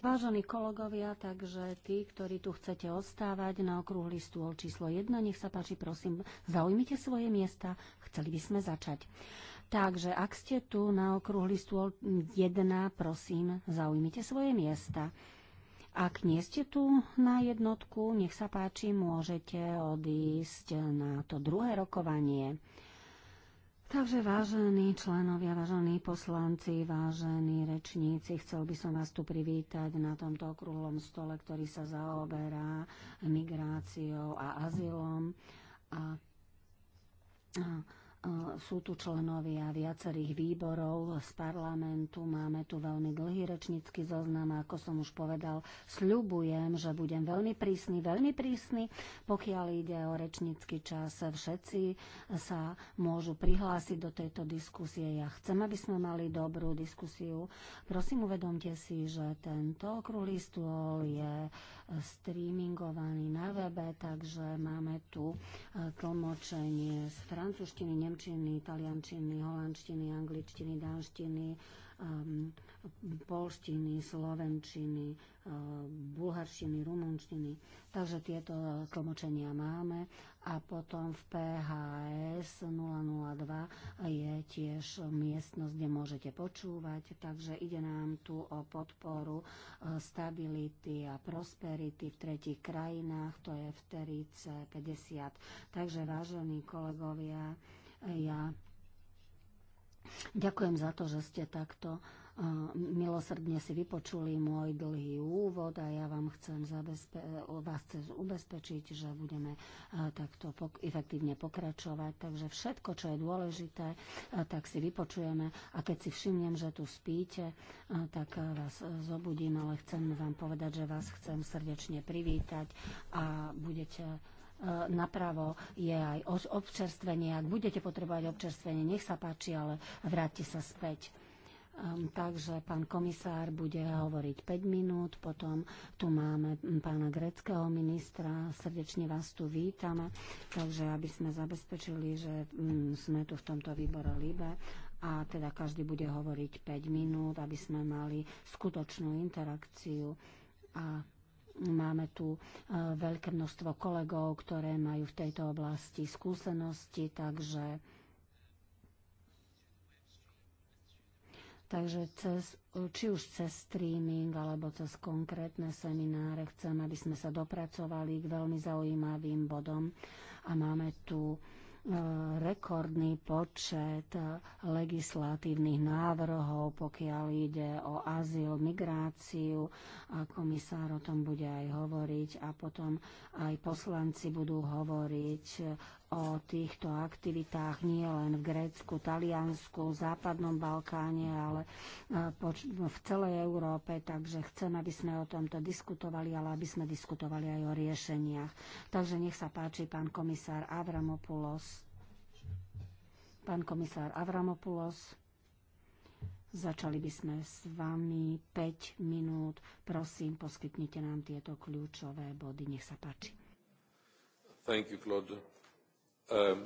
Vážení kolegovia, takže tí, ktorí tu chcete ostávať na okrúhly stôl číslo 1, nech sa páči, prosím, zaujmite svoje miesta, chceli by sme začať. Takže ak ste tu na okrúhly stôl 1, prosím, zaujmite svoje miesta. Ak nie ste tu na jednotku, nech sa páči, môžete odísť na to druhé rokovanie. Takže vážení členovia, vážení poslanci, vážení rečníci, chcel by som vás tu privítať na tomto okrúhlom stole, ktorý sa zaoberá migráciou a azylom. A, a Eh, sú tu členovia viacerých výborov z parlamentu, máme tu veľmi dlhý rečnícky zoznam a ako som už povedal, sľubujem, že budem veľmi prísny, veľmi prísny, pokiaľ ide o rečnícky čas. Všetci sa môžu prihlásiť do tejto diskusie. Ja chcem, aby sme mali dobrú diskusiu. Prosím, uvedomte si, že tento okrúhly stôl je streamingovaný na webe, takže máme tu e, tlmočenie z francúzštiny, nemčiny, italiančiny, holandštiny, angličtiny, dánštiny, um, polštiny, slovenčiny, e, bulharštiny, rumunštiny. Takže tieto tlmočenia máme. A potom v PHS 002 je tiež miestnosť, kde môžete počúvať. Takže ide nám tu o podporu e, stability a prosperity v tretich krajinách. To je v Terice 50. Takže vážení kolegovia, e, ja Ďakujem za to, že ste takto milosrdne si vypočuli môj dlhý úvod a ja vám chcem, zabezpe- vás chcem ubezpečiť, že budeme e, takto pok- efektívne pokračovať. Takže všetko, čo je dôležité, e, tak si vypočujeme a keď si všimnem, že tu spíte, e, tak vás zobudím, ale chcem vám povedať, že vás chcem srdečne privítať a budete napravo je aj občerstvenie. Ak budete potrebovať občerstvenie, nech sa páči, ale vráťte sa späť takže pán komisár bude hovoriť 5 minút, potom tu máme pána greckého ministra, srdečne vás tu vítame, takže aby sme zabezpečili, že sme tu v tomto výbore líbe. a teda každý bude hovoriť 5 minút, aby sme mali skutočnú interakciu a Máme tu e, veľké množstvo kolegov, ktoré majú v tejto oblasti skúsenosti, takže Takže cez, či už cez streaming alebo cez konkrétne semináre chcem, aby sme sa dopracovali k veľmi zaujímavým bodom a máme tu e, rekordný počet e, legislatívnych návrhov, pokiaľ ide o azyl, migráciu a komisár o tom bude aj hovoriť a potom aj poslanci budú hovoriť e, o týchto aktivitách nie len v Grécku, Taliansku, Západnom Balkáne, ale e, v celej Európe, takže chcem, aby sme o tomto diskutovali, ale aby sme diskutovali aj o riešeniach. Takže nech sa páči, pán komisár Avramopoulos. Pán komisár Avramopoulos. Začali by sme s vami 5 minút. Prosím, poskytnite nám tieto kľúčové body. Nech sa páči. Thank you, Claude. Um,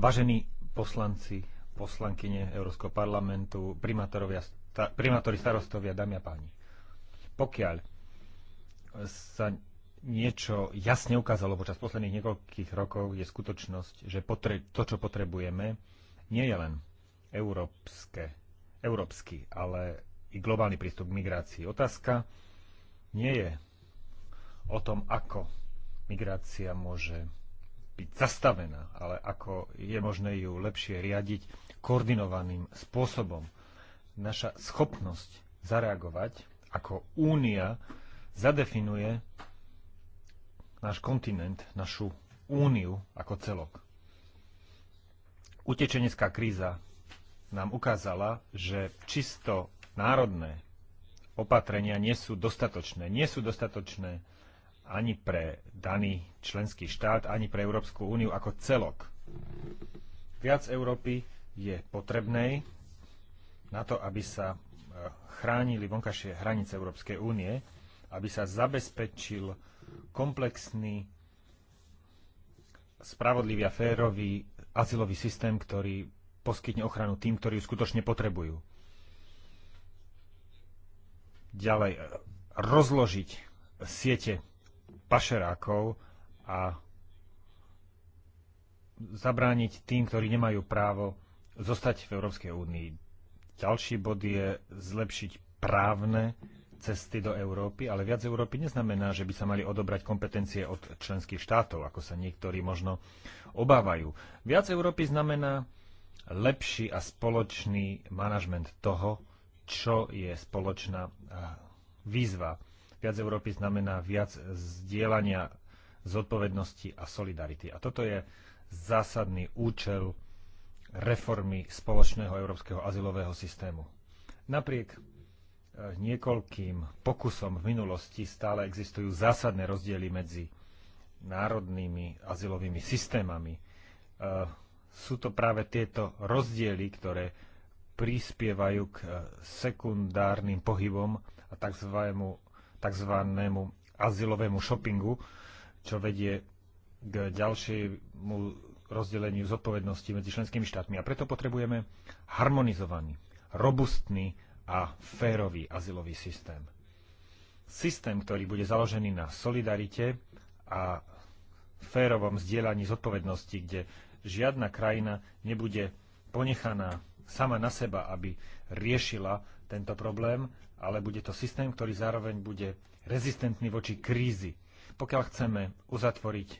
Vážení poslanci, poslankyne Európskeho parlamentu, primátori, starostovia, dámy a páni. Pokiaľ sa niečo jasne ukázalo počas posledných niekoľkých rokov, je skutočnosť, že potre- to, čo potrebujeme, nie je len európske, európsky, ale i globálny prístup k migrácii. Otázka nie je o tom, ako migrácia môže byť zastavená, ale ako je možné ju lepšie riadiť koordinovaným spôsobom. Naša schopnosť zareagovať, ako únia zadefinuje náš kontinent, našu úniu ako celok. Utečenecká kríza nám ukázala, že čisto národné opatrenia nie sú dostatočné. Nie sú dostatočné ani pre daný členský štát, ani pre Európsku úniu ako celok. Viac Európy je potrebnej na to, aby sa e, chránili vonkajšie hranice Európskej únie, aby sa zabezpečil komplexný, spravodlivý a férový azylový systém, ktorý poskytne ochranu tým, ktorí ju skutočne potrebujú. Ďalej, e, rozložiť siete pašerákov a zabrániť tým, ktorí nemajú právo zostať v Európskej únii. Ďalší bod je zlepšiť právne cesty do Európy, ale viac Európy neznamená, že by sa mali odobrať kompetencie od členských štátov, ako sa niektorí možno obávajú. Viac Európy znamená lepší a spoločný manažment toho, čo je spoločná eh, výzva. Viac Európy znamená viac zdieľania zodpovednosti a solidarity. A toto je zásadný účel reformy spoločného európskeho azylového systému. Napriek eh, niekoľkým pokusom v minulosti stále existujú zásadné rozdiely medzi národnými azylovými systémami. Eh, sú to práve tieto rozdiely, ktoré prispievajú k eh, sekundárnym pohybom a tzv tzv. azylovému shoppingu, čo vedie k ďalšiemu rozdeleniu zodpovednosti medzi členskými štátmi. A preto potrebujeme harmonizovaný, robustný a férový azylový systém. Systém, ktorý bude založený na solidarite a férovom zdieľaní zodpovednosti, kde žiadna krajina nebude ponechaná sama na seba, aby riešila tento problém, ale bude to systém, ktorý zároveň bude rezistentný voči krízi. Pokiaľ chceme uzatvoriť,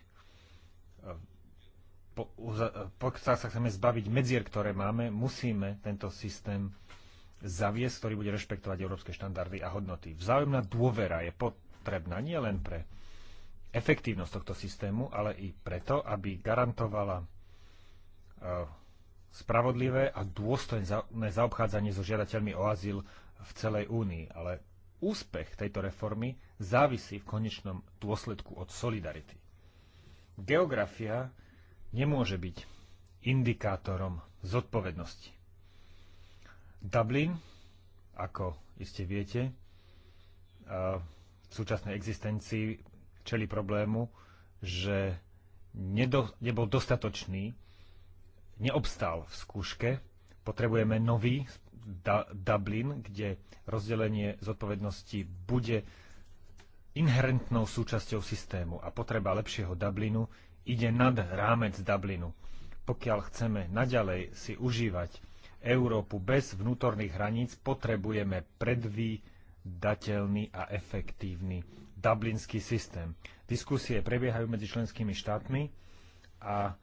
eh, eh, pokiaľ sa chceme zbaviť medzier, ktoré máme, musíme tento systém zaviesť, ktorý bude rešpektovať európske štandardy a hodnoty. Vzájomná dôvera je potrebná nielen pre efektívnosť tohto systému, ale i preto, aby garantovala eh, spravodlivé a dôstojné zaobchádzanie so žiadateľmi o azyl v celej únii, ale úspech tejto reformy závisí v konečnom dôsledku od solidarity. Geografia nemôže byť indikátorom zodpovednosti. Dublin, ako iste viete, v súčasnej existencii čeli problému, že nedo, nebol dostatočný, neobstál v skúške, potrebujeme nový Dublin, kde rozdelenie zodpovednosti bude inherentnou súčasťou systému a potreba lepšieho Dublinu ide nad rámec Dublinu. Pokiaľ chceme naďalej si užívať Európu bez vnútorných hraníc, potrebujeme predvídateľný a efektívny dublinský systém. Diskusie prebiehajú medzi členskými štátmi a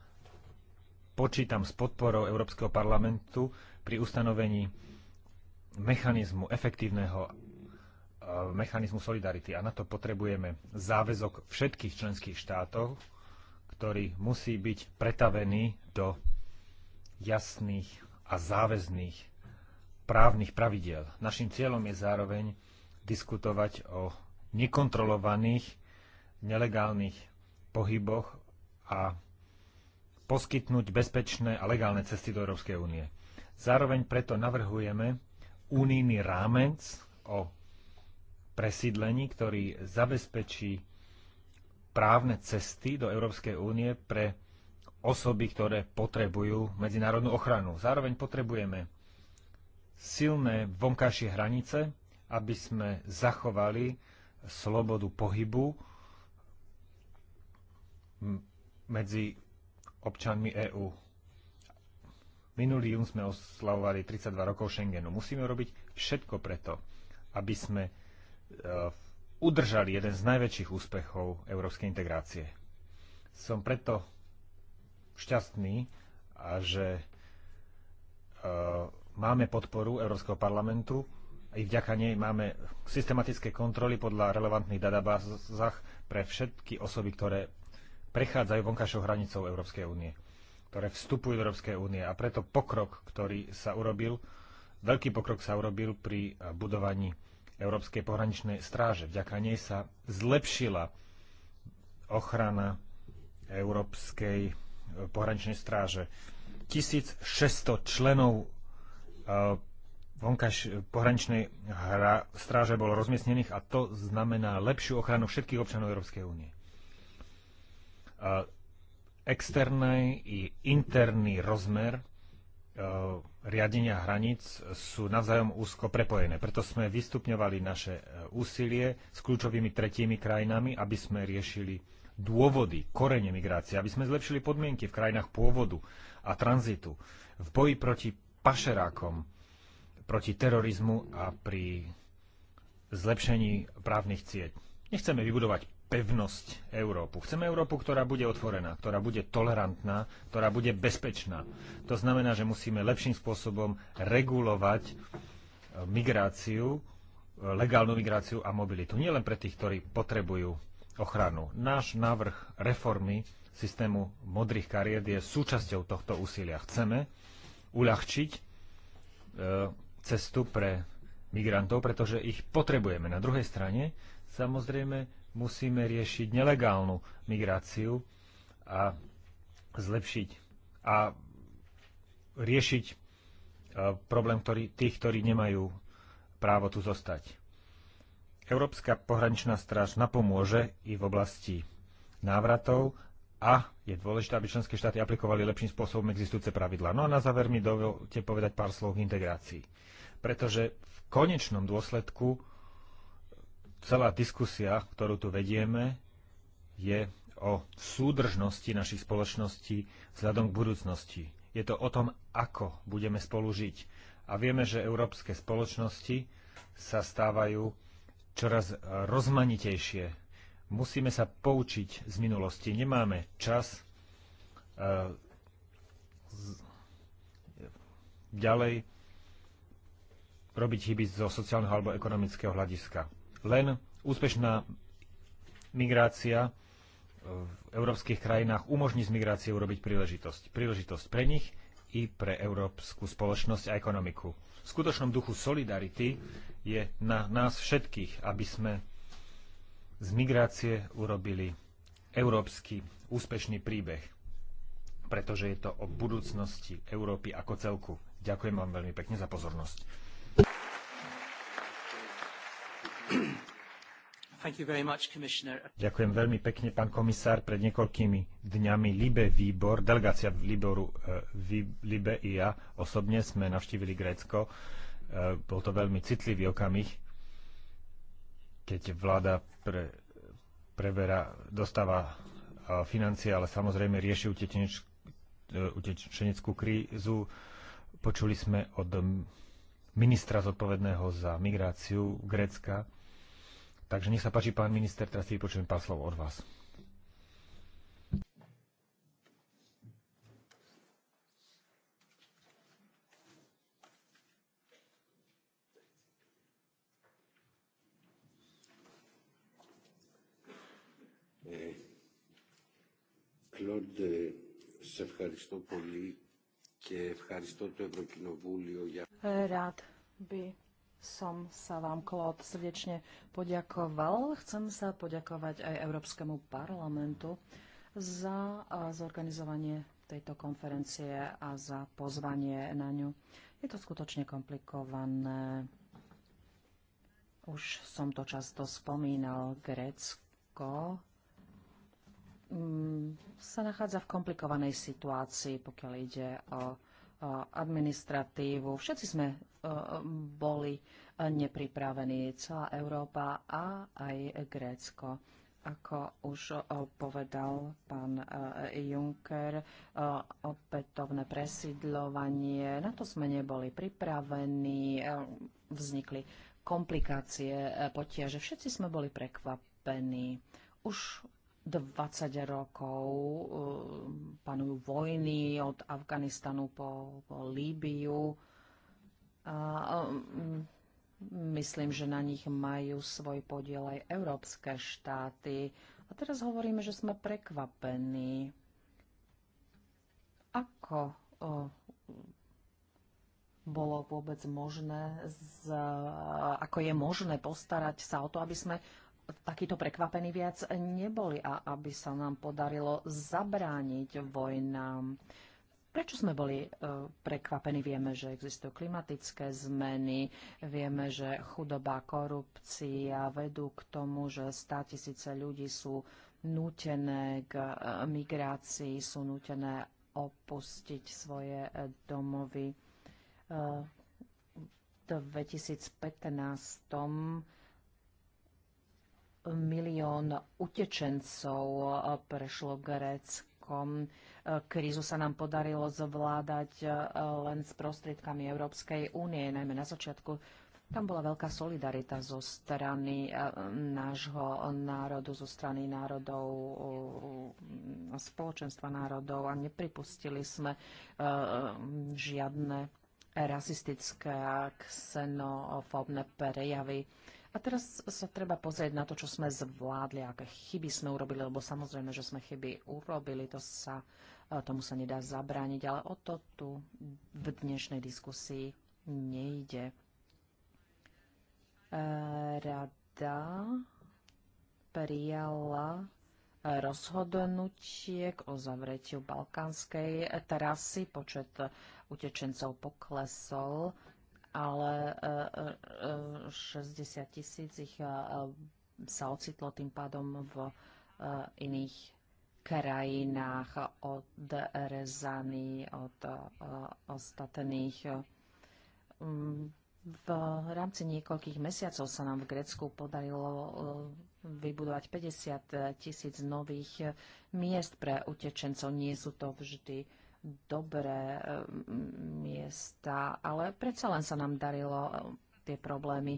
počítam s podporou Európskeho parlamentu pri ustanovení mechanizmu efektívneho e, mechanizmu solidarity a na to potrebujeme záväzok všetkých členských štátov, ktorý musí byť pretavený do jasných a záväzných právnych pravidiel. Našim cieľom je zároveň diskutovať o nekontrolovaných nelegálnych pohyboch a poskytnúť bezpečné a legálne cesty do Európskej únie. Zároveň preto navrhujeme unijný rámec o presídlení, ktorý zabezpečí právne cesty do Európskej únie pre osoby, ktoré potrebujú medzinárodnú ochranu. Zároveň potrebujeme silné vonkajšie hranice, aby sme zachovali slobodu pohybu medzi občanmi EÚ. Minulý jún sme oslavovali 32 rokov Schengenu. Musíme robiť všetko preto, aby sme e, udržali jeden z najväčších úspechov európskej integrácie. Som preto šťastný, a že e, máme podporu Európskeho parlamentu. I vďaka nej máme systematické kontroly podľa relevantných databázach pre všetky osoby, ktoré prechádzajú vonkajšou hranicou Európskej únie ktoré vstupujú do Európskej únie. A preto pokrok, ktorý sa urobil, veľký pokrok sa urobil pri eh, budovaní Európskej pohraničnej stráže. Vďaka nej sa zlepšila ochrana Európskej eh, pohraničnej stráže. 1600 členov eh, vonkaž pohraničnej hra, stráže bolo rozmiestnených a to znamená lepšiu ochranu všetkých občanov Európskej únie externý i interný rozmer e, riadenia hraníc sú navzájom úzko prepojené. Preto sme vystupňovali naše e, úsilie s kľúčovými tretími krajinami, aby sme riešili dôvody, korene migrácie, aby sme zlepšili podmienky v krajinách pôvodu a tranzitu, v boji proti pašerákom, proti terorizmu a pri zlepšení právnych cieť. Nechceme vybudovať pevnosť Európu. Chceme Európu, ktorá bude otvorená, ktorá bude tolerantná, ktorá bude bezpečná. To znamená, že musíme lepším spôsobom regulovať e, migráciu, e, legálnu migráciu a mobilitu. Nie len pre tých, ktorí potrebujú ochranu. Náš návrh reformy systému modrých kariet je súčasťou tohto úsilia. Chceme uľahčiť e, cestu pre migrantov, pretože ich potrebujeme. Na druhej strane, samozrejme, musíme riešiť nelegálnu migráciu a zlepšiť a riešiť e, problém ktorý, tých, ktorí nemajú právo tu zostať. Európska pohraničná stráž napomôže i v oblasti návratov a je dôležité, aby členské štáty aplikovali lepším spôsobom existujúce pravidlá. No a na záver mi dovolte povedať pár slov k integrácii. Pretože v konečnom dôsledku celá diskusia, ktorú tu vedieme, je o súdržnosti našich spoločností vzhľadom k budúcnosti. Je to o tom, ako budeme spolu žiť. A vieme, že európske spoločnosti sa stávajú čoraz rozmanitejšie. Musíme sa poučiť z minulosti. Nemáme čas e, ďalej robiť chyby zo sociálneho alebo ekonomického hľadiska len úspešná migrácia v európskych krajinách umožní z migrácie urobiť príležitosť. Príležitosť pre nich i pre európsku spoločnosť a ekonomiku. V skutočnom duchu solidarity je na nás všetkých, aby sme z migrácie urobili európsky úspešný príbeh, pretože je to o budúcnosti Európy ako celku. Ďakujem vám veľmi pekne za pozornosť. Ďakujem veľmi pekne, pán komisár. Pred niekoľkými dňami Libe výbor, delegácia výboru eh, Libe i ja osobne sme navštívili Grécko. Eh, bol to veľmi citlivý okamih, keď vláda pre, prevera, dostáva eh, financie, ale samozrejme rieši utečeneč, utečeneckú krízu. Počuli sme od mm, ministra zodpovedného za migráciu Grécka, Takže nech sa páči, pán minister, teraz si vypočujem pár slov od vás. Κλοντ, σε ευχαριστώ πολύ και ευχαριστώ το Ευρωκοινοβούλιο για... Rád by som sa vám, Klot srdečne poďakoval. Chcem sa poďakovať aj Európskemu parlamentu za zorganizovanie tejto konferencie a za pozvanie na ňu. Je to skutočne komplikované. Už som to často spomínal. Grécko mm, sa nachádza v komplikovanej situácii, pokiaľ ide o administratívu. Všetci sme e, boli e, nepripravení, celá Európa a aj Grécko. Ako už e, povedal pán Juncker, opätovné presidľovanie, na to sme neboli pripravení, vznikli komplikácie, potiaže. Všetci sme boli prekvapení. Už 20 rokov eh, panujú vojny od Afganistanu po, po Líbiu. A, mm, myslím, že na nich majú svoj podiel aj európske štáty. A teraz hovoríme, že sme prekvapení. Ako o, eh, bolo vôbec možné, z, ako je možné postarať sa o to, aby sme takýto prekvapení viac neboli a aby sa nám podarilo zabrániť vojnám. Prečo sme boli e, prekvapení? Vieme, že existujú klimatické zmeny, vieme, že chudoba, korupcia vedú k tomu, že stá tisíce ľudí sú nútené k e, migrácii, sú nutené opustiť svoje e, domovy. V 2015 milión utečencov e, prešlo Gréckom. E, krízu sa nám podarilo zvládať e, len s prostriedkami Európskej únie, najmä na začiatku tam bola veľká solidarita zo strany nášho národu, zo strany národov, spoločenstva národov a nepripustili sme žiadne rasistické a ksenofóbne prejavy. A teraz sa treba pozrieť na to, čo sme zvládli, aké chyby sme urobili, lebo samozrejme, že sme chyby urobili, to sa, e, tomu sa nedá zabrániť, ale o to tu v dnešnej diskusii nejde. E, rada prijala e, rozhodnutie k zavretiu balkánskej trasy. Počet utečencov poklesol ale 60 e, e, e, tisíc ich sa ocitlo tým pádom v iných krajinách od rezany od ostatných. V rámci niekoľkých mesiacov sa nám v Grécku podarilo vybudovať 50 tisíc nových miest pre utečencov. Nie sú to vždy dobré eh, miesta, ale predsa len sa nám darilo eh, tie problémy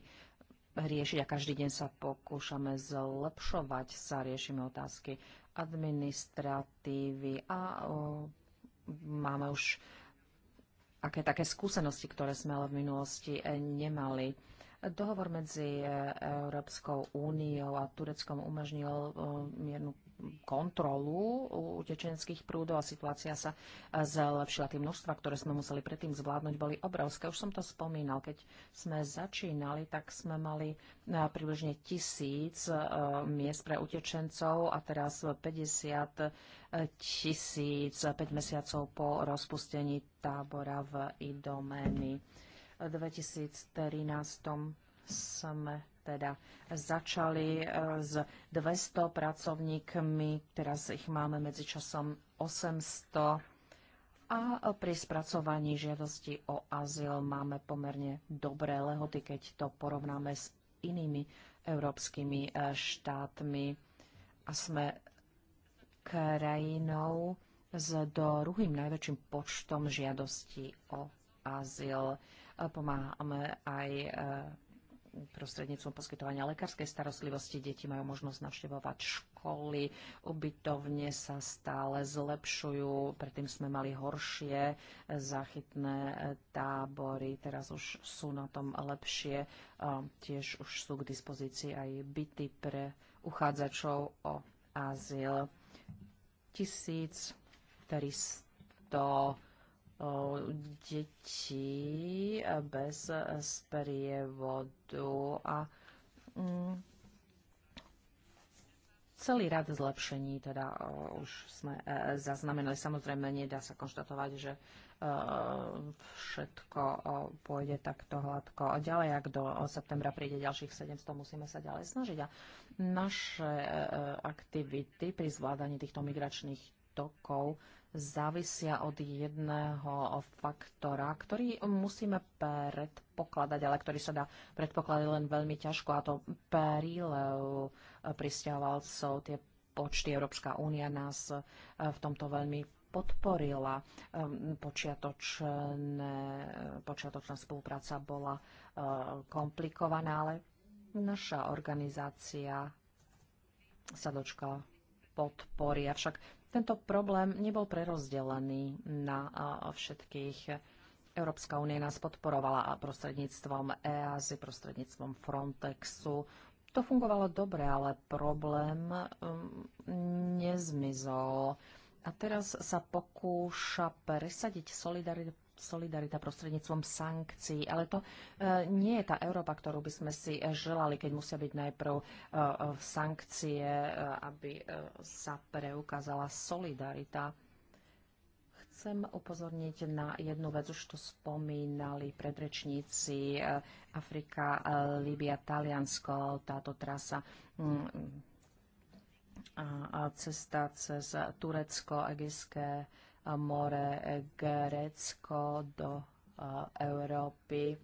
riešiť a každý deň sa pokúšame zlepšovať sa, riešime otázky administratívy a o, máme už aké také skúsenosti, ktoré sme ale v minulosti eh, nemali. Dohovor medzi Európskou úniou a Tureckom umožnil miernu kontrolu utečenských prúdov a situácia sa zlepšila. Tie množstva, ktoré sme museli predtým zvládnuť, boli obrovské. Už som to spomínal, keď sme začínali, tak sme mali eh, približne tisíc eh, miest pre utečencov a teraz 50 eh, tisíc 5 mesiacov po rozpustení tábora v Idomeny. V 2013 sme teda začali e, s 200 pracovníkmi, teraz ich máme medzičasom 800 a pri spracovaní žiadosti o azyl máme pomerne dobré lehoty, keď to porovnáme s inými európskymi e, štátmi. A sme krajinou s druhým najväčším počtom žiadostí o azyl. Pomáhame aj e, prostredníctvom poskytovania lekárskej starostlivosti. Deti majú možnosť navštevovať školy, ubytovne sa stále zlepšujú. Predtým sme mali horšie záchytné tábory, teraz už sú na tom lepšie. Tiež už sú k dispozícii aj byty pre uchádzačov o azyl. 1300 detí bez e, sprievodu a mm, celý rad zlepšení teda už sme e, e, zaznamenali. Samozrejme, nedá sa konštatovať, že všetko pôjde takto hladko. A ďalej, ak do septembra príde ďalších 700, musíme sa ďalej snažiť. A naše aktivity pri zvládaní týchto migračných tokov závisia od jedného faktora, ktorý musíme predpokladať, ale ktorý sa dá predpokladať len veľmi ťažko, a to prílev pristiavalcov, tie počty Európska únia nás e, v tomto veľmi podporila. Ehm, počiatočné, počiatočná spolupráca bola e, komplikovaná, ale naša organizácia sa dočkala podpory. Avšak tento problém nebol prerozdelený na všetkých. Európska únia nás podporovala prostredníctvom EASY, prostredníctvom Frontexu. To fungovalo dobre, ale problém um, nezmizol. A teraz sa pokúša presadiť solidaritu solidarita prostredníctvom sankcií. Ale to e, nie je tá Európa, ktorú by sme si e, želali, keď musia byť najprv e, sankcie, aby sa preukázala solidarita. Chcem upozorniť na jednu vec, už to spomínali predrečníci Afrika, Líbia, Taliansko, táto trasa mm, a cesta cez Turecko, Egejské more e, Grécko do e, Európy e,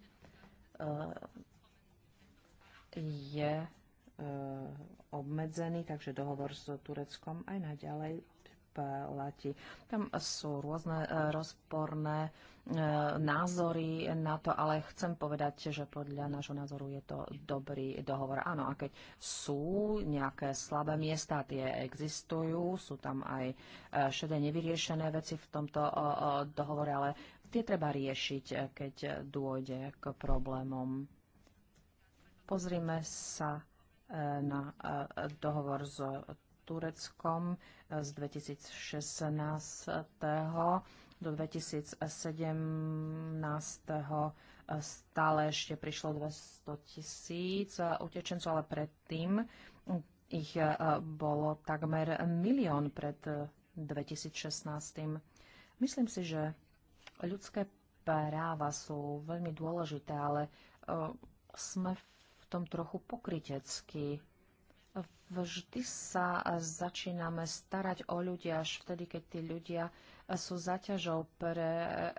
je obmedzený, takže dohovor s Tureckom aj naďalej platí. Tam sú rôzne e, rozporné e, názory na to, ale chcem povedať, že podľa nášho názoru je to dobrý dohovor. Áno, a keď sú nejaké slabé miesta, tie existujú, sú tam aj e, šedé nevyriešené veci v tomto dohovore, ale tie treba riešiť, keď dôjde k problémom. Pozrime sa na dohovor z Tureckom eh, z 2016 do 2017 eh, stále ešte prišlo 200 tisíc eh, utečencov, ale predtým mm, ich bolo takmer milión pred 2016. Myslím si, že ľudské práva sú veľmi dôležité, ale sme v tom trochu pokriteckí Vždy sa začíname starať o ľudia až vtedy, keď tí ľudia sú zaťažou pre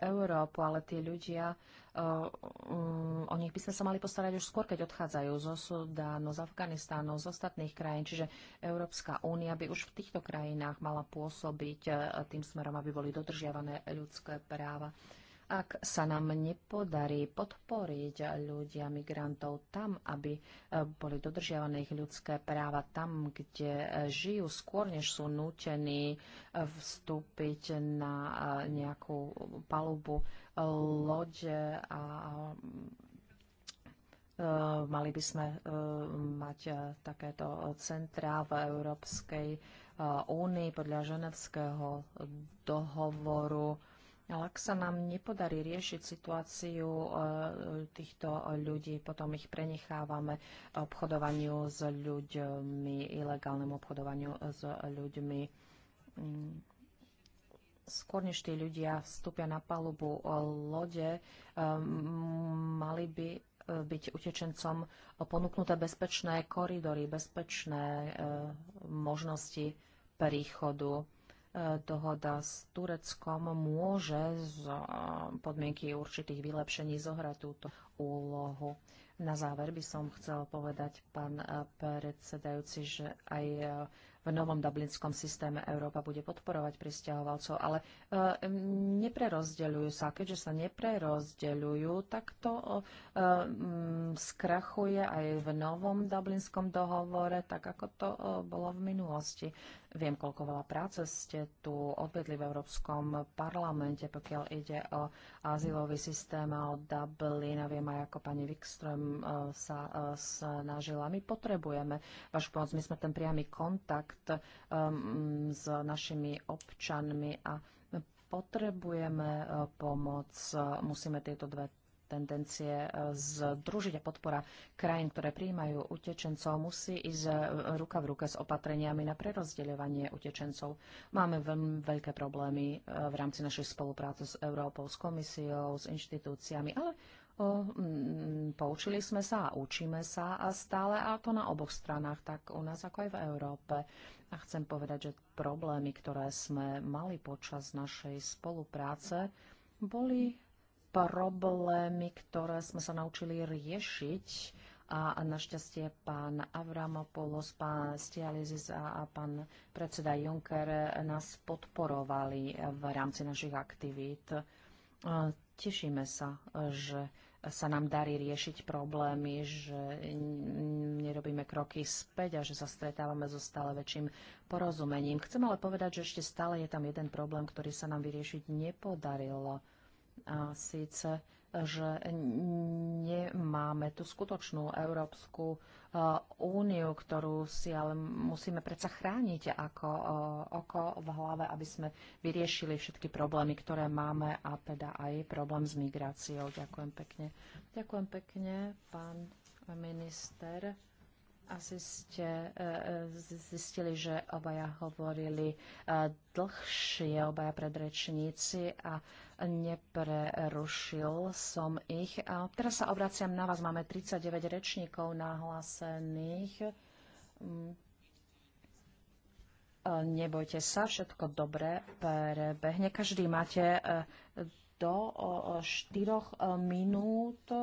Európu, ale tí ľudia, mm, o nich by sme sa mali postarať už skôr, keď odchádzajú zo Sudánu, z Afganistánu, z ostatných krajín. Čiže Európska únia by už v týchto krajinách mala pôsobiť e, tým smerom, aby boli dodržiavané ľudské práva ak sa nám nepodarí podporiť ľudia, migrantov tam, aby e, boli dodržiavané ich ľudské práva tam, kde e, žijú, skôr než sú nútení e, vstúpiť na nejakú palubu lode a mali by sme mať takéto centrá v Európskej únii podľa Ženevského dohovoru ale ak sa nám nepodarí riešiť situáciu e, týchto ľudí, potom ich prenechávame obchodovaniu s ľuďmi, ilegálnemu obchodovaniu s ľuďmi. Mm, skôr než tí ľudia vstúpia na palubu lode, e, mali by e, byť utečencom ponúknuté bezpečné koridory, bezpečné možnosti príchodu E, dohoda s Tureckom môže z e, podmienky určitých vylepšení zohrať túto úlohu. Na záver by som chcel povedať, pán e, predsedajúci, že aj v novom dublinskom systéme Európa bude podporovať pristahovalcov, ale neprerozdeľujú sa. Keďže sa neprerozdeľujú, tak to skrachuje aj v novom dublinskom dohovore, tak ako to bolo v minulosti. Viem, koľko veľa práce ste tu odvedli v Európskom parlamente, pokiaľ ide o azylový systém a o Dublin. A viem aj, ako pani Wikström e, sa e, snažila. My potrebujeme vašu pomoc. My sme ten priamy kontakt e, s našimi občanmi a potrebujeme pomoc. Musíme tieto dve tendencie e, združiť a podpora krajín, ktoré prijímajú utečencov, musí ísť e, ruka v ruke s opatreniami na prerozdeľovanie utečencov. Máme veľmi veľké problémy e, v rámci našej spolupráce s Európou, s komisiou, s inštitúciami, ale o, poučili sme sa a učíme sa a stále, a to na oboch stranách, tak u nás ako aj v Európe. A chcem povedať, že problémy, ktoré sme mali počas našej spolupráce, boli problémy, ktoré sme sa naučili riešiť a našťastie pán Avramopoulos, pán Stializis a pán predseda Juncker nás podporovali v rámci našich aktivít. Tešíme sa, že sa nám darí riešiť problémy, že nerobíme kroky späť a že sa stretávame so stále väčším porozumením. Chcem ale povedať, že ešte stále je tam jeden problém, ktorý sa nám vyriešiť nepodarilo a síce, že nemáme tú skutočnú Európsku úniu, ktorú si ale musíme predsa chrániť ako oko v hlave, aby sme vyriešili všetky problémy, ktoré máme a teda aj problém s migráciou. Ďakujem pekne. Ďakujem pekne, pán minister. Asi ste e, e, zistili, že obaja hovorili e, dlhšie, obaja predrečníci a neprerušil som ich. A teraz sa obraciam na vás. Máme 39 rečníkov nahlásených. Mm. Nebojte sa, všetko dobre prebehne. Každý máte do štyroch e, minút. E,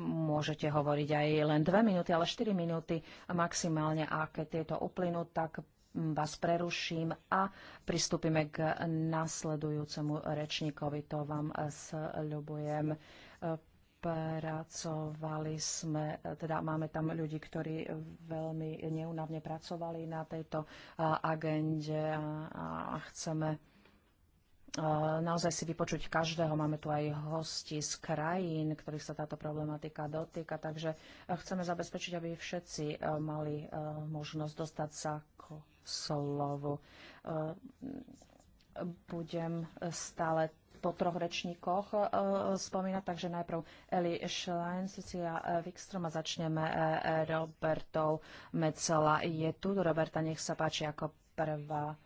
môžete hovoriť aj len dve minúty, ale 4 minúty maximálne. A keď tieto uplynú, tak vás preruším a pristúpime k nasledujúcemu rečníkovi. To vám sľubujem. E, pracovali sme, teda máme tam ľudí, ktorí veľmi neunavne pracovali na tejto agende a chceme naozaj si vypočuť každého. Máme tu aj hosti z krajín, ktorých sa táto problematika dotýka, takže e, chceme zabezpečiť, aby všetci e, mali e, možnosť dostať sa k slovu. Budem stále po troch rečníkoch spomínať, takže najprv Eli Schlein, Cecilia Wikström a začneme Robertou Mecela. Je tu, Roberta, nech sa páči ako prvá.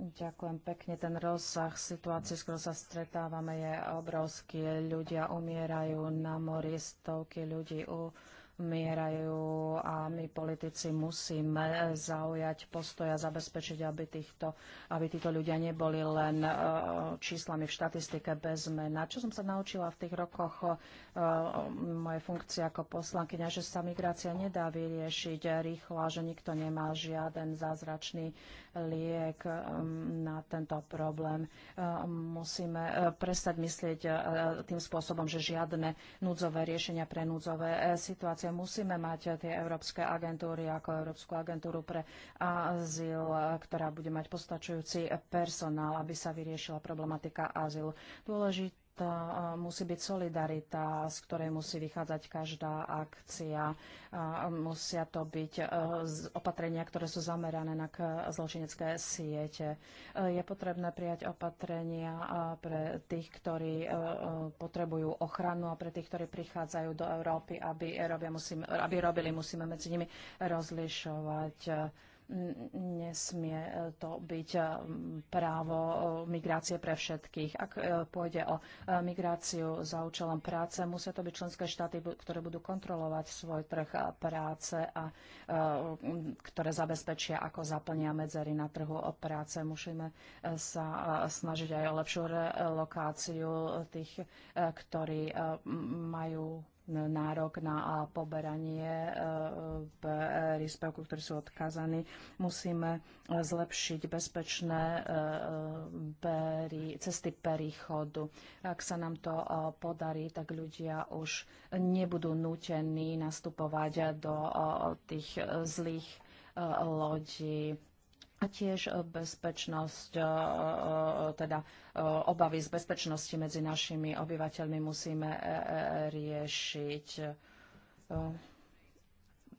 Ďakujem pekne. Ten rozsah situácie, s ktorou sa stretávame, je obrovský. Ľudia umierajú na mori, stovky ľudí u mierajú a my politici musíme zaujať postoj a zabezpečiť, aby, týchto, aby títo ľudia neboli len e, číslami v štatistike bez mena. Čo som sa naučila v tých rokoch e, moje funkcie ako poslankyňa, že sa migrácia nedá vyriešiť rýchlo, že nikto nemá žiaden zázračný liek e, na tento problém. Musíme prestať myslieť tým spôsobom, že žiadne núdzové riešenia pre núdzové situácie musíme mať tie európske agentúry ako Európsku agentúru pre azyl, ktorá bude mať postačujúci personál, aby sa vyriešila problematika azylu. Dôležité tá musí byť solidarita, z ktorej musí vychádzať každá akcia. Musia to byť e, opatrenia, ktoré sú zamerané na zločinecké siete. E, je potrebné prijať opatrenia pre tých, ktorí e, potrebujú ochranu a pre tých, ktorí prichádzajú do Európy, aby, robia, musím, aby robili, musíme medzi nimi rozlišovať nesmie e, to byť e, právo e, migrácie pre všetkých. Ak pôjde o migráciu za účelom práce, musia to byť členské štáty, ktoré budú kontrolovať svoj trh práce a ktoré zabezpečia, ako zaplnia medzery na trhu práce. Musíme sa snažiť aj o lepšiu relokáciu tých, ktorí majú nárok na poberanie e, e, e, príspevku, ktorí sú odkazaní. Musíme zlepšiť bezpečné cesty perichodu. Ak sa nám to podarí, tak ľudia už nebudú nútení nastupovať do tých zlých lodí a tiež e, bezpečnosť, e, e, teda obavy z bezpečnosti medzi našimi obyvateľmi musíme riešiť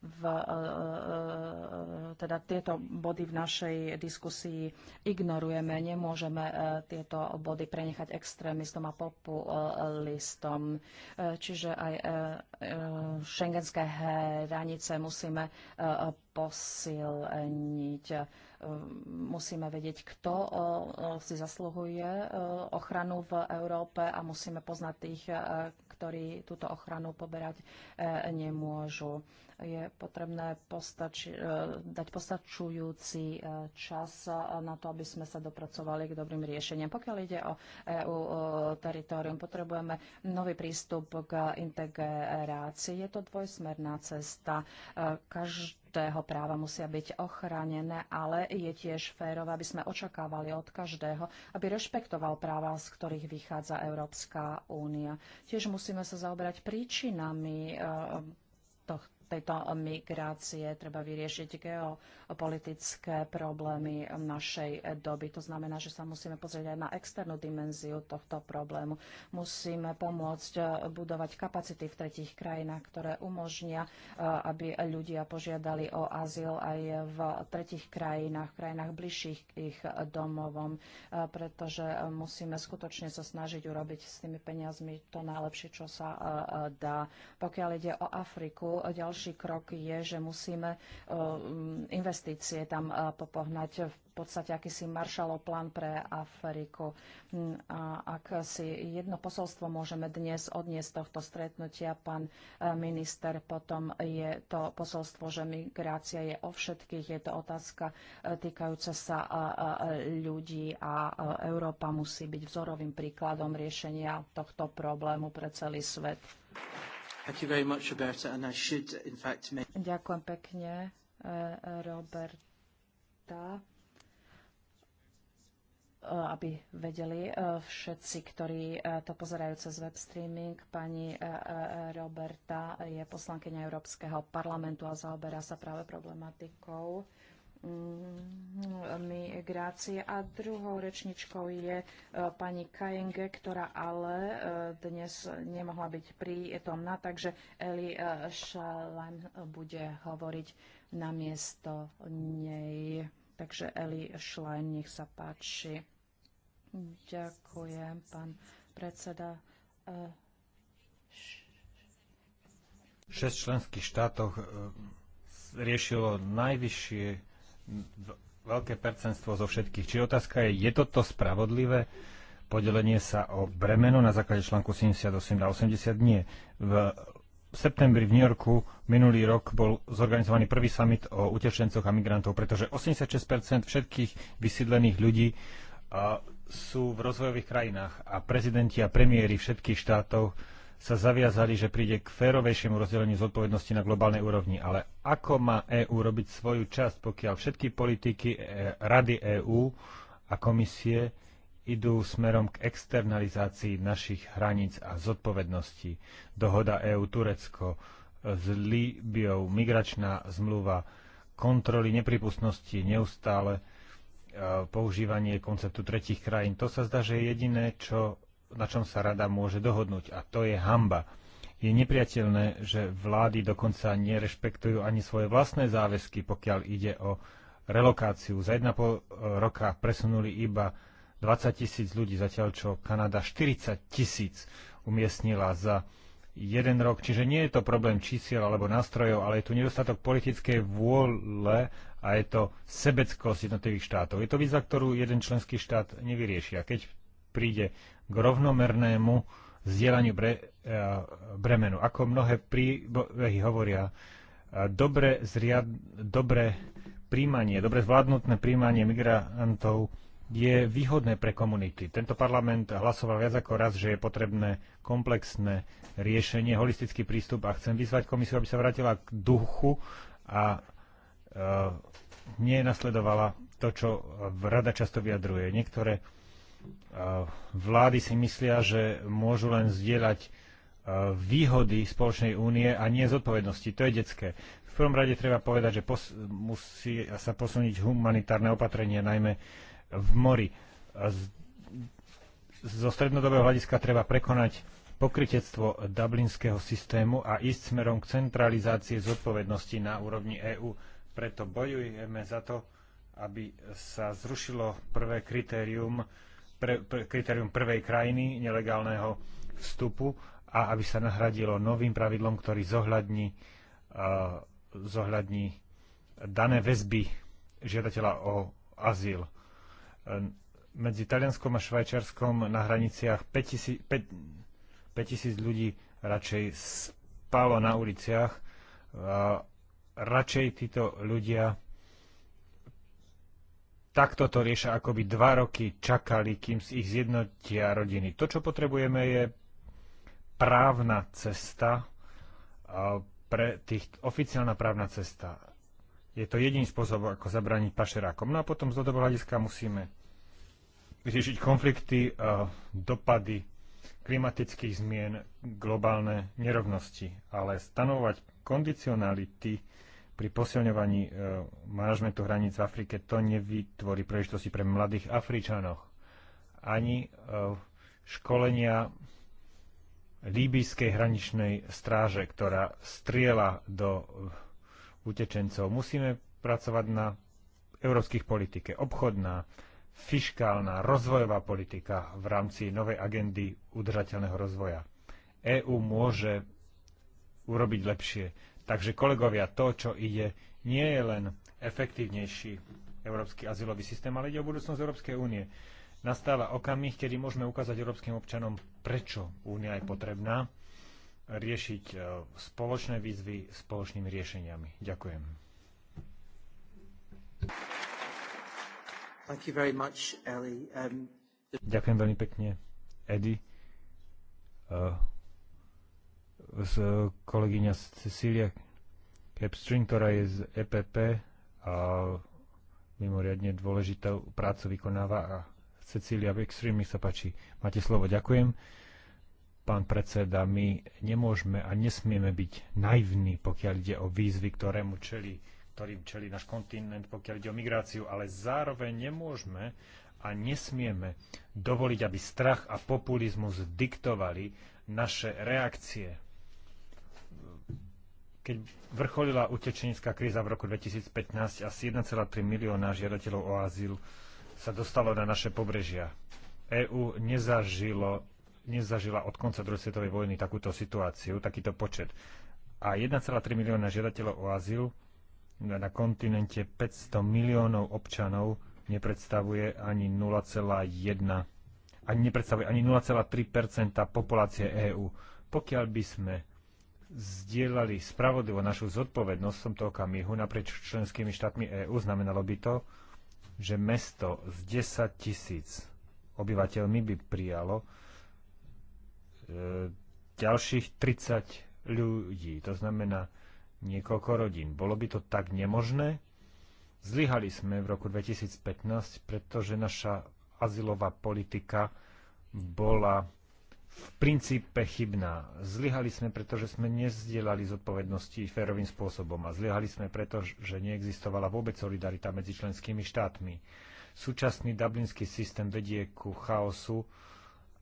v, e, e, e, teda tieto body v našej diskusii ignorujeme. Nemôžeme tieto body prenechať extrémistom a populistom. Čiže aj šengenské hranice musíme posilniť. Musíme vedieť, kto si zasluhuje ochranu v Európe a musíme poznať tých, ktorí túto ochranu poberať nemôžu je potrebné postači, e, dať postačujúci e, čas e, na to, aby sme sa dopracovali k dobrým riešeniam. Pokiaľ ide o EU teritorium, potrebujeme nový prístup k integrácii. Je to dvojsmerná cesta. Každý každého práva musia byť ochránené, ale je tiež férové, aby sme očakávali od každého, aby rešpektoval práva, z ktorých vychádza Európska únia. Tiež musíme sa zaoberať príčinami tohto tejto migrácie. Treba vyriešiť geopolitické problémy našej doby. To znamená, že sa musíme pozrieť aj na externú dimenziu tohto problému. Musíme pomôcť budovať kapacity v tretích krajinách, ktoré umožnia, eh, aby ľudia požiadali o azyl aj v tretich krajinách, krajinách bližších k ich domovom, eh, pretože musíme skutočne sa snažiť urobiť s tými peniazmi to najlepšie, čo sa eh, dá. Pokiaľ ide o Afriku, ďalšie ďalší krok je, že musíme e, mm, investície tam e, popohnať v v podstate akýsi maršalov plán pre Afriku. Mm, a ak si jedno posolstvo môžeme dnes odniesť z tohto stretnutia, pán e, minister, potom je to posolstvo, že migrácia je o všetkých, je to otázka týkajúca sa ľudí a Európa musí byť vzorovým príkladom riešenia tohto problému pre celý svet. Ďakujem pekne, eh, Roberta eh, aby vedeli eh, všetci, ktorí to pozerajú cez web streaming. Pani Roberta je poslankyňa Európskeho parlamentu a zaoberá sa práve problematikou grácie. A druhou rečničkou je e, pani Kajenge, ktorá ale e, dnes nemohla byť prítomná, takže Eli Šalan e, bude hovoriť na miesto nej. Takže Eli Schlein, nech sa páči. Ďakujem, pán predseda. Šesť členských štátoch riešilo najvyššie veľké percentstvo zo všetkých. Či otázka je, je toto spravodlivé? Podelenie sa o bremeno na základe článku 78 na 80 nie. V septembri v New Yorku minulý rok bol zorganizovaný prvý summit o utečencoch a migrantov, pretože 86% všetkých vysídlených ľudí sú v rozvojových krajinách a prezidenti a premiéry všetkých štátov sa zaviazali, že príde k férovejšiemu rozdeleniu zodpovednosti na globálnej úrovni. Ale ako má EÚ robiť svoju časť, pokiaľ všetky politiky e, Rady EÚ a komisie idú smerom k externalizácii našich hraníc a zodpovedností. Dohoda EÚ-Turecko e, s Líbiou, migračná zmluva, kontroly nepripustnosti, neustále e, používanie konceptu tretich krajín. To sa zdá, že je jediné, čo na čom sa rada môže dohodnúť. A to je hamba. Je nepriateľné, že vlády dokonca nerešpektujú ani svoje vlastné záväzky, pokiaľ ide o relokáciu. Za 1,5 e, roka presunuli iba 20 tisíc ľudí, zatiaľ čo Kanada 40 tisíc umiestnila za jeden rok. Čiže nie je to problém čísiel alebo nástrojov, ale je tu nedostatok politickej vôle a je to sebeckosť jednotlivých štátov. Je to výzva, ktorú jeden členský štát nevyrieši. A keď príde k rovnomernému zdieľaniu bre, e, bremenu. Ako mnohé príbehy hovoria, e, dobre, zriad, dobre príjmanie, dobre zvládnutné príjmanie migrantov je výhodné pre komunity. Tento parlament hlasoval viac ako raz, že je potrebné komplexné riešenie, holistický prístup a chcem vyzvať komisiu, aby sa vrátila k duchu a e, nenasledovala to, čo rada často vyjadruje. Niektoré vlády si myslia, že môžu len zdieľať výhody spoločnej únie a nie zodpovednosti. To je detské. V prvom rade treba povedať, že pos- musí sa posunúť humanitárne opatrenie, najmä v mori. Z- zo strednodobého hľadiska treba prekonať pokrytectvo dublinského systému a ísť smerom k centralizácii zodpovednosti na úrovni EÚ. Preto bojujeme za to, aby sa zrušilo prvé kritérium pre, pre, kritérium prvej krajiny nelegálneho vstupu a aby sa nahradilo novým pravidlom, ktorý zohľadní, uh, zohľadní dané väzby žiadateľa o azyl. Medzi Talianskom a Švajčiarskom na hraniciach 5000, ľudí radšej spalo na uliciach. Uh, radšej títo ľudia takto to riešia, ako by dva roky čakali, kým si ich zjednotia rodiny. To, čo potrebujeme, je právna cesta, pre tých, oficiálna právna cesta. Je to jediný spôsob, ako zabraniť pašerákom. No a potom z dlhodobého hľadiska musíme riešiť konflikty, dopady klimatických zmien, globálne nerovnosti. Ale stanovať kondicionality pri posilňovaní e, manažmentu hraníc v Afrike to nevytvorí príležitosti pre mladých Afričanov. Ani e, školenia líbyjskej hraničnej stráže, ktorá striela do utečencov. Musíme pracovať na európskych politike. Obchodná, fiškálna, rozvojová politika v rámci novej agendy udržateľného rozvoja. EÚ môže urobiť lepšie Takže kolegovia, to, čo ide, nie je len efektívnejší európsky azylový systém, ale ide o budúcnosť Európskej únie. Nastáva okamih, kedy môžeme ukázať európskym občanom, prečo únia je potrebná, riešiť e, spoločné výzvy spoločnými riešeniami. Ďakujem. Thank you very much, Ellie. Um... Ďakujem veľmi pekne, Eddie. Uh, z kolegyňa Cecília Capstring, ktorá je z EPP a mimoriadne dôležitú prácu vykonáva a Cecília Capstring, mi sa páči, máte slovo, ďakujem. Pán predseda, my nemôžeme a nesmieme byť naivní, pokiaľ ide o výzvy, ktorému čeli, ktorým čeli náš kontinent, pokiaľ ide o migráciu, ale zároveň nemôžeme a nesmieme dovoliť, aby strach a populizmus diktovali naše reakcie keď vrcholila utečenická kríza v roku 2015, asi 1,3 milióna žiadateľov o azyl sa dostalo na naše pobrežia. EÚ nezažilo, nezažila od konca druhej svetovej vojny takúto situáciu, takýto počet. A 1,3 milióna žiadateľov o azyl na kontinente 500 miliónov občanov nepredstavuje ani 0,1 ani nepredstavuje ani 0,3 populácie EÚ. Pokiaľ by sme zdieľali spravodlivo našu zodpovednosť v tomto okamihu naprieč členskými štátmi EÚ, znamenalo by to, že mesto s 10 tisíc obyvateľmi by prijalo e, ďalších 30 ľudí, to znamená niekoľko rodín. Bolo by to tak nemožné? Zlyhali sme v roku 2015, pretože naša azylová politika bola v princípe chybná. Zlyhali sme, pretože sme nezdielali zodpovednosti férovým spôsobom a zlyhali sme, pretože neexistovala vôbec solidarita medzi členskými štátmi. Súčasný dublinský systém vedie ku chaosu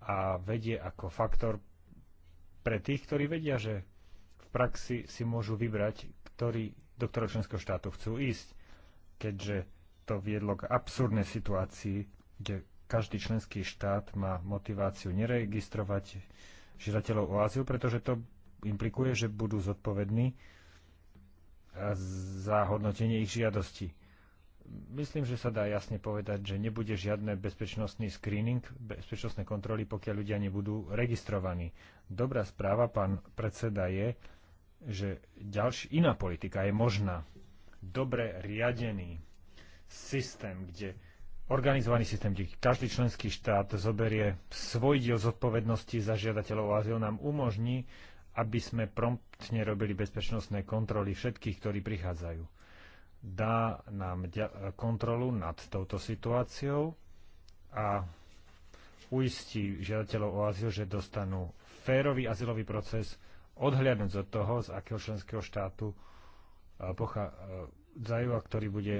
a vedie ako faktor pre tých, ktorí vedia, že v praxi si môžu vybrať, ktorý, do ktorého členského štátu chcú ísť, keďže to viedlo k absurdnej situácii, kde každý členský štát má motiváciu neregistrovať žiadateľov o azyl, pretože to implikuje, že budú zodpovední e, za hodnotenie ich žiadosti. Myslím, že sa dá jasne povedať, že nebude žiadne bezpečnostný screening, bezpečnostné kontroly, pokiaľ ľudia nebudú registrovaní. Dobrá správa, pán predseda, je, že ďalší, iná politika je možná. Dobre riadený systém, kde organizovaný systém, kde každý členský štát zoberie svoj diel zodpovednosti za žiadateľov o azyl, nám umožní, aby sme promptne robili bezpečnostné kontroly všetkých, ktorí prichádzajú. Dá nám kontrolu nad touto situáciou a uistí žiadateľov o azyl, že dostanú férový azylový proces, odhľadnúť od toho, z akého členského štátu eh, pochádzajú eh, a ktorý bude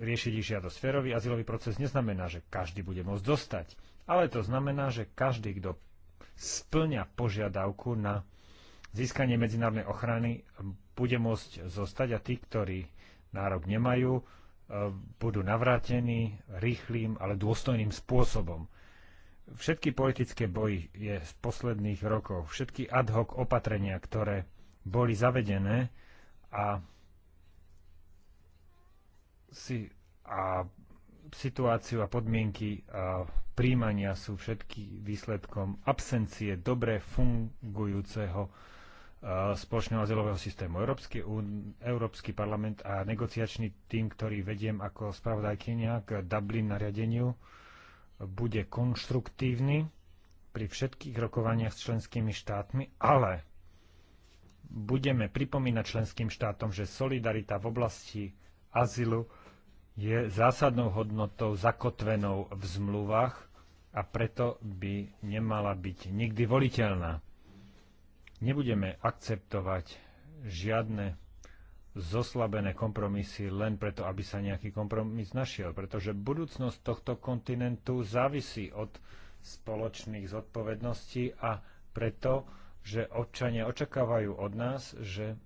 riešiť ich žiadosť. Férový azylový proces neznamená, že každý bude môcť dostať, ale to znamená, že každý, kto splňa požiadavku na získanie medzinárodnej ochrany, bude môcť zostať a tí, ktorí nárok nemajú, e, budú navrátení rýchlým, ale dôstojným spôsobom. Všetky politické boji je z posledných rokov, všetky ad hoc opatrenia, ktoré boli zavedené a si a situáciu a podmienky a príjmania sú všetky výsledkom absencie dobre fungujúceho spoločného azylového systému. Európsky, Európsky parlament a negociačný tým, ktorý vediem ako spravodajkynia k Dublin nariadeniu, bude konštruktívny pri všetkých rokovaniach s členskými štátmi, ale budeme pripomínať členským štátom, že solidarita v oblasti azylu je zásadnou hodnotou zakotvenou v zmluvách a preto by nemala byť nikdy voliteľná. Nebudeme akceptovať žiadne zoslabené kompromisy len preto, aby sa nejaký kompromis našiel, pretože budúcnosť tohto kontinentu závisí od spoločných zodpovedností a preto, že občania očakávajú od nás, že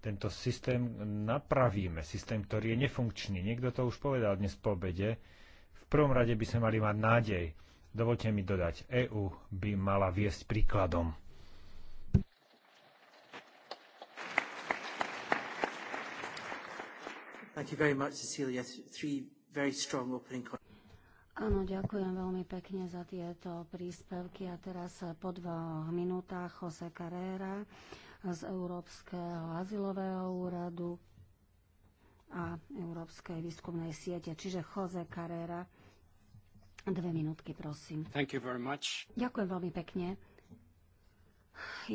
tento systém napravíme, systém, ktorý je nefunkčný. Niekto to už povedal dnes po obede. V prvom rade by sme mali mať nádej. Dovolte mi dodať, EÚ by mala viesť príkladom. Thank you very much, Cecilia. Three very strong opening Áno, ďakujem veľmi pekne za tieto príspevky a teraz po dvoch minútach Jose Carrera z Európskeho azylového úradu a Európskej výskumnej siete, čiže Jose Carrera. Dve minútky, prosím. Ďakujem veľmi pekne.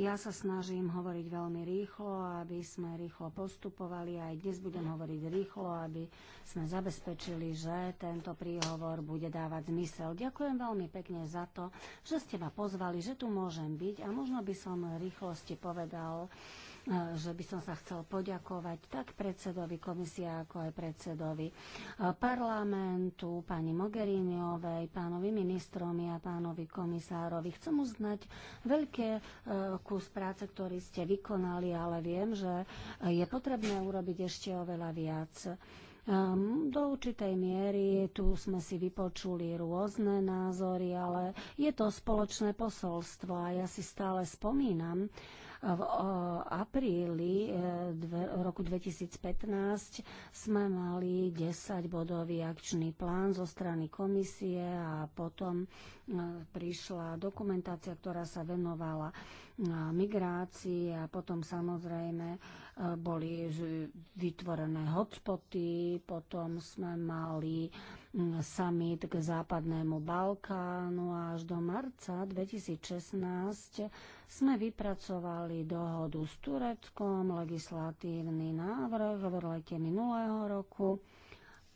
Ja sa snažím hovoriť veľmi rýchlo, aby sme rýchlo postupovali. Aj dnes budem hovoriť rýchlo, aby sme zabezpečili, že tento príhovor bude dávať zmysel. Ďakujem veľmi pekne za to, že ste ma pozvali, že tu môžem byť a možno by som rýchlosti povedal, E, že by som sa chcel poďakovať tak predsedovi komisia, ako aj predsedovi e, parlamentu, pani Mogheriniovej, pánovi ministromi a pánovi komisárovi. Chcem uznať veľké e, kus práce, ktorý ste vykonali, ale viem, že je potrebné urobiť ešte oveľa viac. Do určitej miery tu sme si vypočuli rôzne názory, ale je to spoločné posolstvo a ja si stále spomínam, v apríli e, roku 2015 sme mali 10-bodový akčný plán zo strany komisie a potom e, prišla dokumentácia, ktorá sa venovala e, migrácii a potom samozrejme boli vytvorené hotspoty, potom sme mali summit k západnému Balkánu a až do marca 2016 sme vypracovali dohodu s Tureckom, legislatívny návrh v lete minulého roku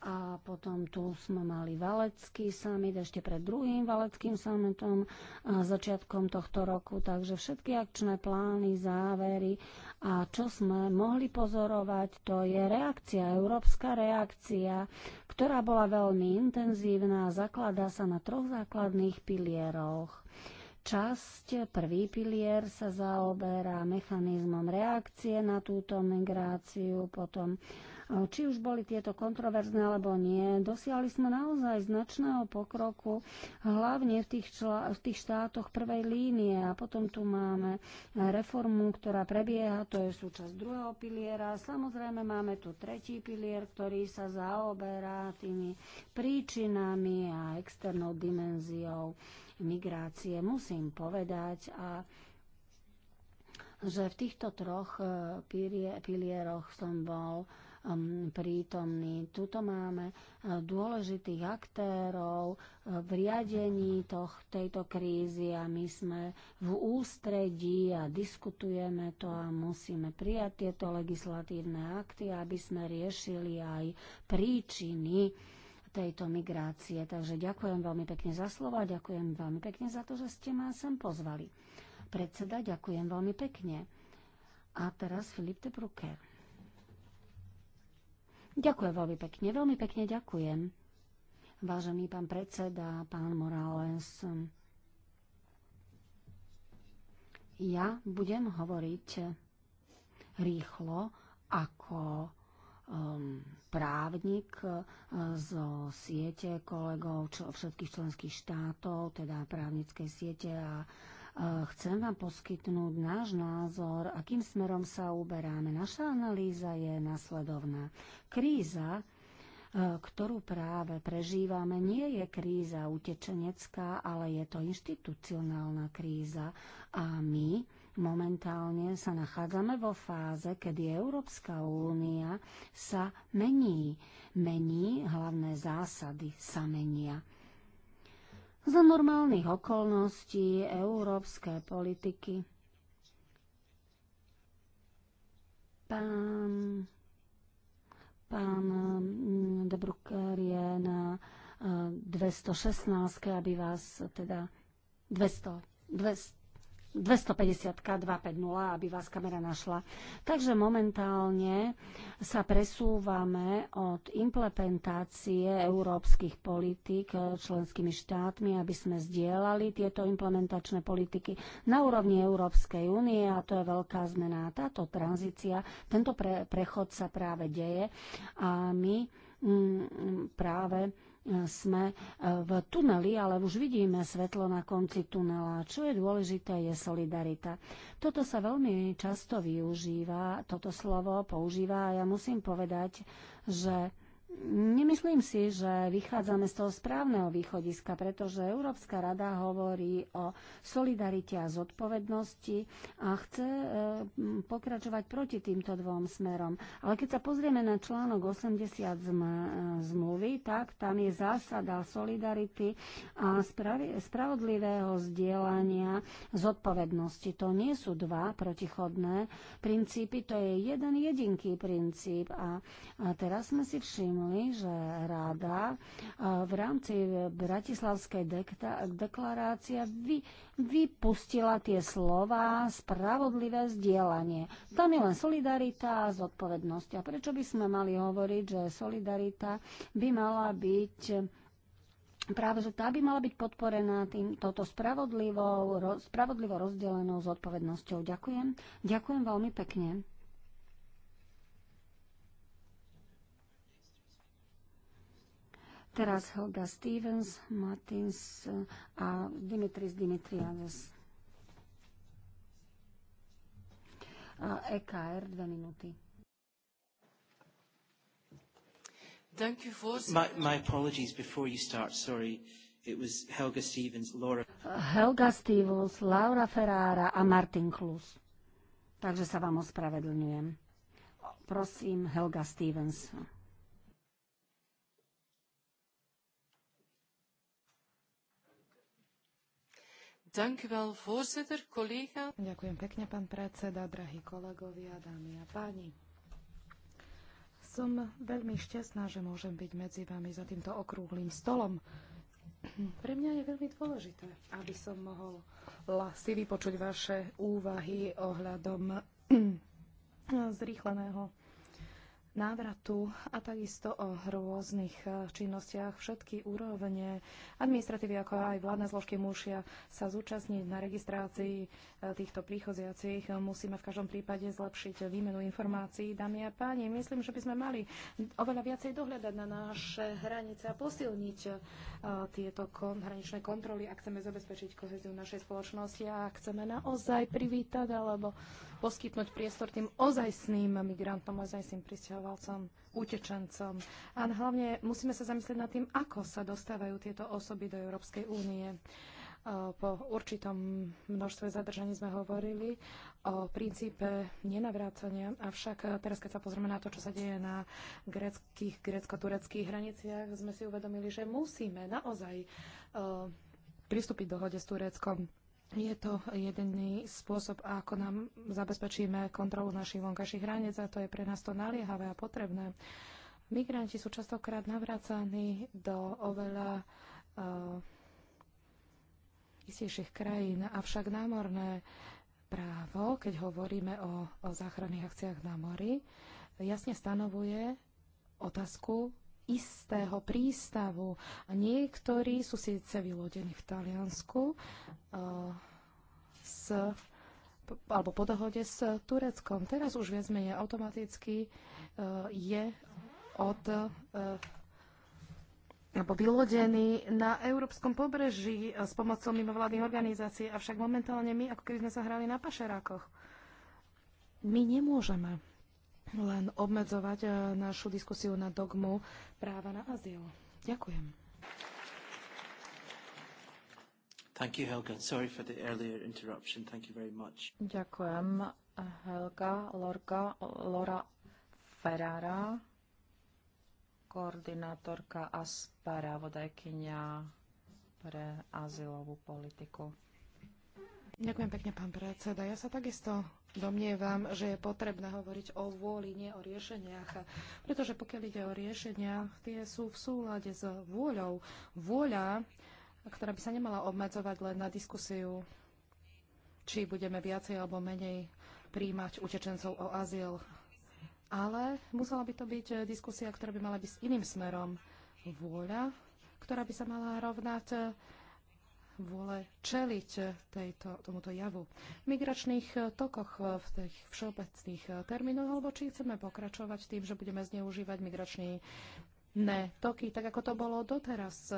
a potom tu sme mali Valecký summit ešte pred druhým Valeckým summitom začiatkom tohto roku. Takže všetky akčné plány, závery a čo sme mohli pozorovať, to je reakcia, európska reakcia, ktorá bola veľmi intenzívna a zakladá sa na troch základných pilieroch časť, prvý pilier sa zaoberá mechanizmom reakcie na túto migráciu, potom e, či už boli tieto kontroverzné alebo nie, dosiahli sme naozaj značného pokroku, hlavne v tých, čl- v tých štátoch prvej línie. A potom tu máme reformu, ktorá prebieha, to je súčasť druhého piliera. Samozrejme máme tu tretí pilier, ktorý sa zaoberá tými príčinami a externou dimenziou migrácie. Musím povedať, a že v týchto troch e, pilieroch som bol um, prítomný. Tuto máme e, dôležitých aktérov e, v riadení toch, tejto krízy a my sme v ústredí a diskutujeme to a musíme prijať tieto legislatívne akty, aby sme riešili aj príčiny tejto migrácie. Takže ďakujem veľmi pekne za slova, ďakujem veľmi pekne za to, že ste ma sem pozvali. Predseda, ďakujem veľmi pekne. A teraz Filip de Brucker. Ďakujem veľmi pekne, veľmi pekne ďakujem. Vážený pán predseda, pán Morales, ja budem hovoriť rýchlo, ako právnik eh, zo siete kolegov čl- všetkých členských štátov, teda právnickej siete a eh, chcem vám poskytnúť náš názor, akým smerom sa uberáme. Naša analýza je nasledovná. Kríza, eh, ktorú práve prežívame, nie je kríza utečenecká, ale je to inštitucionálna kríza a my Momentálne sa nachádzame vo fáze, kedy Európska únia sa mení. Mení hlavné zásady sa menia. Za normálnych okolností európske politiky pán, pán mm, De Brucker je na 216, eh, aby vás teda 200, 200 250 250, aby vás kamera našla. Takže momentálne sa presúvame od implementácie európskych politik členskými štátmi, aby sme zdieľali tieto implementačné politiky na úrovni Európskej únie a to je veľká zmena. Táto tranzícia, tento pre, prechod sa práve deje a my m, mm, práve sme e, v tuneli, ale už vidíme svetlo na konci tunela. Čo je dôležité, je solidarita. Toto sa veľmi často využíva, toto slovo používa a ja musím povedať, že Nemyslím si, že vychádzame z toho správneho východiska, pretože Európska rada hovorí o solidarite a zodpovednosti a chce e, pokračovať proti týmto dvom smerom. Ale keď sa pozrieme na článok 80 e, zmluvy, tak tam je zásada solidarity a spravodlivého zdieľania zodpovednosti. To nie sú dva protichodné princípy, to je jeden jedinký princíp. A teraz sme si všimli, spomenuli, že rada v rámci Bratislavskej deklarácie vy, vypustila tie slova spravodlivé zdieľanie. Tam je len solidarita a zodpovednosť. A prečo by sme mali hovoriť, že solidarita by mala byť práve, že tá by mala byť podporená tým, touto spravodlivou, ro, spravodlivo rozdelenou zodpovednosťou. Ďakujem. Ďakujem veľmi pekne. Teraz Helga Stevens, Martins eh, a Dimitris Dimitriades. A EKR, dve minúty. Dank u voorzitter. My, my apologies before you start, sorry. It was Helga Stevens, Laura... Helga Stevens, Laura Ferrara a Martin Klus. Takže sa vám ospravedlňujem. Prosím, Helga Stevens. Ďakujem pekne, pán predseda, drahí kolegovia, dámy a páni. Som veľmi šťastná, že môžem byť medzi vami za týmto okrúhlým stolom. Pre mňa je veľmi dôležité, aby som mohol si vypočuť vaše úvahy ohľadom zrýchleného návratu a takisto o rôznych e, činnostiach. Všetky úrovne administratívy, ako aj vládne zložky musia sa zúčastniť na registrácii e, týchto príchoziacich. Musíme v každom prípade zlepšiť výmenu informácií. Dámy a páni, myslím, že by sme mali oveľa viacej dohľadať na naše hranice a posilniť e, tieto hraničné kontroly, ak chceme zabezpečiť koheziu našej spoločnosti a ak chceme naozaj privítať alebo poskytnúť priestor tým ozajstným migrantom, ozajstným pristahovalom pristahovalcom, utečencom. A hlavne musíme sa zamyslieť nad tým, ako sa dostávajú tieto osoby do Európskej únie. E, po určitom množstve zadržaní sme hovorili o princípe nenavrácania, avšak teraz, keď sa pozrieme na to, čo sa deje na greckých, grecko-tureckých hraniciach, sme si uvedomili, že musíme naozaj e, pristúpiť dohode s Tureckom je to jediný spôsob, ako nám zabezpečíme kontrolu našich vonkajších hraníc a to je pre nás to naliehavé a potrebné. Migranti sú častokrát navrácaní do oveľa uh, istejších krajín, avšak námorné právo, keď hovoríme o, o záchranných akciách na mori, jasne stanovuje otázku istého prístavu. A niektorí sú síce vylodení v Taliansku uh, s, alebo po dohode s Tureckom. Teraz už viac menej automaticky uh, je od uh, alebo vylodený na európskom pobreží s pomocou mimovládnych organizácií. Avšak momentálne my, ako keby sme sa hrali na pašerákoch. My nemôžeme len obmedzovať eh, našu diskusiu na dogmu práva na azyl. Ďakujem. Thank you, Helga. Sorry for the earlier interruption. Thank you very much. Ďakujem, Helga, Lorka, Lora Ferrara, koordinátorka a spravodajkynia pre azylovú politiku. Ďakujem pekne, pán predseda. Ja sa takisto domnievam, že je potrebné hovoriť o vôli, nie o riešeniach. Pretože pokiaľ ide o riešenia, tie sú v súlade s vôľou. Vôľa, ktorá by sa nemala obmedzovať len na diskusiu, či budeme viacej alebo menej príjmať utečencov o azyl. Ale musela by to byť diskusia, ktorá by mala byť s iným smerom. Vôľa, ktorá by sa mala rovnať vôle čeliť tejto, tomuto javu. V migračných tokoch v tých všeobecných termínoch, alebo či chceme pokračovať tým, že budeme zneužívať migračné toky, tak ako to bolo doteraz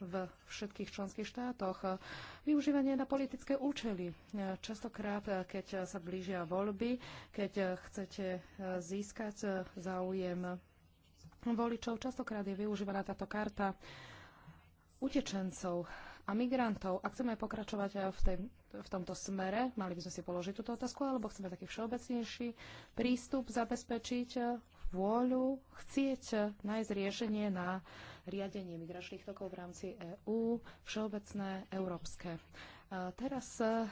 v všetkých členských štátoch. Využívanie na politické účely. Častokrát, keď sa blížia voľby, keď chcete získať záujem voličov, častokrát je využívaná táto karta utečencov a migrantov. Ak chceme pokračovať v, tej, v tomto smere, mali by sme si položiť túto otázku, alebo chceme taký všeobecnejší prístup zabezpečiť vôľu, chcieť nájsť riešenie na riadenie migračných tokov v rámci EÚ, všeobecné, európske. Teraz e,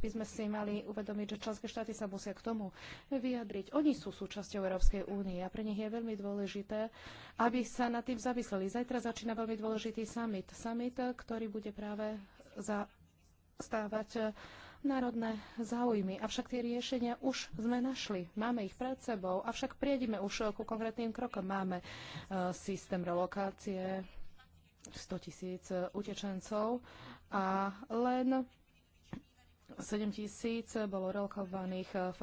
by sme si mali uvedomiť, že členské štáty sa musia k tomu vyjadriť. Oni sú súčasťou Európskej únie a pre nich je veľmi dôležité, aby sa nad tým zamysleli. Zajtra začína veľmi dôležitý summit. Summit, ktorý bude práve zastávať e, národné záujmy. Avšak tie riešenia už sme našli. Máme ich pred sebou. Avšak priejdime už ku konkrétnym krokom. Máme e, systém relokácie 100 tisíc utečencov a len 7 tisíc bolo relokovaných v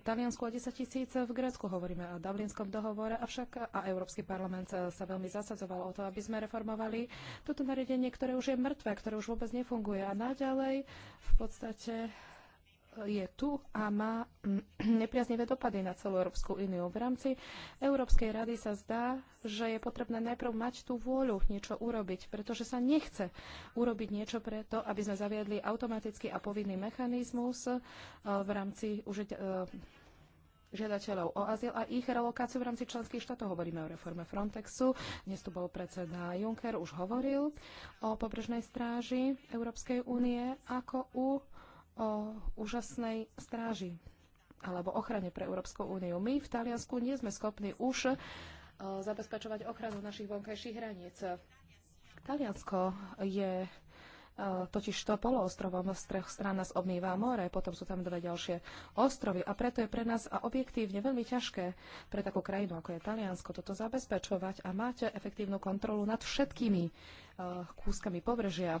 Taliansku a 10 tisíc v Grécku. Hovoríme o Dublinskom dohovore, avšak a Európsky parlament sa veľmi zasadzoval o to, aby sme reformovali toto nariadenie, ktoré už je mŕtve, ktoré už vôbec nefunguje. A naďalej v podstate je tu a má mm, nepriaznivé dopady na celú Európsku úniu. V rámci Európskej rady sa zdá, že je potrebné najprv mať tú vôľu niečo urobiť, pretože sa nechce urobiť niečo preto, aby sme zaviedli automatický a povinný mechanizmus eh, v rámci užite- eh, žiadateľov o azyl a ich relokáciu v rámci členských štátov. Hovoríme o reforme Frontexu. Dnes tu bol predseda Juncker, už hovoril o pobrežnej stráži Európskej únie ako u o úžasnej stráži alebo ochrane pre Európsku úniu. My v Taliansku nie sme schopní už e, zabezpečovať ochranu našich vonkajších hraníc. Taliansko je e, totiž to poloostrovom, z troch strán nás obmýva more, potom sú tam dve ďalšie ostrovy a preto je pre nás a objektívne veľmi ťažké pre takú krajinu ako je Taliansko toto zabezpečovať a máte efektívnu kontrolu nad všetkými Eh, kúskami pobrežia eh,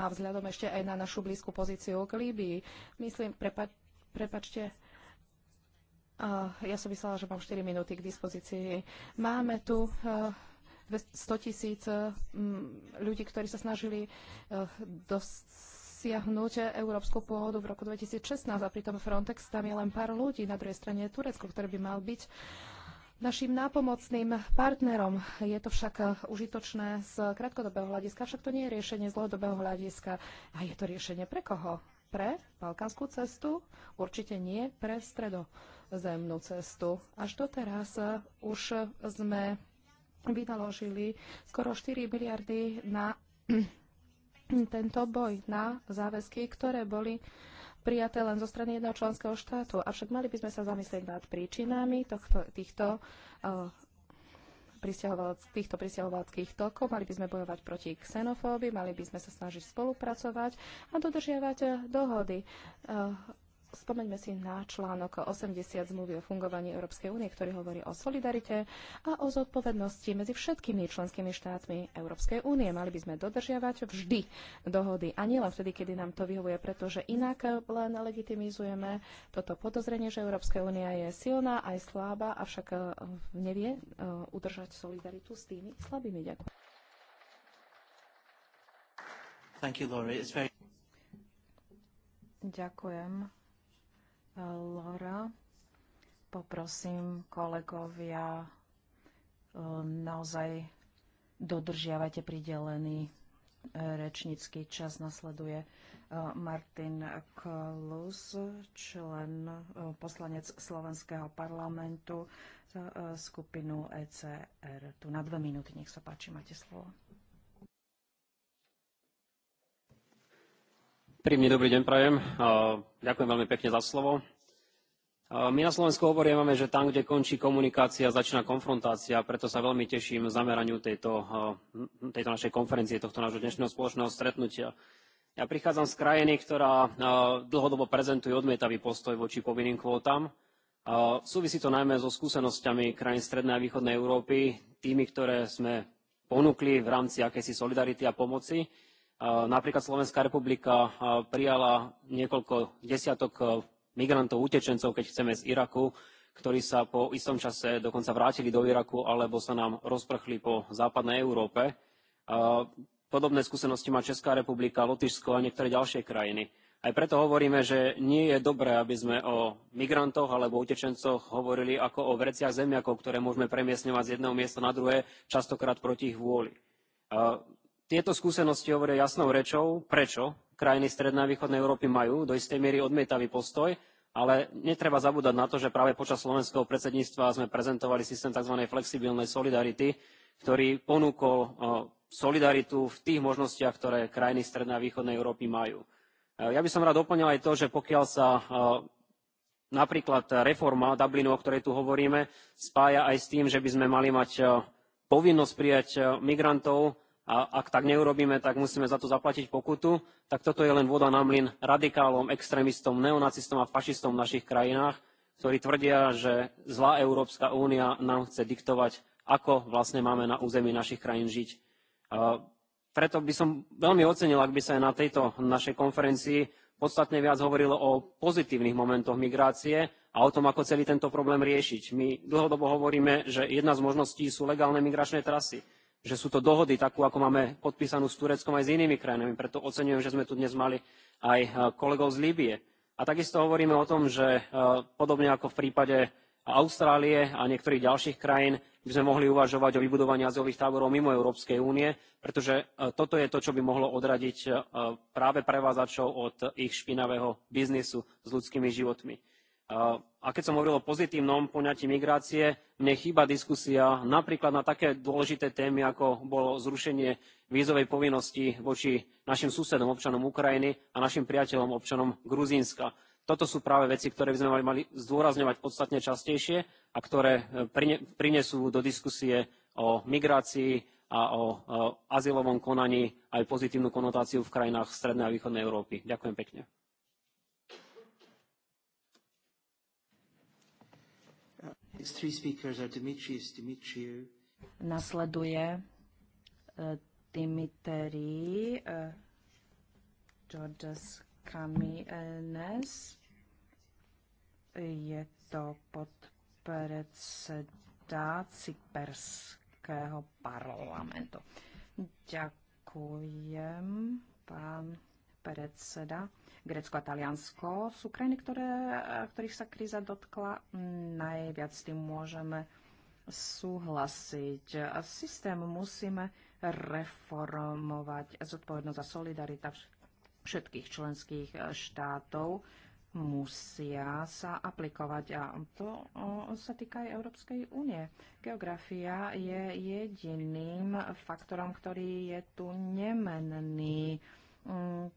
a vzhľadom ešte aj na našu blízku pozíciu k Líbii. Myslím, prepa- prepačte, eh, ja som myslela, že mám 4 minúty k dispozícii. Máme tu 100 tisíc ľudí, ktorí sa snažili dosiahnuť európsku pôvodu v roku 2016 a pritom Frontex tam je len pár ľudí. Na druhej strane je Turecko, ktoré by mal byť našim nápomocným partnerom. Je to však užitočné z krátkodobého hľadiska, však to nie je riešenie z dlhodobého hľadiska. A je to riešenie pre koho? Pre balkánsku cestu? Určite nie pre stredozemnú cestu. Až doteraz už sme vynaložili skoro 4 miliardy na tento boj, na záväzky, ktoré boli prijaté len zo strany jedného členského štátu. Avšak mali by sme sa zamyslieť nad príčinami tohto, týchto eh, týchto pristahovaleckých tokov, mali by sme bojovať proti xenofóbii, mali by sme sa snažiť spolupracovať a dodržiavať eh, dohody. Uh, Spomeňme si na článok 80 zmluvy o fungovaní Európskej únie, ktorý hovorí o solidarite a o zodpovednosti medzi všetkými členskými štátmi Európskej únie. Mali by sme dodržiavať vždy dohody a nielen vtedy, kedy nám to vyhovuje, pretože inak len legitimizujeme toto podozrenie, že Európska únia je silná aj slabá, avšak eh, nevie eh, udržať solidaritu s tými slabými. Ďakujem. Thank you, Laurie. It's very... Ďakujem. Lora. Poprosím kolegovia, e, naozaj dodržiavate pridelený e, rečnícky čas. Nasleduje e, Martin Klus, člen poslanec Slovenského parlamentu za skupinu ECR. Tu na dve minúty, nech sa páči, máte slovo. Príjemný dobrý deň prajem. Ďakujem veľmi pekne za slovo. My na Slovensku hovoríme, že tam, kde končí komunikácia, začína konfrontácia, preto sa veľmi teším zameraniu tejto, tejto našej konferencie, tohto nášho dnešného spoločného stretnutia. Ja prichádzam z krajiny, ktorá dlhodobo prezentuje odmietavý postoj voči povinným kvótam. Súvisí to najmä so skúsenosťami krajín Strednej a Východnej Európy, tými, ktoré sme ponúkli v rámci akejsi solidarity a pomoci Eh, napríklad Slovenská republika eh, prijala niekoľko desiatok eh, migrantov, utečencov, keď chceme z Iraku, ktorí sa po istom čase dokonca vrátili do Iraku alebo sa nám rozprchli po západnej Európe. Podobné skúsenosti má Česká republika, Lotyšsko a niektoré ďalšie krajiny. Aj preto hovoríme, že nie je dobré, aby sme o migrantoch alebo utečencoch hovorili ako o vreciach zemiakov, ktoré môžeme premiesňovať z jedného miesta na druhé, častokrát proti ich vôli tieto skúsenosti hovoria jasnou rečou, prečo krajiny Strednej a Východnej Európy majú do istej miery odmietavý postoj, ale netreba zabúdať na to, že práve počas slovenského predsedníctva sme prezentovali systém tzv. flexibilnej solidarity, ktorý ponúkol e, solidaritu v tých možnostiach, ktoré krajiny Strednej a Východnej Európy majú. E, ja by som rád doplnil aj to, že pokiaľ sa e, napríklad reforma Dublinu, o ktorej tu hovoríme, spája aj s tým, že by sme mali mať povinnosť prijať migrantov, a ak tak neurobíme, tak musíme za to zaplatiť pokutu. Tak toto je len voda na mlyn radikálom, extrémistom, neonacistom a fašistom v našich krajinách, ktorí tvrdia, že zlá Európska únia nám chce diktovať, ako vlastne máme na území našich krajín žiť. preto by som veľmi ocenil, ak by sa aj na tejto našej konferencii podstatne viac hovorilo o pozitívnych momentoch migrácie a o tom, ako celý tento problém riešiť. My dlhodobo hovoríme, že jedna z možností sú legálne migračné trasy že sú to dohody, takú ako máme podpísanú s Tureckom aj s inými krajinami. Preto oceňujem, že sme tu dnes mali aj e, kolegov z Líbie. A takisto hovoríme o tom, že e, podobne ako v prípade Austrálie a niektorých ďalších krajín by sme mohli uvažovať o vybudovaní azylových táborov mimo Európskej únie, pretože e, toto je to, čo by mohlo odradiť práve prevádzačov od ich špinavého biznisu s ľudskými životmi a keď som hovoril o pozitívnom poňatí migrácie, mne chýba diskusia napríklad na také dôležité témy, ako bolo zrušenie vízovej povinnosti voči našim susedom, občanom Ukrajiny a našim priateľom, občanom Gruzínska. Toto sú práve veci, ktoré by sme mali, mali zdôrazňovať podstatne častejšie a ktoré eh, prinesú do diskusie o migrácii a o, o eh, azylovom konaní aj pozitívnu konotáciu v krajinách Strednej a Východnej Európy. Ďakujem pekne. Nasleduje e, Dimitri e, Georges Kamienes. Je to podpredseda Cyperského parlamentu. Ďakujem, pán predseda. Grécko a Taliansko sú krajiny, ktoré, eh, ktorých sa kríza dotkla najviac. S tým môžeme súhlasiť. systém musíme reformovať. Zodpovednosť a solidarita všetkých členských eh, štátov musia sa aplikovať. A to eh, sa týka aj Európskej únie. Geografia je jediným faktorom, ktorý je tu nemenný mm,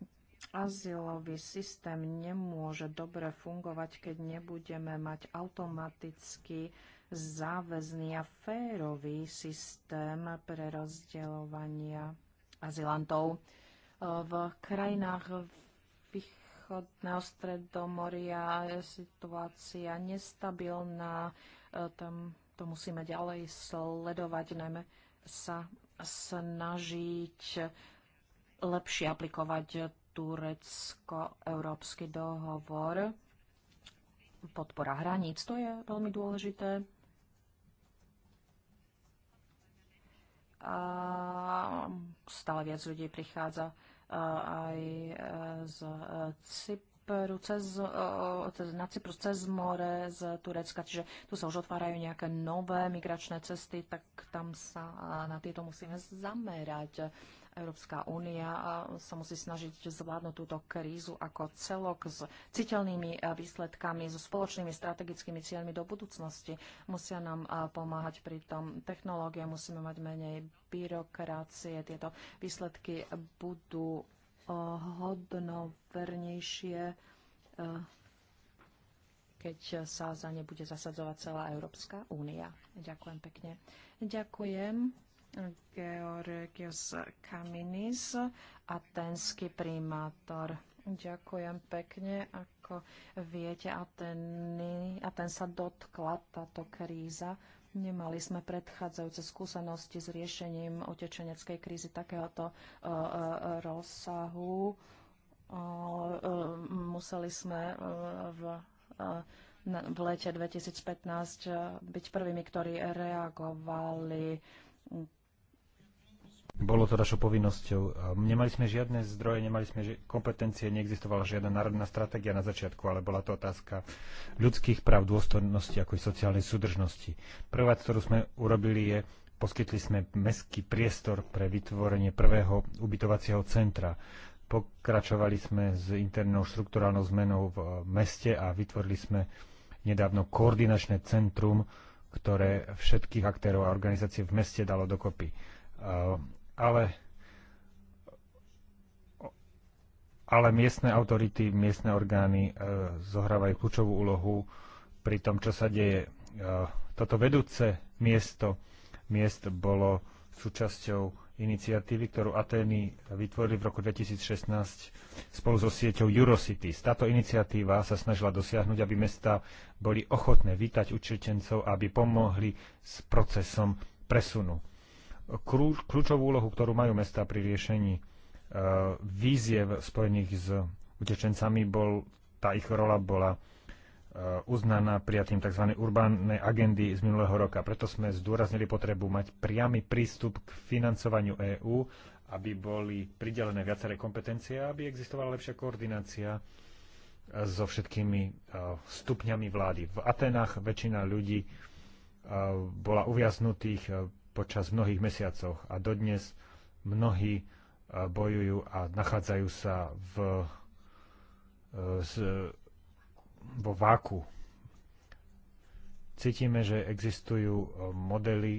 Azylový systém nemôže dobre fungovať, keď nebudeme mať automaticky záväzný a férový systém pre rozdeľovania azylantov. V krajinách východného stredomoria je situácia nestabilná. E, tam to musíme ďalej sledovať, najmä sa snažiť lepšie aplikovať turecko-európsky dohovor, podpora hraníc, to je veľmi dôležité. A stále viac ľudí prichádza aj e, z e, Cyperu, cez, e, cez, na Cyprus, cez more, z Turecka. Čiže tu sa už otvárajú nejaké nové migračné cesty, tak tam sa na tieto musíme zamerať Európska únia sa musí snažiť zvládnuť túto krízu ako celok s citeľnými výsledkami, so spoločnými strategickými cieľmi do budúcnosti. Musia nám pomáhať pri tom technológie, musíme mať menej byrokracie. Tieto výsledky budú hodnovernejšie keď sa za ne bude zasadzovať celá Európska únia. Ďakujem pekne. Ďakujem. Georgios Kaminis, atenský primátor. Ďakujem pekne. Ako viete, Ateny, Aten sa dotkla táto kríza. Nemali sme predchádzajúce skúsenosti s riešením utečeneckej krízy takéhoto e, e, rozsahu. E, museli sme v v lete 2015 byť prvými, ktorí reagovali bolo to našou povinnosťou. Nemali sme žiadne zdroje, nemali sme kompetencie, neexistovala žiadna národná stratégia na začiatku, ale bola to otázka ľudských práv, dôstojnosti ako i sociálnej súdržnosti. Prvá, ktorú sme urobili, je poskytli sme mestský priestor pre vytvorenie prvého ubytovacieho centra. Pokračovali sme s internou štruktúrálnou zmenou v meste a vytvorili sme nedávno koordinačné centrum, ktoré všetkých aktérov a organizácie v meste dalo dokopy ale, ale miestne autority, miestne orgány e, zohrávajú kľúčovú úlohu pri tom, čo sa deje. E, toto vedúce miesto miest bolo súčasťou iniciatívy, ktorú Atény vytvorili v roku 2016 spolu so sieťou Eurocities. Táto iniciatíva sa snažila dosiahnuť, aby mesta boli ochotné vítať učiteľcov, aby pomohli s procesom presunu kľúčovú úlohu, ktorú majú mesta pri riešení e, víziev spojených s utečencami, bol, tá ich rola bola e, uznaná prijatím tzv. urbánnej agendy z minulého roka. Preto sme zdôraznili potrebu mať priamy prístup k financovaniu EÚ, aby boli pridelené viaceré kompetencie a aby existovala lepšia koordinácia e, so všetkými stupňami vlády. V Atenách väčšina ľudí bola uviaznutých počas mnohých mesiacoch a dodnes mnohí e, bojujú a nachádzajú sa v, e, z, vo váku. Cítime, že existujú e, modely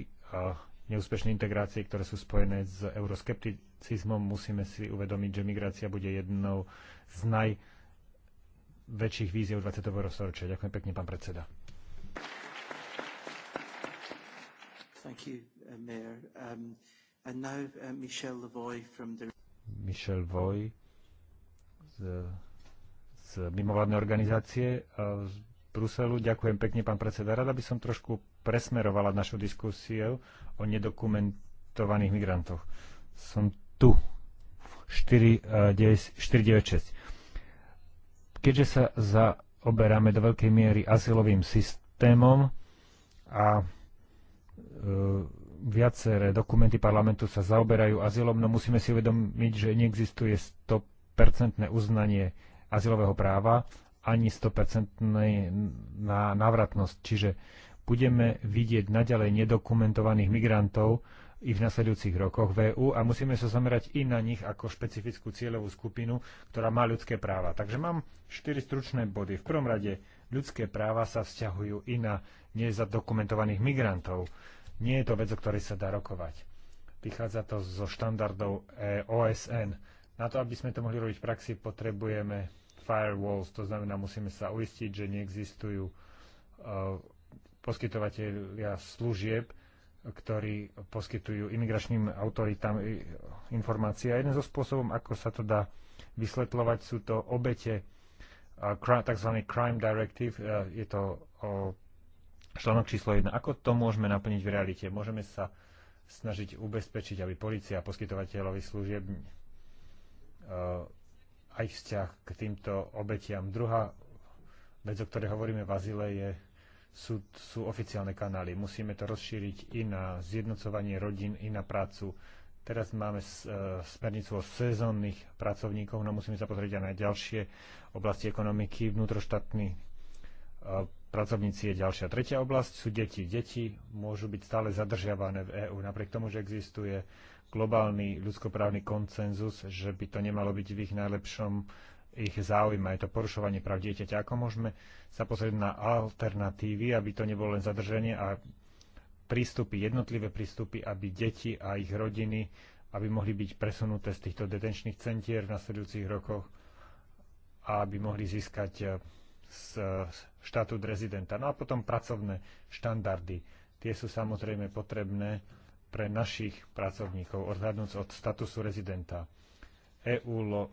neúspešnej integrácie, ktoré sú spojené s euroskepticizmom. Musíme si uvedomiť, že migrácia bude jednou z najväčších víziev 20. storočia. Ďakujem pekne, pán predseda. Thank you uh, Mayor. Um, and now uh, Michel Lavoy from the... Michel Lavoy z, z mimovládnej organizácie uh, z Bruselu. Ďakujem pekne, pán predseda. Rada by som trošku presmerovala našu diskusiu o nedokumentovaných migrantoch. Som tu. 496. Uh, Keďže sa zaoberáme do veľkej miery azylovým systémom a uh, viaceré dokumenty parlamentu sa zaoberajú azylom, no musíme si uvedomiť, že neexistuje 100% uznanie azylového práva ani 100% na návratnosť. Čiže budeme vidieť naďalej nedokumentovaných migrantov i v nasledujúcich rokoch v EU a musíme sa zamerať i na nich ako špecifickú cieľovú skupinu, ktorá má ľudské práva. Takže mám štyri stručné body. V prvom rade ľudské práva sa vzťahujú i na nezadokumentovaných migrantov nie je to vec, o ktorej sa dá rokovať. Vychádza to zo štandardov e OSN. Na to, aby sme to mohli robiť v praxi, potrebujeme firewalls, to znamená, musíme sa uistiť, že neexistujú eh, poskytovateľia služieb, ktorí poskytujú imigračným autoritám eh, informácie. A jeden zo spôsobom, ako sa to dá vysvetľovať, sú to obete eh, tzv. Crime Directive. Je to Článok číslo 1. Ako to môžeme naplniť v realite? Môžeme sa snažiť ubezpečiť, aby policia a poskytovateľovi služieb uh, aj vzťah k týmto obetiam. Druhá vec, o ktorej hovoríme v Azile, je, sú, sú oficiálne kanály. Musíme to rozšíriť i na zjednocovanie rodín, i na prácu. Teraz máme e, smernicu o sezónnych pracovníkov, no musíme sa pozrieť aj na ďalšie oblasti ekonomiky, vnútroštátny e, pracovníci je ďalšia. Tretia oblasť sú deti. Deti môžu byť stále zadržiavané v EÚ, napriek tomu, že existuje globálny ľudskoprávny koncenzus, že by to nemalo byť v ich najlepšom ich záujme, je to porušovanie práv dieťaťa. Ako môžeme sa pozrieť na alternatívy, aby to nebolo len zadrženie a prístupy, jednotlivé prístupy, aby deti a ich rodiny, aby mohli byť presunuté z týchto detenčných centier v nasledujúcich rokoch a aby mohli získať z, eh, z štatút rezidenta. No a potom pracovné štandardy. Tie sú samozrejme potrebné pre našich pracovníkov, odhľadnúc od statusu rezidenta. EU lo, e,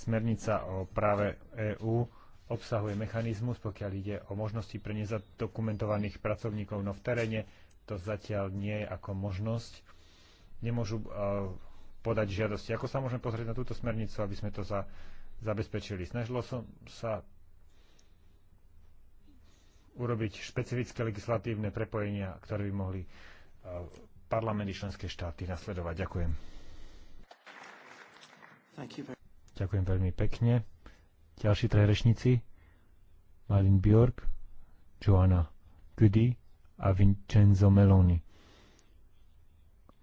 smernica o práve EÚ obsahuje mechanizmus, pokiaľ ide o možnosti pre nezadokumentovaných pracovníkov, no v teréne to zatiaľ nie je ako možnosť. Nemôžu e, podať žiadosti. Ako sa môžeme pozrieť na túto smernicu, aby sme to za, zabezpečili? Snažilo som sa urobiť špecifické legislatívne prepojenia, ktoré by mohli eh, parlamenty členské štáty nasledovať. Ďakujem. Ďakujem veľmi pekne. Ďalší trajrešníci Malin Bjork, Joana Gudi a Vincenzo Meloni.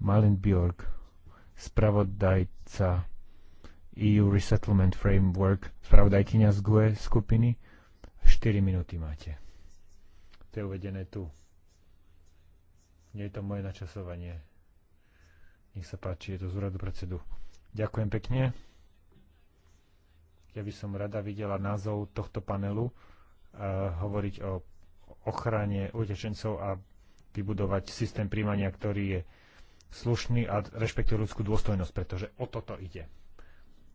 Malin Bjork, spravodajca EU Resettlement Framework, spravodajkynia z GUE skupiny. 4 minúty máte. To uvedené tu. Nie je to moje načasovanie. Nech sa páči, je to z úradu predsedu. Ďakujem pekne. Ja by som rada videla názov tohto panelu uh, hovoriť o ochrane utečencov a vybudovať systém príjmania, ktorý je slušný a rešpektuje ľudskú dôstojnosť, pretože o toto ide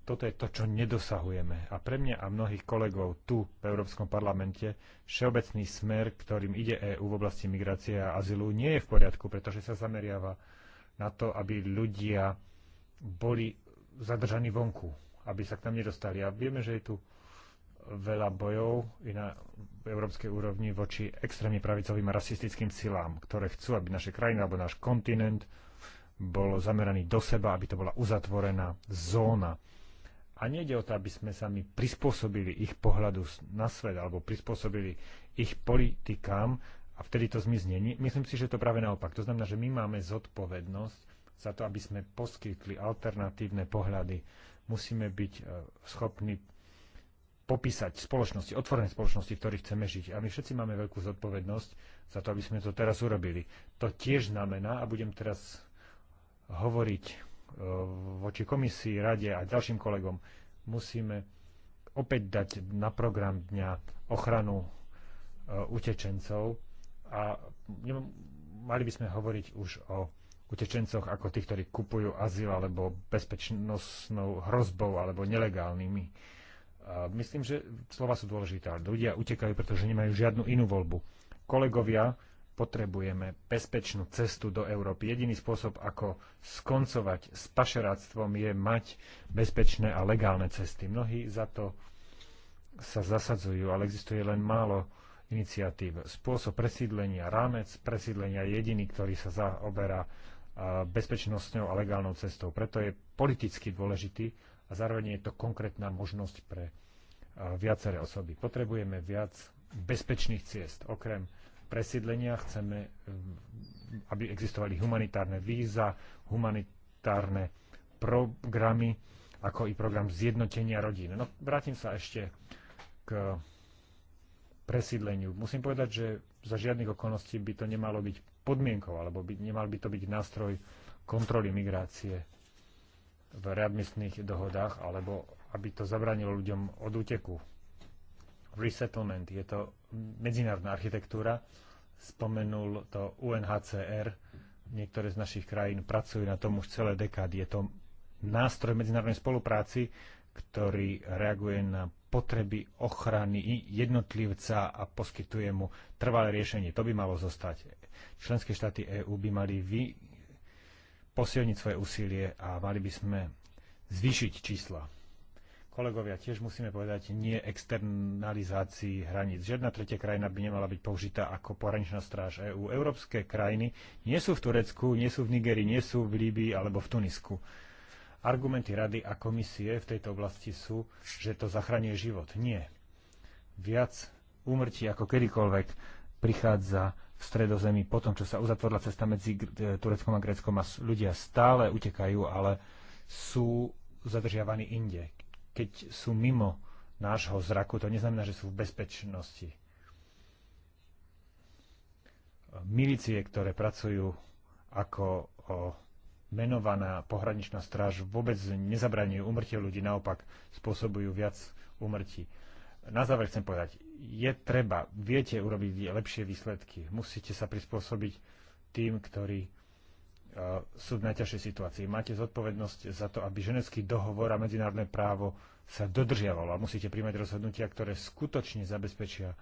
toto je to, čo nedosahujeme. A pre mňa a mnohých kolegov tu v Európskom parlamente všeobecný smer, ktorým ide EÚ v oblasti migrácie a azylu, nie je v poriadku, pretože sa zameriava na to, aby ľudia boli zadržaní vonku, aby sa k nám nedostali. A vieme, že je tu veľa bojov i na európskej úrovni voči extrémne pravicovým a rasistickým silám, ktoré chcú, aby naše krajina alebo náš kontinent bol zameraný do seba, aby to bola uzatvorená zóna a nejde o to, aby sme sa my prispôsobili ich pohľadu na svet alebo prispôsobili ich politikám a vtedy to zmizne. Myslím si, že to práve naopak. To znamená, že my máme zodpovednosť za to, aby sme poskytli alternatívne pohľady. Musíme byť e, schopní popísať spoločnosti, otvorené spoločnosti, v ktorých chceme žiť. A my všetci máme veľkú zodpovednosť za to, aby sme to teraz urobili. To tiež znamená, a budem teraz hovoriť voči komisii, rade a ďalším kolegom musíme opäť dať na program dňa ochranu e, utečencov a mali by sme hovoriť už o utečencoch ako tých, ktorí kupujú azyl alebo bezpečnostnou hrozbou alebo nelegálnymi. E, myslím, že slova sú dôležité. Ľudia utekajú, pretože nemajú žiadnu inú voľbu. Kolegovia, potrebujeme bezpečnú cestu do Európy. Jediný spôsob, ako skoncovať s pašeráctvom, je mať bezpečné a legálne cesty. Mnohí za to sa zasadzujú, ale existuje len málo iniciatív. Spôsob presídlenia, rámec presídlenia je jediný, ktorý sa zaoberá bezpečnosťou a legálnou cestou. Preto je politicky dôležitý a zároveň je to konkrétna možnosť pre viaceré osoby. Potrebujeme viac bezpečných ciest. Okrem presídlenia, chceme, eh, aby existovali humanitárne víza, humanitárne programy, ako i program zjednotenia rodín. No, vrátim sa ešte k presídleniu. Musím povedať, že za žiadnych okolností by to nemalo byť podmienkou, alebo by, nemal by to byť nástroj kontroly migrácie v readmistných dohodách, alebo aby to zabranilo ľuďom od úteku resettlement. Je to medzinárodná architektúra. Spomenul to UNHCR. Niektoré z našich krajín pracujú na tom už celé dekády. Je to nástroj medzinárodnej spolupráci, ktorý reaguje na potreby ochrany jednotlivca a poskytuje mu trvalé riešenie. To by malo zostať. Členské štáty EÚ by mali vy posilniť svoje úsilie a mali by sme zvýšiť čísla. Kolegovia, tiež musíme povedať nie externalizácii hraníc. Žiadna tretia krajina by nemala byť použitá ako pohraničná stráž EÚ. Európske krajiny nie sú v Turecku, nie sú v Nigerii, nie sú v Líbii alebo v Tunisku. Argumenty rady a komisie v tejto oblasti sú, že to zachraňuje život. Nie. Viac úmrtí ako kedykoľvek prichádza v stredozemí po tom, čo sa uzatvorila cesta medzi e, Tureckom a Gréckom a ľudia stále utekajú, ale sú zadržiavaní inde keď sú mimo nášho zraku, to neznamená, že sú v bezpečnosti. Milície, ktoré pracujú ako menovaná pohraničná stráž, vôbec nezabraňujú umrtie ľudí, naopak spôsobujú viac umrtí. Na záver chcem povedať, je treba, viete urobiť lepšie výsledky, musíte sa prispôsobiť tým, ktorí sú v najťažšej situácii. Máte zodpovednosť za to, aby ženecký dohovor a medzinárodné právo sa dodržiavalo a musíte príjmať rozhodnutia, ktoré skutočne zabezpečia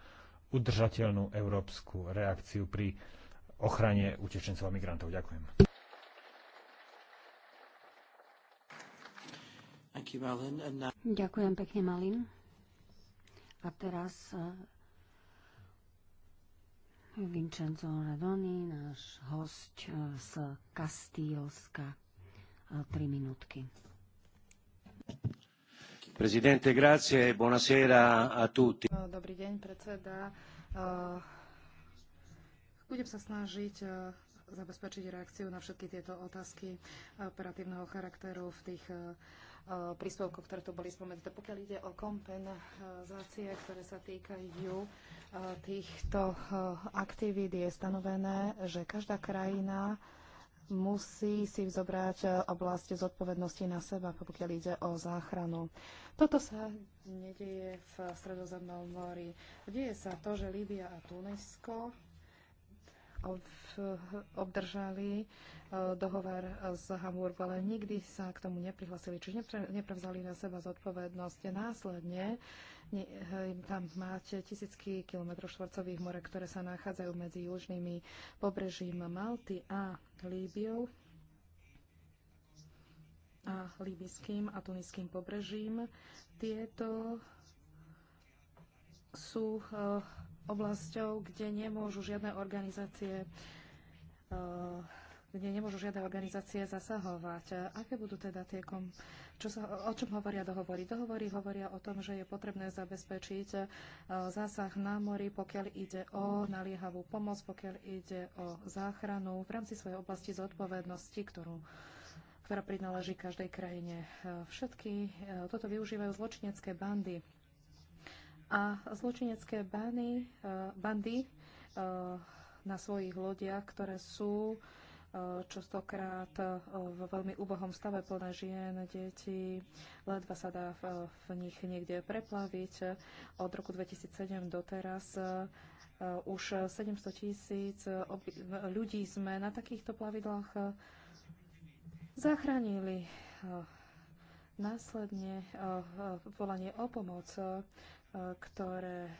udržateľnú európsku reakciu pri ochrane utečencov a migrantov. Ďakujem. Ďakujem pekne, Malin. A teraz eh, Vincenzo Radoni, náš host e, z Kastílska. 3 e, minútky. Prezidente, grazie, buonasera a tutti. E, dobrý deň, predseda. Budem sa snažiť zabezpečiť reakciu na všetky tieto otázky operatívneho charakteru v tých Eh, príspevkov, ktoré tu boli spomenuté. Pokiaľ ide o kompenzácie, ktoré sa týkajú eh, týchto eh, aktivít, je stanovené, že každá krajina musí si zobrať oblasť zodpovednosti na seba, pokiaľ ide o záchranu. Toto sa nedieje v Stredozemnom mori. Deje sa to, že Líbia a Tunisko obdržali e, dohovor z Hamburgu, ale nikdy sa k tomu neprihlasili, čiže neprevzali na seba zodpovednosť. Následne tam máte tisícky kilometrov štvorcových more, ktoré sa nachádzajú medzi južnými pobrežím Malty a Líbiou a líbyským a tuniským pobrežím. Tieto sú e, oblasťou, kde nemôžu žiadne organizácie eh, kde nemôžu žiadne organizácie zasahovať. Aké budú teda tie, kom, čo sa, o čom hovoria dohovory? Dohovory hovoria o tom, že je potrebné zabezpečiť eh, zásah na mori, pokiaľ ide o naliehavú pomoc, pokiaľ ide o záchranu v rámci svojej oblasti zodpovednosti, ktorú ktorá prináleží každej krajine. Eh, všetky toto využívajú zločinecké bandy a zločinecké bany, e, bandy e, na svojich lodiach, ktoré sú e, častokrát v veľmi úbohom stave plné žien, detí. Ledva sa dá v, v nich niekde preplaviť. Od roku 2007 doteraz už 700 tisíc ľudí sme na takýchto plavidlách zachránili. Následne volanie o pomoc ktoré e,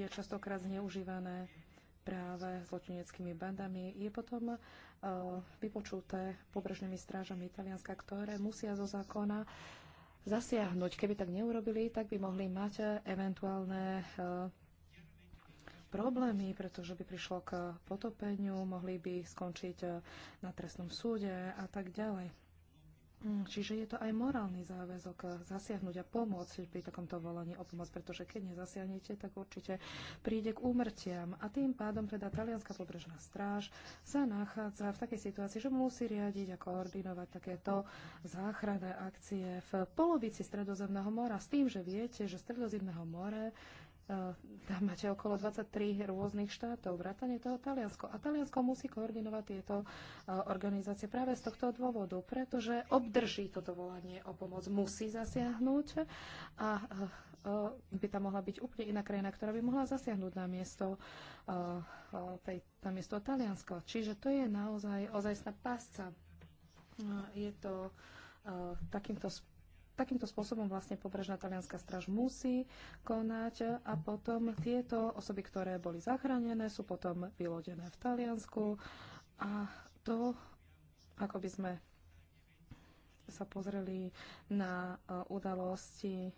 je častokrát zneužívané práve zločineckými bandami, je potom e, vypočuté pobrežnými strážami Talianska, ktoré musia zo zákona zasiahnuť. Keby tak neurobili, tak by mohli mať eventuálne e, problémy, pretože by prišlo k potopeniu, mohli by skončiť na trestnom súde a tak ďalej. Mm, čiže je to aj morálny záväzok zasiahnuť a pomôcť pri takomto volaní o pomoc, pretože keď nezasiahnete, tak určite príde k úmrtiam. A tým pádom teda Talianská pobrežná stráž sa nachádza v takej situácii, že musí riadiť a koordinovať takéto záchranné akcie v polovici Stredozemného mora s tým, že viete, že Stredozemného more Eh, tam máte okolo 23 rôznych štátov, vrátane toho Taliansko. A Taliansko musí koordinovať tieto eh, organizácie práve z tohto dôvodu, pretože obdrží toto volanie o pomoc, musí zasiahnuť a eh, by tam mohla byť úplne iná krajina, ktorá by mohla zasiahnuť na miesto, na miesto Taliansko. Čiže to je naozaj ozajstná pásca. Je to takýmto takýmto spôsobom vlastne pobrežná talianská straž musí konať a potom tieto osoby, ktoré boli zachránené, sú potom vylodené v Taliansku a to, ako by sme sa pozreli na e, udalosti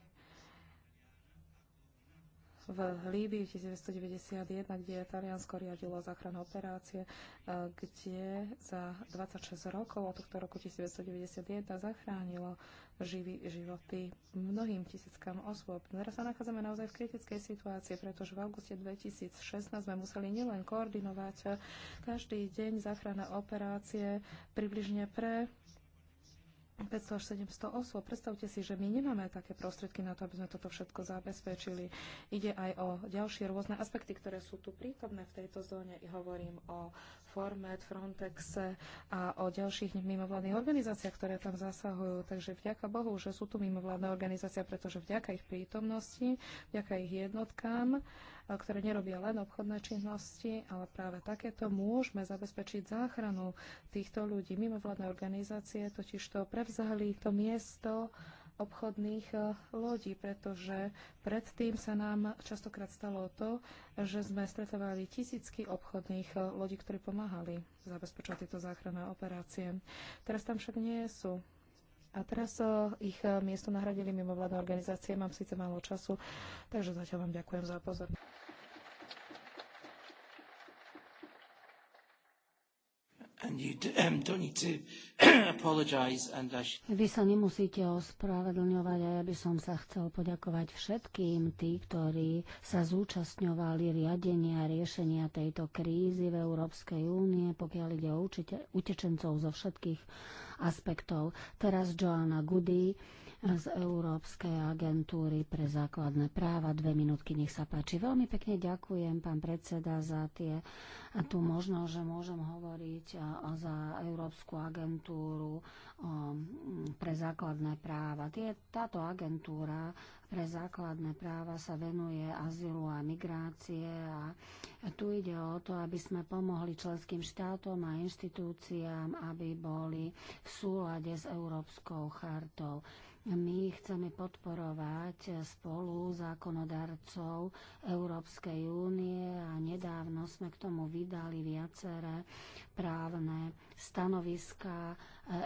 v Líbii 1991, kde Taliansko riadilo záchranné operácie, kde za 26 rokov od tohto roku 1991 zachránilo živý, životy mnohým tisíckam osôb. Teraz sa nachádzame naozaj v kritickej situácii, pretože v auguste 2016 sme museli nielen koordinovať každý deň záchranné operácie približne pre 500 až 700 osôb. Predstavte si, že my nemáme také prostriedky na to, aby sme toto všetko zabezpečili. Ide aj o ďalšie rôzne aspekty, ktoré sú tu prítomné v tejto zóne. I hovorím o Formet, Frontexe a o ďalších mimovládnych organizáciách, ktoré tam zasahujú. Takže vďaka Bohu, že sú tu mimovládne organizácia, pretože vďaka ich prítomnosti, vďaka ich jednotkám, ktoré nerobia len obchodné činnosti, ale práve takéto môžeme zabezpečiť záchranu týchto ľudí. Mimovládne organizácie totiž to prevzali to miesto obchodných e, lodí, pretože predtým sa nám častokrát stalo to, že sme stretávali tisícky obchodných e, lodí, ktorí pomáhali zabezpečovať tieto záchranné operácie. Teraz tam však nie sú. A teraz e, ich miesto nahradili mimovládne organizácie. Mám síce málo času, takže zatiaľ vám ďakujem za pozornosť. Um, Vy sa nemusíte ospravedlňovať a ja by som sa chcel poďakovať všetkým tí, ktorí sa zúčastňovali riadenia a riešenia tejto krízy v Európskej únie, pokiaľ ide o učite, utečencov zo všetkých aspektov. Teraz Joanna Goody z Európskej agentúry pre základné práva. Dve minútky, nech sa páči. Veľmi pekne ďakujem, pán predseda, za tie, tú možnosť, že môžem hovoriť za Európsku agentúru pre základné práva. Tie, táto agentúra pre základné práva sa venuje azylu a migrácie a tu ide o to, aby sme pomohli členským štátom a inštitúciám, aby boli v súlade s Európskou chartou. My chceme podporovať spolu zákonodarcov Európskej únie a nedávno sme k tomu vydali viaceré právne stanoviska.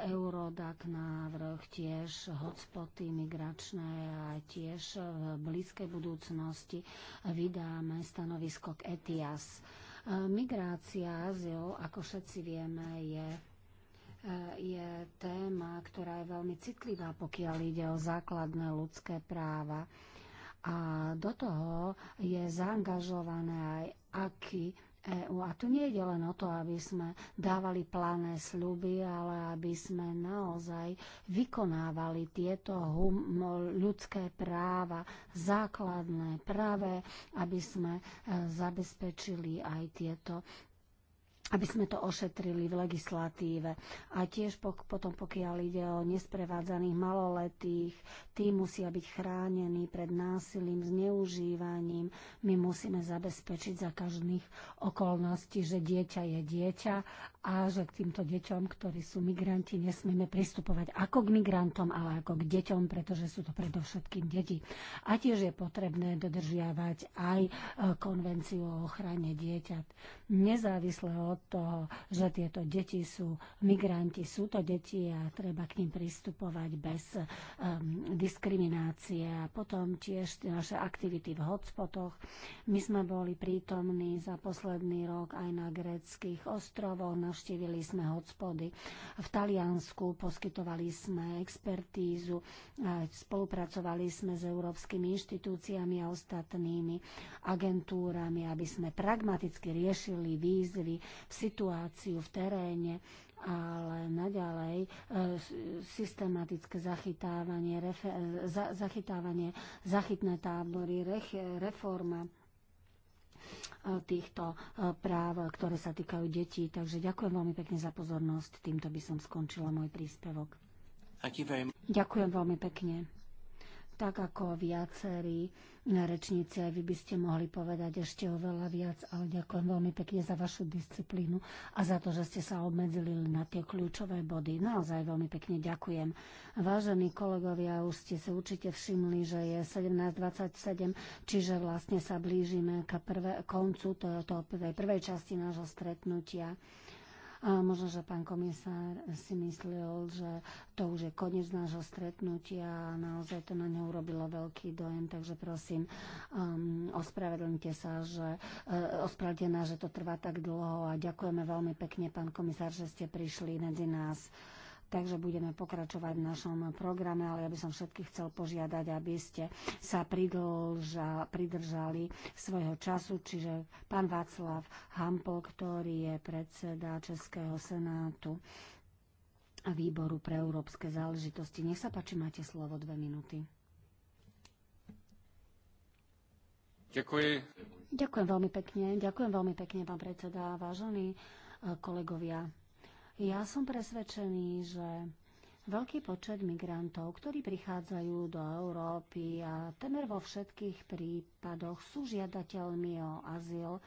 Eurodac návrh tiež hotspoty migračné a tiež v blízkej budúcnosti vydáme stanovisko k ETIAS. Migrácia, ako všetci vieme, je je téma, ktorá je veľmi citlivá, pokiaľ ide o základné ľudské práva. A do toho je zaangažované aj aký EU. A tu nie je len o to, aby sme dávali plané sľuby, ale aby sme naozaj vykonávali tieto ľudské práva, základné práve, aby sme e, zabezpečili aj tieto aby sme to ošetrili v legislatíve. A tiež pok- potom, pokiaľ ide o nesprevádzaných maloletých, tí musia byť chránení pred násilím, zneužívaním. My musíme zabezpečiť za každých okolností, že dieťa je dieťa a že k týmto deťom, ktorí sú migranti, nesmieme pristupovať ako k migrantom, ale ako k deťom, pretože sú to predovšetkým deti. A tiež je potrebné dodržiavať aj e, konvenciu o ochrane dieťat. Nezávisle od toho, že tieto deti sú migranti, sú to deti a treba k ním pristupovať bez um, diskriminácie. A potom tiež naše aktivity v hotspotoch. My sme boli prítomní za posledný rok aj na gréckých ostrovoch, na navštívili sme hotspody. V Taliansku poskytovali sme expertízu, spolupracovali sme s európskymi inštitúciami a ostatnými agentúrami, aby sme pragmaticky riešili výzvy, situáciu v teréne, ale naďalej e, systematické zachytávanie, za, zachytávanie, zachytné tábory, re, reforma Eh, týchto eh, práv, ktoré sa týkajú detí. Takže ďakujem veľmi pekne za pozornosť. Týmto by som skončila môj príspevok. Ďakujem veľmi pekne. Tak ako viacerí rečníci. Aj vy by ste mohli povedať ešte oveľa viac, ale ďakujem veľmi pekne za vašu disciplínu a za to, že ste sa obmedzili na tie kľúčové body. Naozaj veľmi pekne ďakujem. Vážení kolegovia, už ste si určite všimli, že je 17.27, čiže vlastne sa blížime k prvé, koncu tej prvej časti nášho stretnutia. A možno, že pán komisár si myslel, že to už je koniec nášho stretnutia a naozaj to na ňo urobilo veľký dojem, takže prosím, um, ospravedlňte sa, že uh, ospravedlňte nás, že to trvá tak dlho a ďakujeme veľmi pekne, pán komisár, že ste prišli medzi nás takže budeme pokračovať v našom programe, ale ja by som všetkých chcel požiadať, aby ste sa pridlža, pridržali svojho času, čiže pán Václav Hampol, ktorý je predseda Českého senátu a výboru pre európske záležitosti. Nech sa páči, máte slovo dve minúty. Ďakujem. Ďakujem veľmi pekne. Ďakujem veľmi pekne, pán predseda, vážení eh, kolegovia. Ja som presvedčený, že veľký počet migrantov, ktorí prichádzajú do Európy a temer vo všetkých prípadoch sú žiadateľmi o azyl,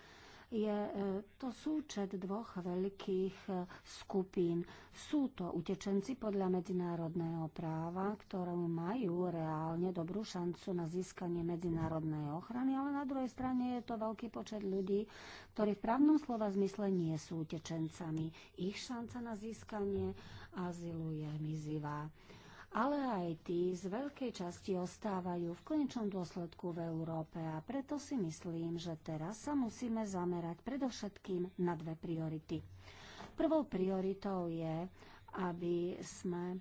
je e, to súčet dvoch veľkých e, skupín. Sú to utečenci podľa medzinárodného práva, ktoré majú reálne dobrú šancu na získanie medzinárodnej ochrany, ale na druhej strane je to veľký počet ľudí, ktorí v právnom slova zmysle nie sú utečencami. Ich šanca na získanie azylu je mizivá ale aj tí z veľkej časti ostávajú v konečnom dôsledku v Európe a preto si myslím, že teraz sa musíme zamerať predovšetkým na dve priority. Prvou prioritou je, aby sme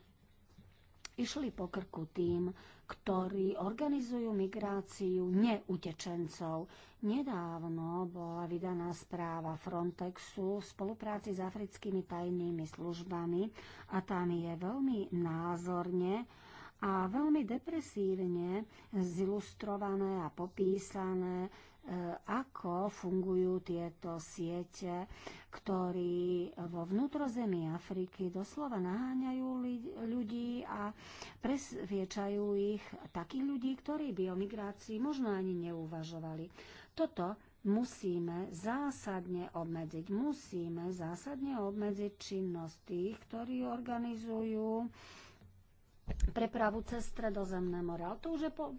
išli po krku tým, ktorí organizujú migráciu neutečencov. Nedávno bola vydaná správa Frontexu v spolupráci s africkými tajnými službami a tam je veľmi názorne a veľmi depresívne zilustrované a popísané E, ako fungujú tieto siete, ktorí vo vnútrozemí Afriky doslova naháňajú ľudí a presviečajú ich takých ľudí, ktorí by o migrácii možno ani neuvažovali. Toto musíme zásadne obmedziť. Musíme zásadne obmedziť činnosť tých, ktorí organizujú prepravu cez Stredozemné more. Ale to už je po,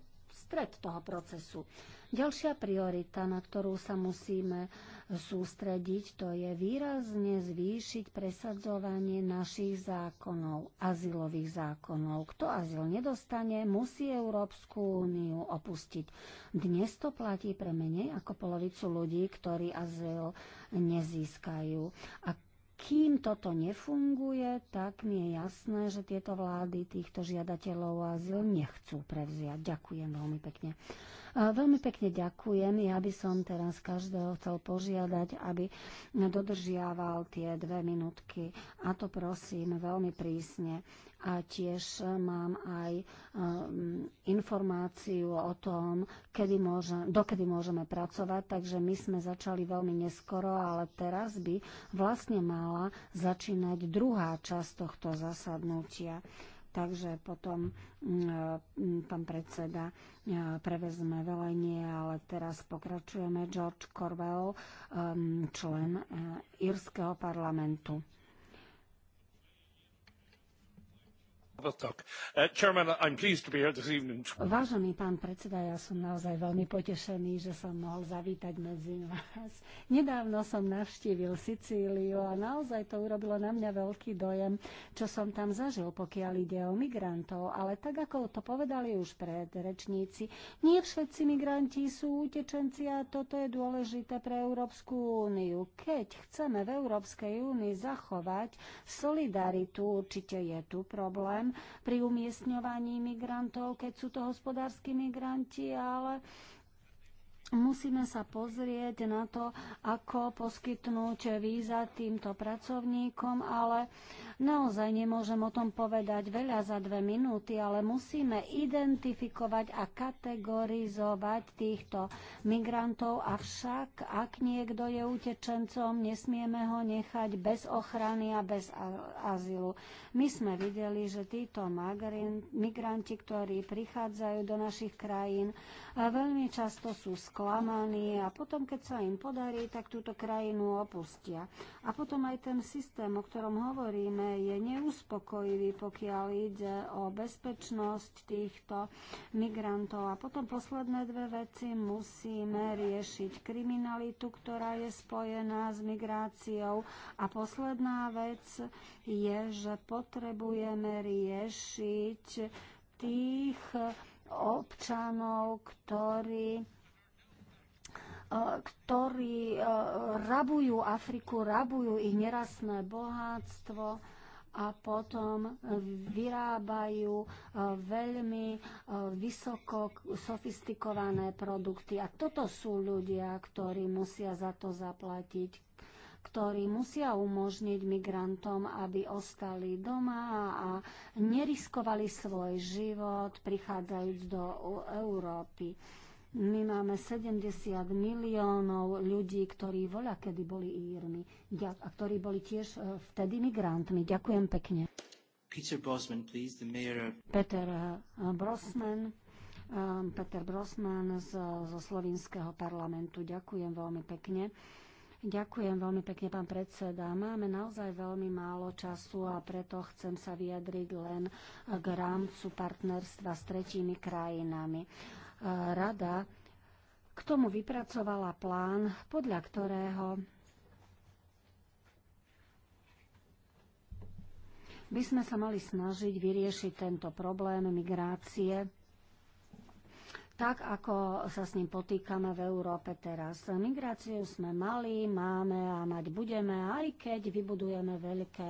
stred toho procesu. Ďalšia priorita, na ktorú sa musíme sústrediť, to je výrazne zvýšiť presadzovanie našich zákonov, azylových zákonov. Kto azyl nedostane, musí Európsku úniu opustiť. Dnes to platí pre menej ako polovicu ľudí, ktorí azyl nezískajú. A kým toto nefunguje, tak mi je jasné, že tieto vlády týchto žiadateľov a azyl nechcú prevziať. Ďakujem veľmi pekne. Veľmi pekne ďakujem. Ja by som teraz každého chcel požiadať, aby dodržiaval tie dve minútky. A to prosím veľmi prísne. A tiež mám aj um, informáciu o tom, kedy môže, dokedy môžeme pracovať. Takže my sme začali veľmi neskoro, ale teraz by vlastne mala začínať druhá časť tohto zasadnutia takže potom mm, e, pán predseda e, prevezme velenie, ale teraz pokračujeme. George Corwell, e, člen Írskeho parlamentu. Uh, Vážený pán predseda, ja som naozaj veľmi potešený, že som mohol zavítať medzi vás. Nedávno som navštívil Sicíliu a naozaj to urobilo na mňa veľký dojem, čo som tam zažil, pokiaľ ide o migrantov. Ale tak, ako to povedali už predrečníci, nie všetci migranti sú utečenci a toto je dôležité pre Európsku úniu. Keď chceme v Európskej únii zachovať solidaritu, určite je tu problém, problém pri umiestňovaní migrantov, keď sú to hospodárski migranti, ale Musíme sa pozrieť na to, ako poskytnúť víza týmto pracovníkom, ale Naozaj nemôžem o tom povedať veľa za dve minúty, ale musíme identifikovať a kategorizovať týchto migrantov, avšak ak niekto je utečencom, nesmieme ho nechať bez ochrany a bez azylu. My sme videli, že títo migranti, ktorí prichádzajú do našich krajín, veľmi často sú sklamaní a potom, keď sa im podarí, tak túto krajinu opustia. A potom aj ten systém, o ktorom hovoríme, je neuspokojivý, pokiaľ ide o bezpečnosť týchto migrantov. A potom posledné dve veci musíme riešiť kriminalitu, ktorá je spojená s migráciou. A posledná vec je, že potrebujeme riešiť tých občanov, ktorí ktorí eh, rabujú Afriku, rabujú ich nerastné bohatstvo a potom vyrábajú e, veľmi e, vysoko sofistikované produkty. A toto sú ľudia, ktorí musia za to zaplatiť, ktorí musia umožniť migrantom, aby ostali doma a neriskovali svoj život prichádzajúc do Európy. My máme 70 miliónov ľudí, ktorí voľa kedy boli Írmi a ktorí boli tiež e, vtedy migrantmi. Ďakujem pekne. Peter Brosman, please, the mayor of... Peter e, Brosman, e, Peter Brosman zo, zo Slovinského parlamentu. Ďakujem veľmi pekne. Ďakujem veľmi pekne, pán predseda. Máme naozaj veľmi málo času a preto chcem sa vyjadriť len k rámcu partnerstva s tretími krajinami rada k tomu vypracovala plán, podľa ktorého by sme sa mali snažiť vyriešiť tento problém migrácie tak, ako sa s ním potýkame v Európe teraz. Migráciu sme mali, máme a mať budeme, aj keď vybudujeme veľké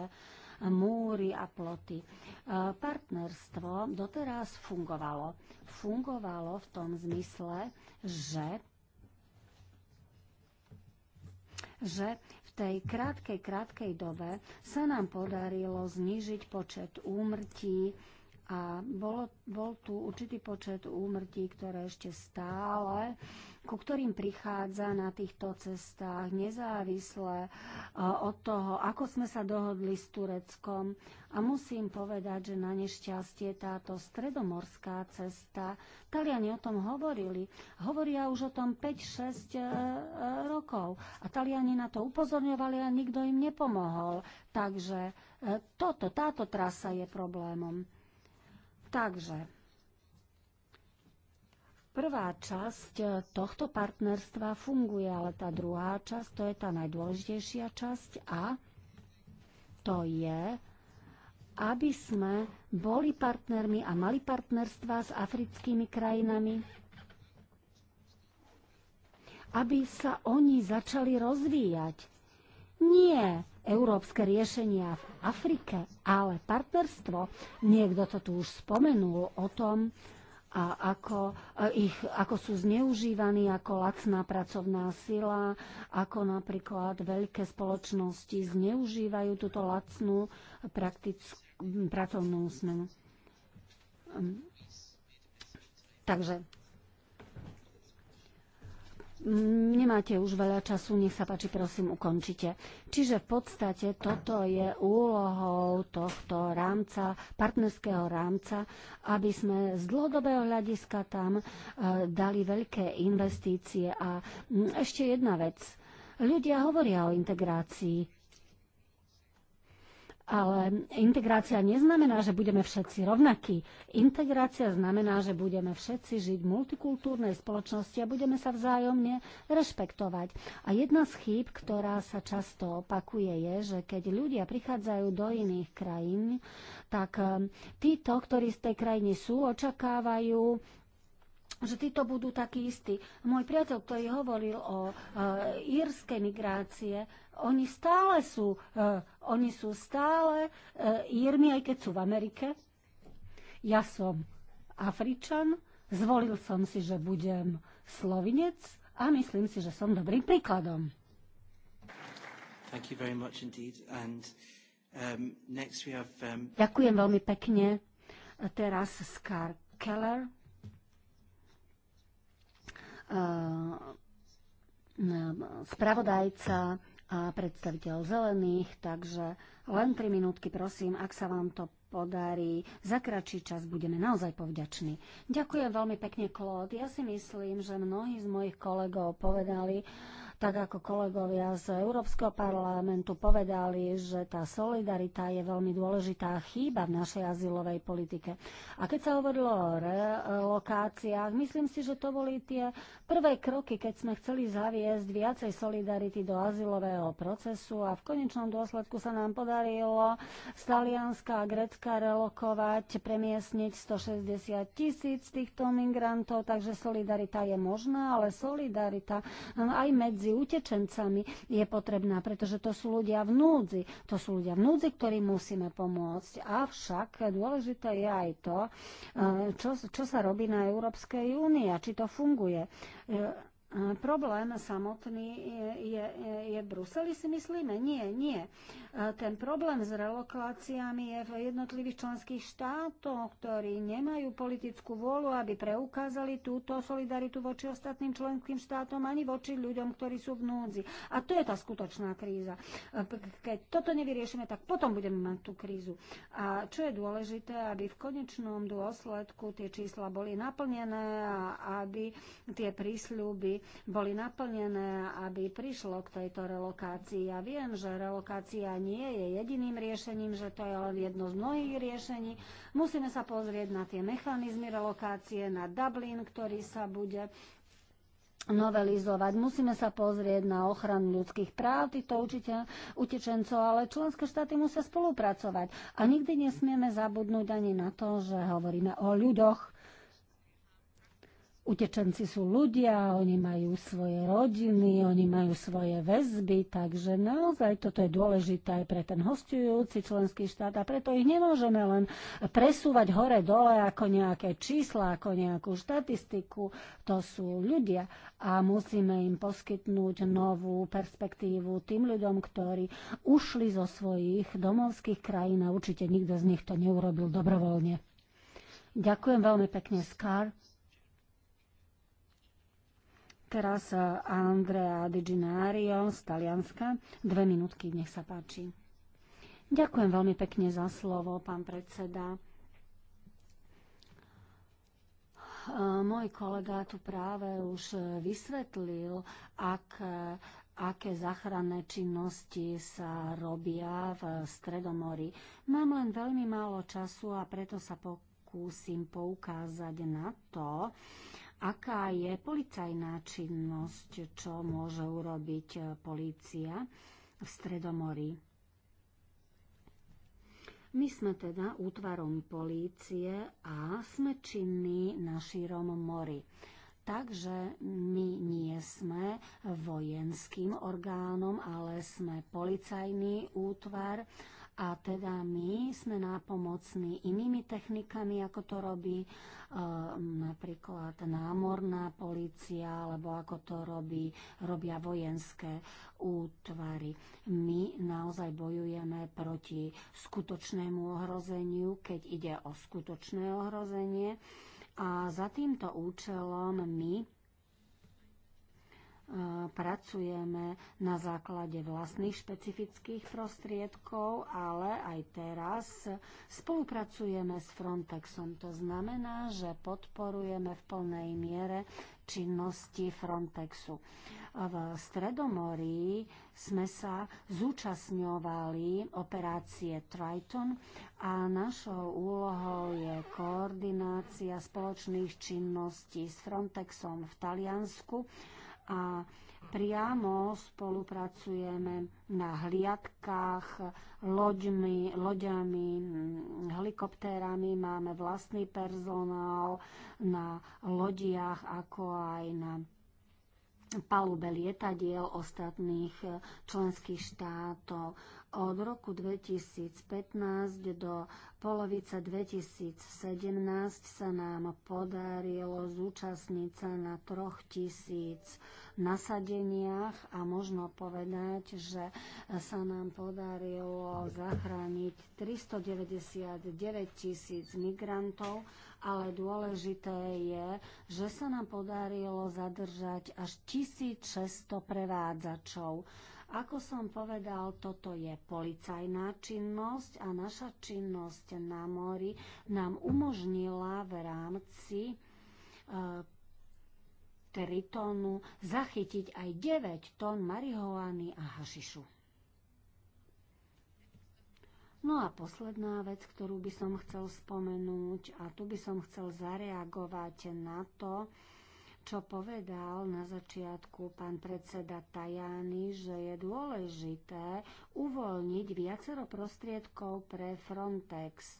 múry a ploty. E, partnerstvo doteraz fungovalo. Fungovalo v tom zmysle, že že v tej krátkej, krátkej dobe sa nám podarilo znížiť počet úmrtí a bolo, bol tu určitý počet úmrtí, ktoré ešte stále, ku ktorým prichádza na týchto cestách, nezávisle e, od toho, ako sme sa dohodli s Tureckom. A musím povedať, že na nešťastie táto stredomorská cesta, Taliani o tom hovorili, hovoria už o tom 5-6 e, rokov. A Taliani na to upozorňovali a nikto im nepomohol. Takže e, toto, táto trasa je problémom. Takže prvá časť eh, tohto partnerstva funguje, ale tá druhá časť, to je tá najdôležitejšia časť a to je, aby sme boli partnermi a mali partnerstva s africkými krajinami, aby sa oni začali rozvíjať. Nie, európske riešenia v Afrike, ale partnerstvo, niekto to tu už spomenul o tom, a ako, ich, ako sú zneužívaní ako lacná pracovná sila, ako napríklad veľké spoločnosti zneužívajú túto lacnú pracovnú smenu. Ehm, takže Nemáte už veľa času, nech sa páči, prosím, ukončite. Čiže v podstate toto je úlohou tohto rámca, partnerského rámca, aby sme z dlhodobého hľadiska tam e, dali veľké investície. A mm, ešte jedna vec. Ľudia hovoria o integrácii ale integrácia neznamená, že budeme všetci rovnakí. Integrácia znamená, že budeme všetci žiť v multikultúrnej spoločnosti a budeme sa vzájomne rešpektovať. A jedna z chýb, ktorá sa často opakuje, je, že keď ľudia prichádzajú do iných krajín, tak eh, títo, ktorí z tej krajiny sú, očakávajú že títo budú takí istí. Môj priateľ, ktorý hovoril o e, írskej migrácie, oni stále sú, e, oni sú stále e, Írmi, aj keď sú v Amerike. Ja som Afričan, zvolil som si, že budem slovinec a myslím si, že som dobrým príkladom. Um, um, Ďakujem veľmi pekne. teraz Scar Keller. Ehm, spravodajca a predstaviteľ zelených, takže len tri minútky prosím, ak sa vám to podarí. Za kratší čas budeme naozaj povďační. Ďakujem veľmi pekne, Klód. Ja si myslím, že mnohí z mojich kolegov povedali, tak ako kolegovia z Európskeho parlamentu povedali, že tá solidarita je veľmi dôležitá chýba v našej azylovej politike. A keď sa hovorilo o relokáciách, myslím si, že to boli tie prvé kroky, keď sme chceli zaviesť viacej solidarity do azylového procesu a v konečnom dôsledku sa nám podarilo z Talianska a Grecka relokovať, premiesniť 160 tisíc týchto migrantov, takže solidarita je možná, ale solidarita aj medzi medzi utečencami je potrebná, pretože to sú ľudia v núdzi. To sú ľudia v núdzi, ktorým musíme pomôcť. Avšak dôležité je aj to, eh, čo, čo sa robí na Európskej únii a či to funguje eh, E, problém samotný je, je, je v Bruseli, si myslíme? Nie, nie. E, ten problém s relokáciami je v jednotlivých členských štátoch, ktorí nemajú politickú vôľu, aby preukázali túto solidaritu voči ostatným členským štátom ani voči ľuďom, ktorí sú v núdzi. A to je tá skutočná kríza. E, keď toto nevyriešime, tak potom budeme mať tú krízu. A čo je dôležité, aby v konečnom dôsledku tie čísla boli naplnené a aby tie prísľuby boli naplnené, aby prišlo k tejto relokácii. Ja viem, že relokácia nie je jediným riešením, že to je len jedno z mnohých riešení. Musíme sa pozrieť na tie mechanizmy relokácie, na Dublin, ktorý sa bude novelizovať. Musíme sa pozrieť na ochranu ľudských práv týchto určite utečencov, ale členské štáty musia spolupracovať. A nikdy nesmieme zabudnúť ani na to, že hovoríme o ľuďoch, utečenci sú ľudia, oni majú svoje rodiny, oni majú svoje väzby, takže naozaj toto je dôležité aj pre ten hostujúci členský štát a preto ich nemôžeme len presúvať hore-dole ako nejaké čísla, ako nejakú štatistiku. To sú ľudia a musíme im poskytnúť novú perspektívu tým ľuďom, ktorí ušli zo svojich domovských krajín a určite nikto z nich to neurobil dobrovoľne. Ďakujem veľmi pekne, Skar. Teraz e, Andrea Diginario z Talianska. Dve minútky, nech sa páči. Ďakujem veľmi pekne za slovo, pán predseda. E, môj kolega tu práve už e, vysvetlil, ak, aké záchranné činnosti sa robia v Stredomori. Mám len veľmi málo času a preto sa pokúsim poukázať na to, aká je policajná činnosť, čo môže urobiť eh, polícia v Stredomorí. My sme teda útvarom polície a sme činní na šírom mori. Takže my nie sme vojenským orgánom, ale sme policajný útvar a teda my sme nápomocní inými technikami, ako to robí e, napríklad námorná policia, alebo ako to robí, robia vojenské útvary. My naozaj bojujeme proti skutočnému ohrozeniu, keď ide o skutočné ohrozenie. A za týmto účelom my pracujeme na základe vlastných špecifických prostriedkov, ale aj teraz spolupracujeme s Frontexom. To znamená, že podporujeme v plnej miere činnosti Frontexu. V Stredomorí sme sa zúčastňovali operácie Triton a našou úlohou je koordinácia spoločných činností s Frontexom v Taliansku a priamo spolupracujeme na hliadkách, loďmi, loďami, helikoptérami, máme vlastný personál na lodiach, ako aj na palube lietadiel ostatných členských štátov od roku 2015 do polovice 2017 sa nám podarilo zúčastniť sa na troch tisíc nasadeniach a možno povedať, že sa nám podarilo zachrániť 399 tisíc migrantov, ale dôležité je, že sa nám podarilo zadržať až 1600 prevádzačov. Ako som povedal, toto je policajná činnosť a naša činnosť na mori nám umožnila v rámci e, teritónu zachytiť aj 9 tón marihuany a hašišu. No a posledná vec, ktorú by som chcel spomenúť, a tu by som chcel zareagovať na to, čo povedal na začiatku pán predseda Tajány, že je dôležité uvoľniť viacero prostriedkov pre Frontex. E,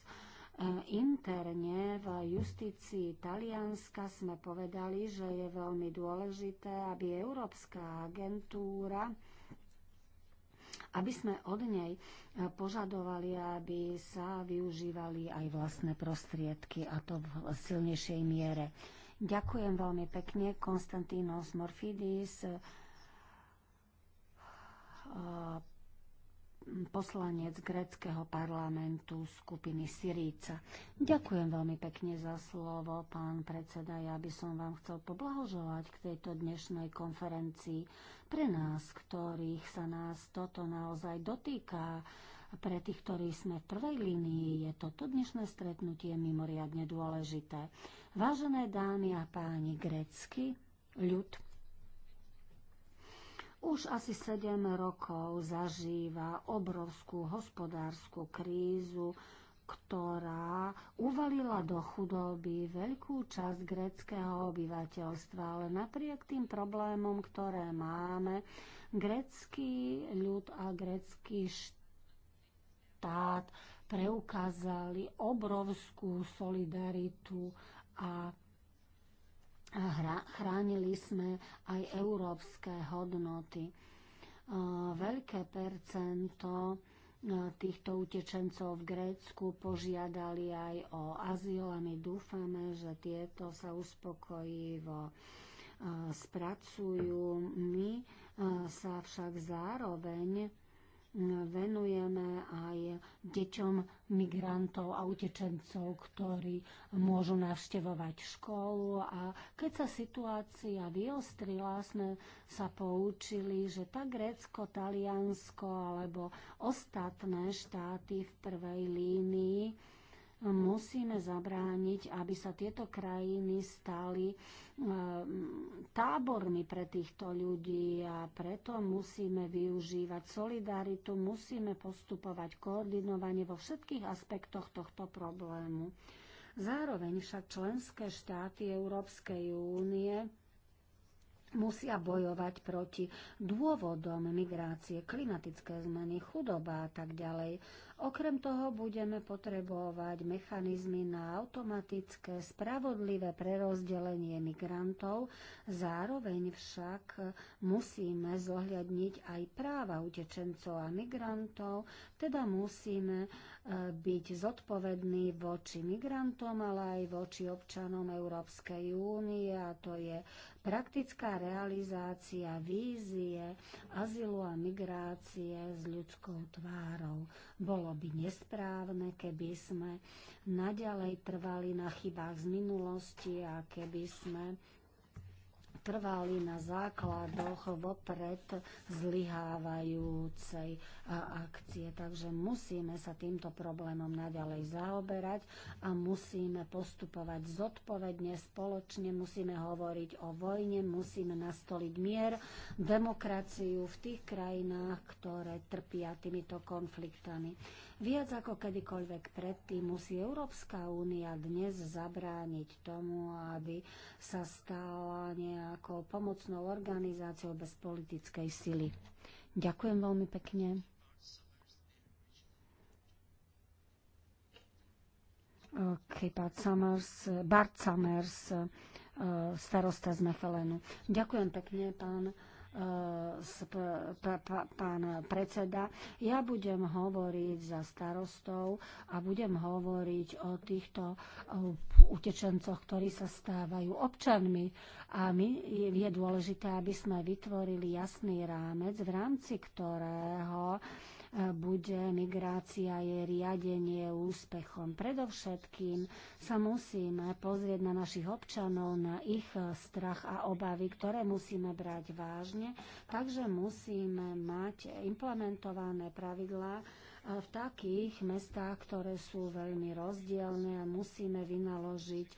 interne v justícii Talianska sme povedali, že je veľmi dôležité, aby Európska agentúra aby sme od nej e, požadovali, aby sa využívali aj vlastné prostriedky a to v silnejšej miere. Ďakujem veľmi pekne Konstantínos Morfidis, eh, poslanec greckého parlamentu skupiny Syríca. Ďakujem veľmi pekne za slovo, pán predseda. Ja by som vám chcel poblahoželať k tejto dnešnej konferencii pre nás, ktorých sa nás toto naozaj dotýka. Pre tých, ktorí sme v prvej línii, je toto dnešné stretnutie mimoriadne dôležité. Vážené dámy a páni, grécky ľud už asi 7 rokov zažíva obrovskú hospodárskú krízu, ktorá uvalila do chudoby veľkú časť gréckého obyvateľstva, ale napriek tým problémom, ktoré máme, grécky ľud a grécky štát preukázali obrovskú solidaritu a chránili sme aj európske hodnoty. E, veľké percento e, týchto utečencov v Grécku požiadali aj o azyl a my dúfame, že tieto sa uspokojivo e, spracujú. My sa však zároveň venujeme aj deťom migrantov a utečencov, ktorí môžu navštevovať školu. A keď sa situácia vyostrila, sme sa poučili, že tak Grécko, Taliansko alebo ostatné štáty v prvej línii musíme zabrániť, aby sa tieto krajiny stali eh, tábormi pre týchto ľudí a preto musíme využívať solidaritu, musíme postupovať koordinovanie vo všetkých aspektoch tohto problému. Zároveň však členské štáty Európskej únie musia bojovať proti dôvodom migrácie, klimatické zmeny, chudoba a tak ďalej. Okrem toho budeme potrebovať mechanizmy na automatické, spravodlivé prerozdelenie migrantov, zároveň však musíme zohľadniť aj práva utečencov a migrantov, teda musíme e, byť zodpovední voči migrantom, ale aj voči občanom Európskej únie a to je praktická realizácia vízie azylu a migrácie s ľudskou tvárou. Bolo bolo by nesprávne, keby sme naďalej trvali na chybách z minulosti a keby sme trvali na základoch vopred zlyhávajúcej akcie. Takže musíme sa týmto problémom naďalej zaoberať a musíme postupovať zodpovedne, spoločne, musíme hovoriť o vojne, musíme nastoliť mier, demokraciu v tých krajinách, ktoré trpia týmito konfliktami. Viac ako kedykoľvek predtým musí Európska únia dnes zabrániť tomu, aby sa stala nejakou pomocnou organizáciou bez politickej sily. Ďakujem veľmi pekne. Okay, Bart Summers, Bart Summers eh, starosta z Mefelenu. Ďakujem pekne, pán pán predseda. Ja budem hovoriť za starostov a budem hovoriť o týchto utečencoch, ktorí sa stávajú občanmi. A my, je dôležité, aby sme vytvorili jasný rámec, v rámci ktorého bude migrácia, je riadenie úspechom. Predovšetkým sa musíme pozrieť na našich občanov, na ich strach a obavy, ktoré musíme brať vážne, takže musíme mať implementované pravidlá, e, v takých mestách, ktoré sú veľmi rozdielne a musíme vynaložiť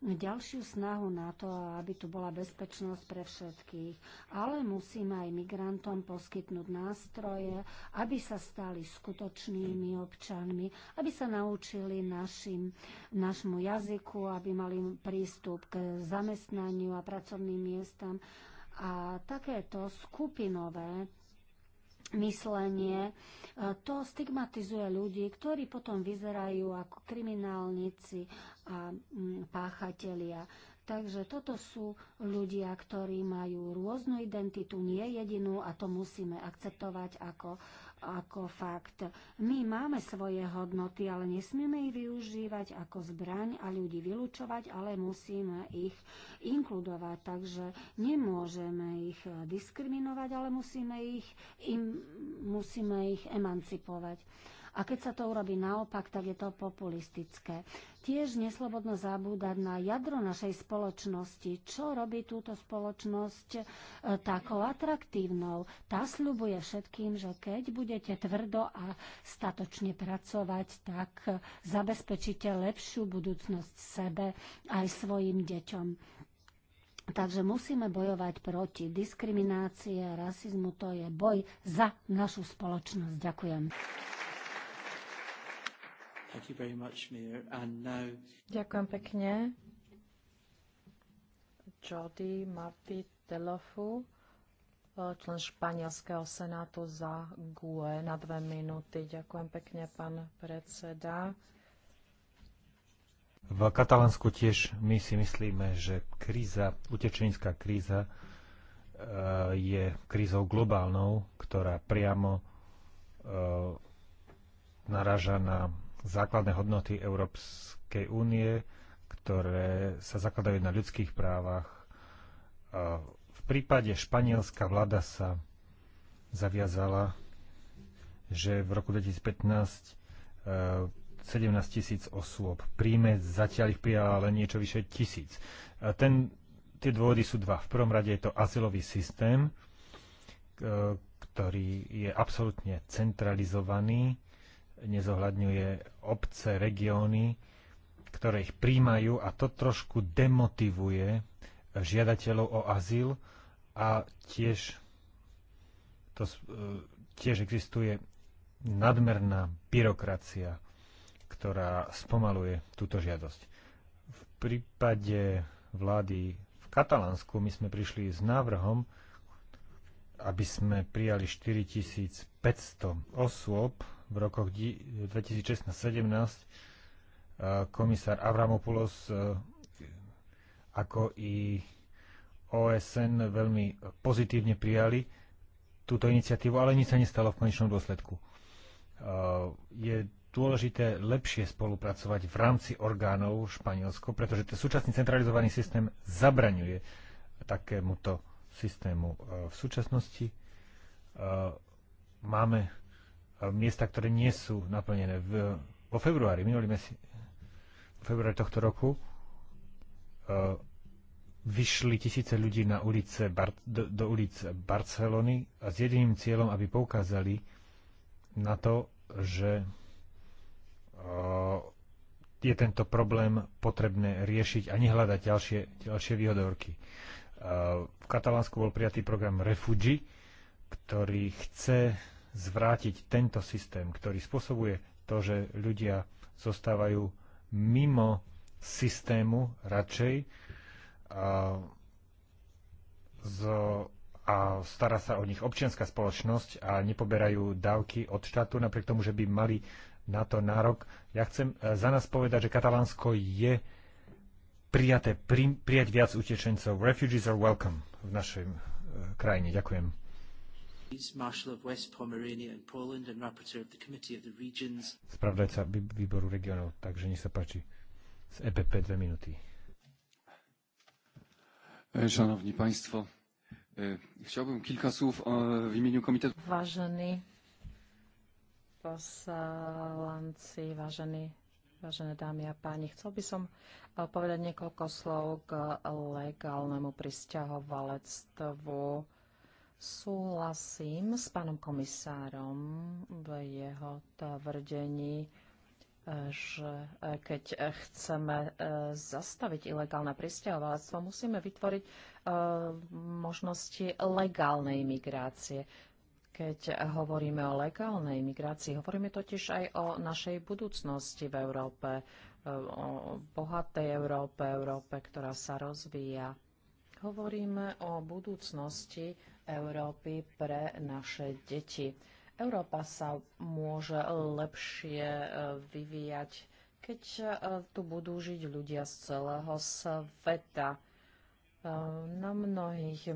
ďalšiu snahu na to, aby tu bola bezpečnosť pre všetkých. Ale musíme aj migrantom poskytnúť nástroje, aby sa stali skutočnými občanmi, aby sa naučili našim, našmu jazyku, aby mali prístup k zamestnaniu a pracovným miestam. A takéto skupinové myslenie, e, to stigmatizuje ľudí, ktorí potom vyzerajú ako kriminálnici a mm, páchatelia. Takže toto sú ľudia, ktorí majú rôznu identitu, nie jedinú a to musíme akceptovať ako, ako fakt. My máme svoje hodnoty, ale nesmieme ich využívať ako zbraň a ľudí vylúčovať, ale musíme ich inkludovať. Takže nemôžeme ich diskriminovať, ale musíme ich, im, musíme ich emancipovať. A keď sa to urobí naopak, tak je to populistické. Tiež neslobodno zabúdať na jadro našej spoločnosti. Čo robí túto spoločnosť e, takou atraktívnou? Tá slubuje všetkým, že keď budete tvrdo a statočne pracovať, tak zabezpečíte lepšiu budúcnosť sebe aj svojim deťom. Takže musíme bojovať proti diskriminácii a rasizmu. To je boj za našu spoločnosť. Ďakujem. Ďakujem pekne. Jody Marti Telofu, člen Španielského senátu za GUE na dve minúty. Ďakujem pekne, pán predseda. V Katalánsku tiež my si myslíme, že kríza, utečenská kríza e, je krízou globálnou, ktorá priamo e, naraža na základné hodnoty Európskej únie, ktoré sa zakladajú na ľudských právach. V prípade španielská vláda sa zaviazala, že v roku 2015 17 e, tisíc osôb príjme, zatiaľ ich prijala len niečo vyše tisíc. Ten, tie dôvody sú dva. V prvom rade je to azylový systém, e, ktorý je absolútne centralizovaný nezohľadňuje obce, regióny, ktoré ich príjmajú a to trošku demotivuje žiadateľov o azyl a tiež, to, e, tiež existuje nadmerná byrokracia, ktorá spomaluje túto žiadosť. V prípade vlády v Katalánsku my sme prišli s návrhom, aby sme prijali 4500 osôb v rokoch 2016 2017 eh, Komisár Avramopoulos eh, ako i OSN veľmi pozitívne prijali túto iniciatívu, ale nič sa nestalo v konečnom dôsledku. Eh, je dôležité lepšie spolupracovať v rámci orgánov Španielsko, pretože ten súčasný centralizovaný systém zabraňuje takémuto systému. E, v súčasnosti e, máme e, miesta, ktoré nie sú naplnené. V, vo februári, minulý mesi, v februári tohto roku vyšli tisíce ľudí na ulice Bar- do, do ulic Barcelony a s jediným cieľom, aby poukázali na to, že je tento problém potrebné riešiť a nehľadať ďalšie, ďalšie výhodovky. V Katalánsku bol prijatý program Refugi, ktorý chce zvrátiť tento systém, ktorý spôsobuje to, že ľudia zostávajú mimo systému radšej a, z, a stará sa o nich občianská spoločnosť a nepoberajú dávky od štátu, napriek tomu, že by mali na to nárok. Ja chcem e, za nás povedať, že Katalánsko je prijaté, pri, prijať viac utečencov. Refugees are welcome v našej uh, krajine. Ďakujem. Spravdajca výboru regionov, takže nech sa páči. Z EPP dve minúty. Szanowni e, Państwo, e, chciałbym kilka słów w imieniu Komitetu. Ważeni poslanci, vážení Vážené dámy a páni, chcel by som eh, povedať niekoľko slov k legálnemu pristahovalectvu. Súhlasím s pánom komisárom v jeho tvrdení, eh, že eh, keď chceme zastaviť ilegálne pristahovalectvo, musíme vytvoriť možnosti legálnej migrácie. Keď hovoríme o legálnej migrácii, hovoríme totiž aj o našej budúcnosti v Európe, e, o bohatej Európe, Európe, ktorá sa rozvíja. Hovoríme o budúcnosti Európy pre naše deti. Európa sa môže lepšie e, vyvíjať, keď e, tu budú žiť ľudia z celého sveta Ehm, na mnohých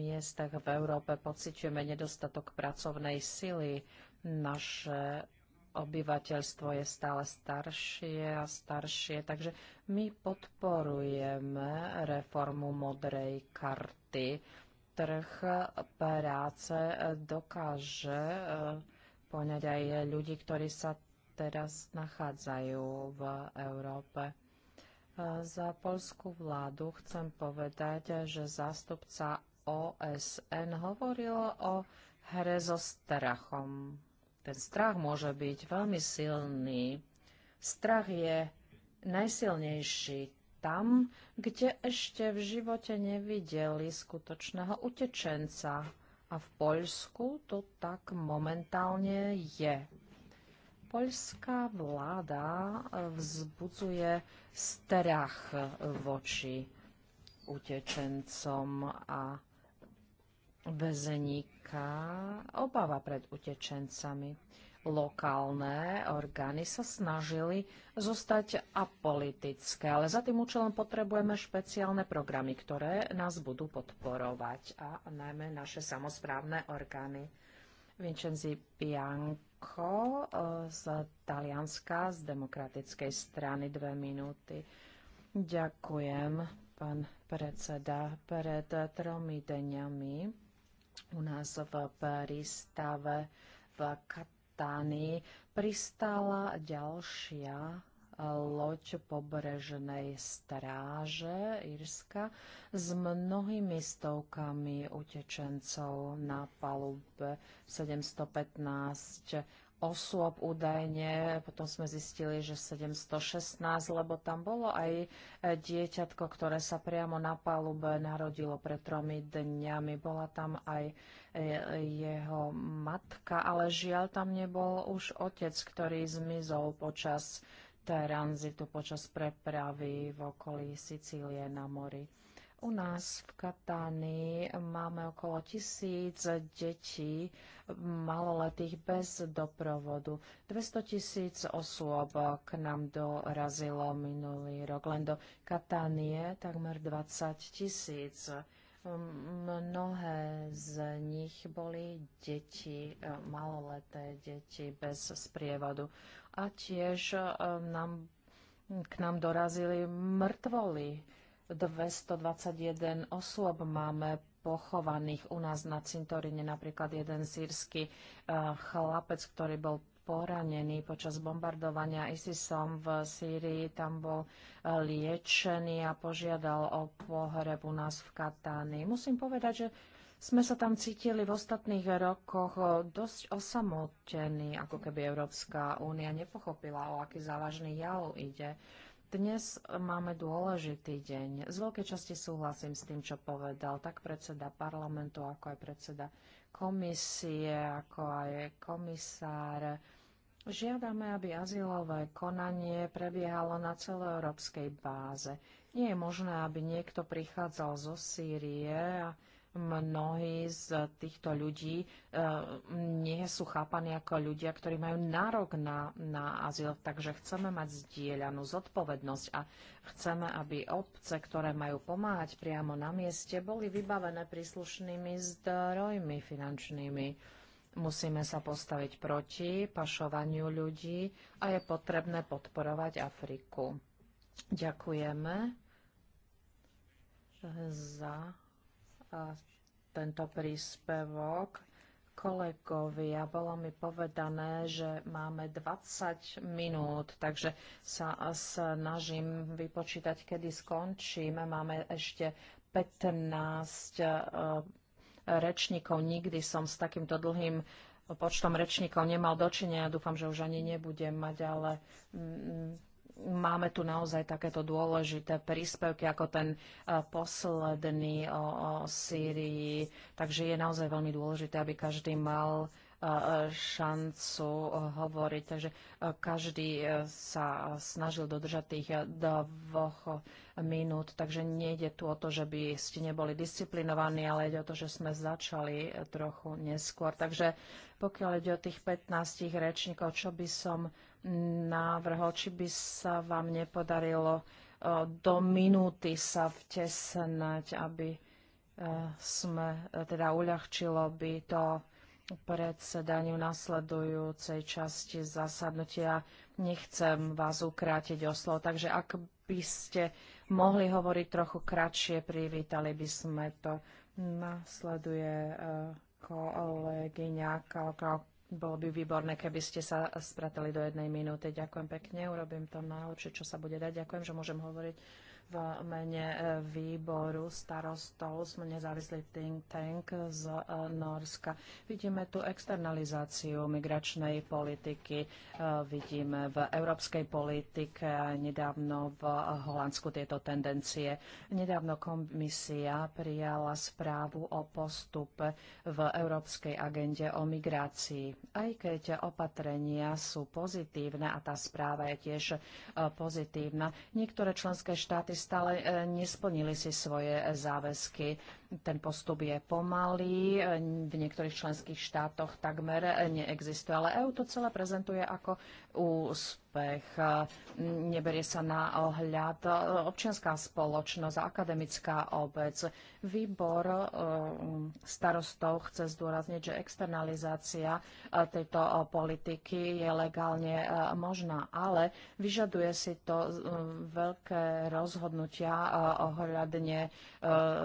miestach v Európe pociťujeme nedostatok pracovnej sily. Naše obyvateľstvo je stále staršie a staršie, takže my podporujeme reformu modrej karty. Trh práce dokáže ehm, poňať aj ľudí, ktorí sa teraz nachádzajú v Európe. E, za polskú vládu chcem povedať, že zástupca OSN hovoril o hre so strachom. Ten strach môže byť veľmi silný. Strach je najsilnejší tam, kde ešte v živote nevideli skutočného utečenca. A v Poľsku to tak momentálne je. Poľská vláda eh, vzbudzuje strach eh, voči utečencom a väzeníka, obava pred utečencami. Lokálne orgány sa snažili zostať apolitické, ale za tým účelom potrebujeme špeciálne programy, ktoré nás budú podporovať a najmä naše samozprávne orgány. Vincenzi Bianco eh, z Talianska, z Demokratickej strany, dve minúty. Ďakujem, pán predseda. Pred tromi dňami u nás v prístave v Katánii pristála ďalšia loď pobrežnej stráže Irska s mnohými stovkami utečencov na palube 715 osôb údajne, potom sme zistili, že 716, lebo tam bolo aj dieťatko, ktoré sa priamo na palube narodilo pred tromi dňami. Bola tam aj e, jeho matka, ale žiaľ tam nebol už otec, ktorý zmizol počas tranzitu počas prepravy v okolí Sicílie na mori. U nás v Katánii máme okolo tisíc detí maloletých bez doprovodu. 200 tisíc osôb k nám dorazilo minulý rok. Len do Katánie takmer 20 tisíc. Mnohé z nich boli deti, e, maloleté deti bez sprievodu. A tiež e, nám, k nám dorazili mŕtvoly. 221 osôb máme pochovaných u nás na cintoríne. Napríklad jeden sírsky e, chlapec, ktorý bol poranený počas bombardovania ISISom v Sýrii. Tam bol e, liečený a požiadal o pohreb u nás v Katány. Musím povedať, že sme sa tam cítili v ostatných rokoch e, dosť osamotení, ako keby Európska únia nepochopila, o aký závažný jav ide. Dnes máme dôležitý deň. Z veľkej časti súhlasím s tým, čo povedal tak predseda parlamentu, ako aj predseda komisie, ako aj komisár Žiadame, aby azylové konanie prebiehalo na celoeurópskej báze. Nie je možné, aby niekto prichádzal zo Sýrie a mnohí z týchto ľudí e, nie sú chápaní ako ľudia, ktorí majú nárok na, na azyl. Takže chceme mať zdieľanú zodpovednosť a chceme, aby obce, ktoré majú pomáhať priamo na mieste, boli vybavené príslušnými zdrojmi finančnými Musíme sa postaviť proti pašovaniu ľudí a je potrebné podporovať Afriku. Ďakujeme za tento príspevok. Kolegovia, bolo mi povedané, že máme 20 minút, takže sa snažím vypočítať, kedy skončíme. Máme ešte 15 rečníkov. Nikdy som s takýmto dlhým počtom rečníkov nemal dočinenia. Dúfam, že už ani nebudem mať, ale mm, máme tu naozaj takéto dôležité príspevky ako ten e, posledný o, o Sýrii. Takže je naozaj veľmi dôležité, aby každý mal šancu eh, hovoriť. Takže eh, každý eh, sa snažil dodržať tých dvoch minút, takže nejde tu o to, že by ste neboli disciplinovaní, ale ide o to, že sme začali trochu neskôr. Takže pokiaľ ide o tých 15 rečníkov, čo by som návrhol, či by sa vám nepodarilo do minúty sa vtesnať, aby sme teda uľahčilo by to predsedaniu nasledujúcej časti zasadnutia. Nechcem vás ukrátiť o slovo, takže ak by ste mohli hovoriť trochu kratšie, privítali by sme to. Nasleduje eh, kolegyňa Kalka. Bolo by výborné, keby ste sa spratali do jednej minúty. Ďakujem pekne, urobím to najlepšie, čo sa bude dať. Ďakujem, že môžem hovoriť v mene eh, výboru starostov sme nezávislý think tank z eh, Norska. Vidíme tu externalizáciu migračnej politiky, eh, vidíme v európskej politike nedávno v Holandsku tieto tendencie. Nedávno komisia prijala správu o postupe v európskej agende o migrácii. Aj keď opatrenia sú pozitívne a tá správa je tiež pozitívna, niektoré členské štáty stále e, nesplnili si svoje záväzky. Ten postup je pomalý, v niektorých členských štátoch takmer neexistuje, ale EU to celé prezentuje ako úspech. Neberie sa na ohľad občianská spoločnosť, akademická obec. Výbor e, starostov chce zdôrazniť, že externalizácia e, tejto politiky je legálne e, možná, ale vyžaduje si to veľké rozhodnutia ohľadne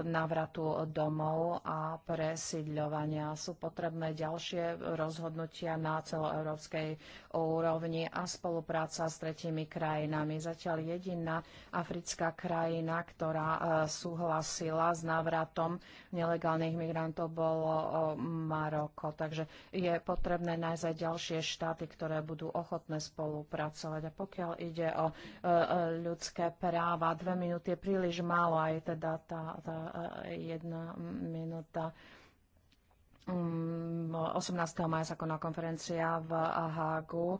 návratu domov a presídľovania. Sú potrebné ďalšie rozhodnutia na celoeurópskej úrovni a spolupráca s tretími krajinami. Zatiaľ jediná africká krajina, ktorá e, súhlasila s návratom nelegálnych migrantov, bolo Maroko. Takže je potrebné nájsť aj ďalšie štáty, ktoré budú ochotné spolupracovať. A pokiaľ ide o e, e, ľudské práva, dve minúty je príliš málo, aj teda tá, tá jedna jedna minúta. 18. Mm, maja sa konala konferencia v Hágu. E,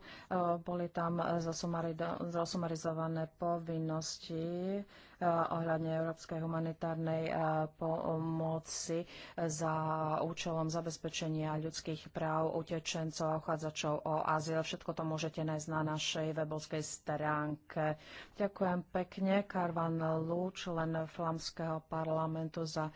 boli tam zosumarizované povinnosti e, ohľadne európskej humanitárnej e, pomoci za účelom zabezpečenia ľudských práv utečencov a uchádzačov o azyl. Všetko to môžete nájsť na našej webovskej stránke. Ďakujem pekne. Karvan Lú, člen Flamského parlamentu za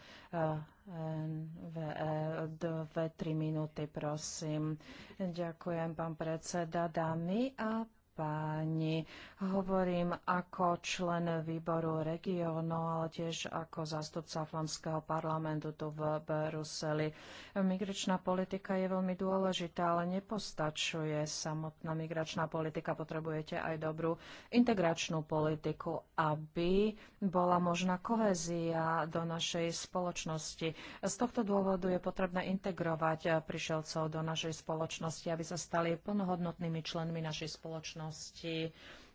E, dve, tri minúty, prosím. Ďakujem, pán predseda, dámy a páni. Hovorím ako člen výboru regiónu, ale tiež ako zástupca flamského parlamentu tu v Bruseli. Migračná politika je veľmi dôležitá, ale nepostačuje samotná migračná politika. Potrebujete aj dobrú integračnú politiku, aby bola možná kohézia do našej spoločnosti. Z tohto dôvodu je potrebné integrovať prišielcov do našej spoločnosti, aby sa stali plnohodnotnými členmi našej spoločnosti činnosti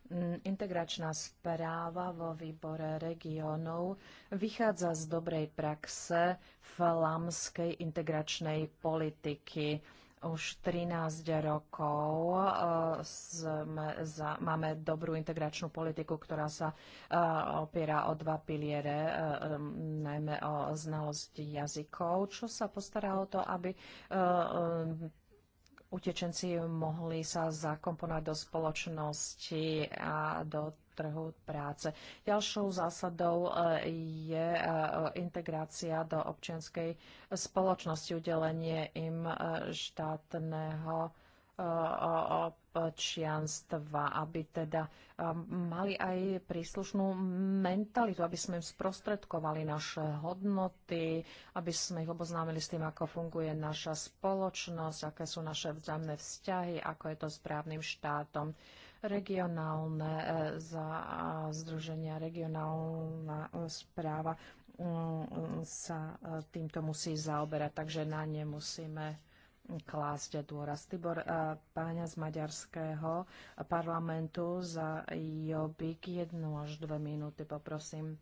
mm, Integračná správa vo výbore regiónov vychádza z dobrej praxe v lamskej integračnej politiky už 13 rokov eh, sme za, máme dobrú integračnú politiku, ktorá sa eh, opiera o dva piliere, eh, najmä o znalosti jazykov, čo sa postará o to, aby utečenci mohli sa zakomponovať do spoločnosti a do trhu práce. Ďalšou zásadou e, je e, integrácia do občianskej spoločnosti, udelenie im e, štátneho občianstva, aby teda um, mali aj príslušnú mentalitu, aby sme im sprostredkovali naše hodnoty, aby sme ich oboznámili s tým, ako funguje naša spoločnosť, aké sú naše vzájomné vzťahy, ako je to s právnym štátom regionálne e, za združenia, regionálna e, správa mm, sa e, týmto musí zaoberať, takže na ne musíme klásť dôraz. Tibor eh, Páňa z Maďarského parlamentu za Jobik jednu až dve minúty poprosím.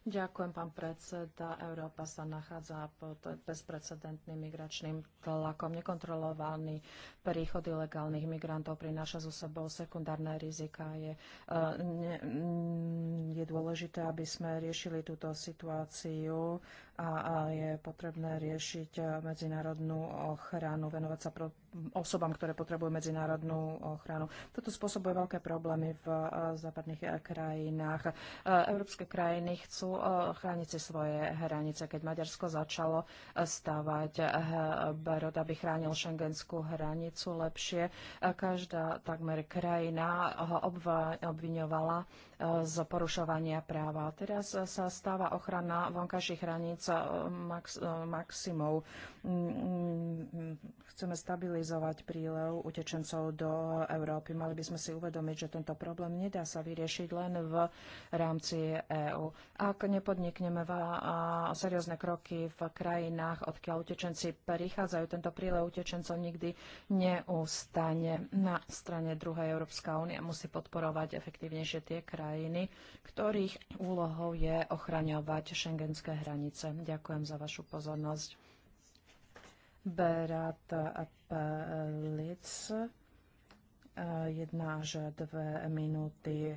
Ďakujem, pán predseda. Európa sa nachádza pod bezprecedentným migračným tlakom. Nekontrolovaný príchod ilegálnych migrantov prináša zo sebou sekundárne rizika. Je, eh, mm, je dôležité, aby sme riešili túto situáciu a je potrebné riešiť e, medzinárodnú ochranu, venovať sa pro osobám, ktoré potrebujú medzinárodnú ochranu. Toto spôsobuje veľké problémy v e, západných e, krajinách. Európske krajiny chcú chrániť si svoje hranice. Keď Maďarsko začalo stavať barod, aby chránil šengenskú hranicu lepšie, každá takmer krajina ho obviňovala z porušovania práva. Teraz sa stáva ochrana vonkajších hraníc sa eh, max, eh, maximov. Mm, mm, mm, chceme stabilizovať prílev utečencov do Európy. Mali by sme si uvedomiť, že tento problém nedá sa vyriešiť len v rámci EÚ. Ak nepodnikneme seriózne kroky v krajinách, odkiaľ utečenci prichádzajú, tento prílev utečencov nikdy neustane. Na strane druhej Európska únia musí podporovať efektívnejšie tie krajiny, ktorých úlohou je ochraňovať šengenské hranice. Ďakujem za vašu pozornosť. Berat Pelic, eh, jedna až dve minúty.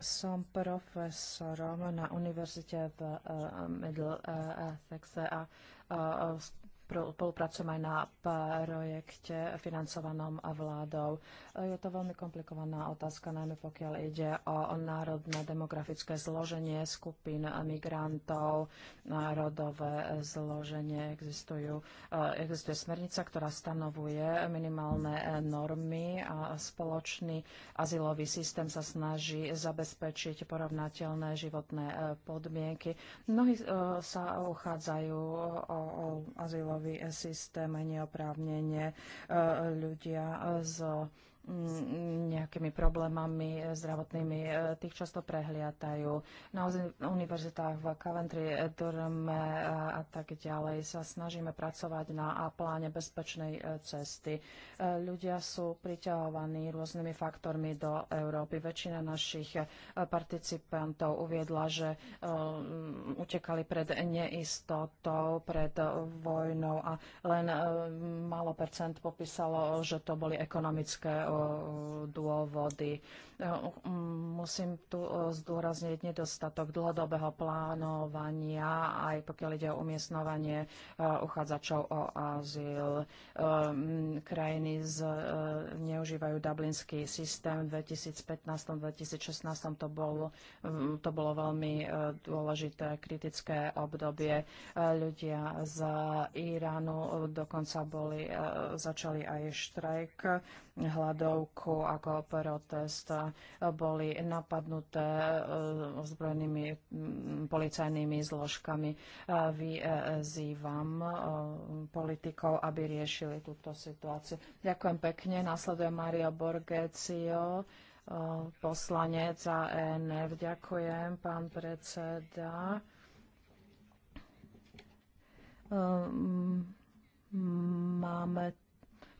Som profesorom na univerzite v eh, Middle eh, Essexe a spolupracujem aj na projekte financovanom vládou. Je to veľmi komplikovaná otázka, najmä pokiaľ ide o národné demografické zloženie skupín migrantov, národové zloženie. Existujú, eh, existuje smernica, ktorá stanovuje minimálne normy a spoločný azylový systém sa snaží zabezpečiť porovnateľné životné eh, podmienky. Mnohí eh, sa uchádzajú o, o azylový systém neoprávnene e, ľudia z nejakými problémami zdravotnými. E, tých často prehliatajú. Na univerzitách v Coventry, e, Durme a tak ďalej sa snažíme pracovať na pláne bezpečnej e, cesty. Ľudia sú priťahovaní rôznymi faktormi do Európy. Väčšina našich participantov uviedla, že utekali pred neistotou, pred vojnou a len malo percent popísalo, že to boli ekonomické dôvody. E, musím tu e, zdôrazniť nedostatok dlhodobého plánovania, aj pokiaľ ide o umiestnovanie e, uchádzačov o azyl. Krajiny neužívajú dublinský systém. V 2015-2016 to bolo, to bolo veľmi dôležité kritické obdobie. Ľudia z Iránu dokonca boli, začali aj štrajk hľadovku ako protest. Boli napadnuté eh, ozbrojenými mm, policajnými zložkami. Vyzývam eh, politikov, aby riešili túto situáciu. Ďakujem pekne. Nasleduje Mario Borgecio eh, poslanec za ENF. Ďakujem, pán predseda. Máme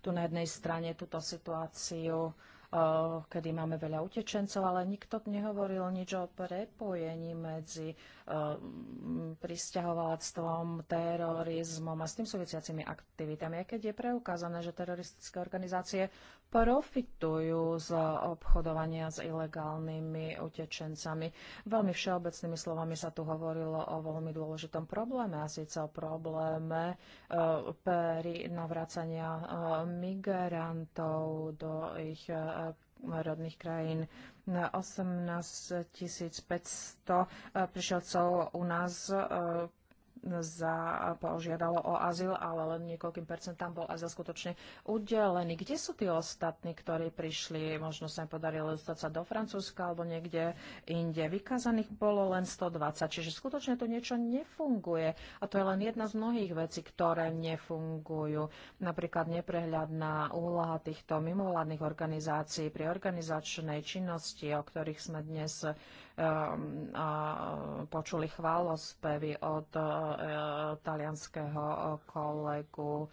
tu na jednej strane túto situáciu Eh, kedy máme veľa utečencov, ale nikto nehovoril nič o prepojení medzi eh, pristahovalectvom, terorizmom a s tým súvisiacimi aktivitami. Aj keď je preukázané, že teroristické organizácie profitujú z obchodovania s ilegálnymi utečencami. Veľmi všeobecnými slovami sa tu hovorilo o veľmi dôležitom probléme, a síce o probléme eh, pri navracania migrantov do ich rodných krajín. 18 500 prišielcov u nás eh, za, požiadalo o azyl, ale len niekoľkým percentám bol azyl skutočne udelený. Kde sú tí ostatní, ktorí prišli? Možno sa im podarilo dostať sa do Francúzska alebo niekde inde. Vykázaných bolo len 120, čiže skutočne to niečo nefunguje. A to je len jedna z mnohých vecí, ktoré nefungujú. Napríklad neprehľadná úloha týchto mimovládnych organizácií pri organizačnej činnosti, o ktorých sme dnes um, počuli chválospevy od E, talianského kolegu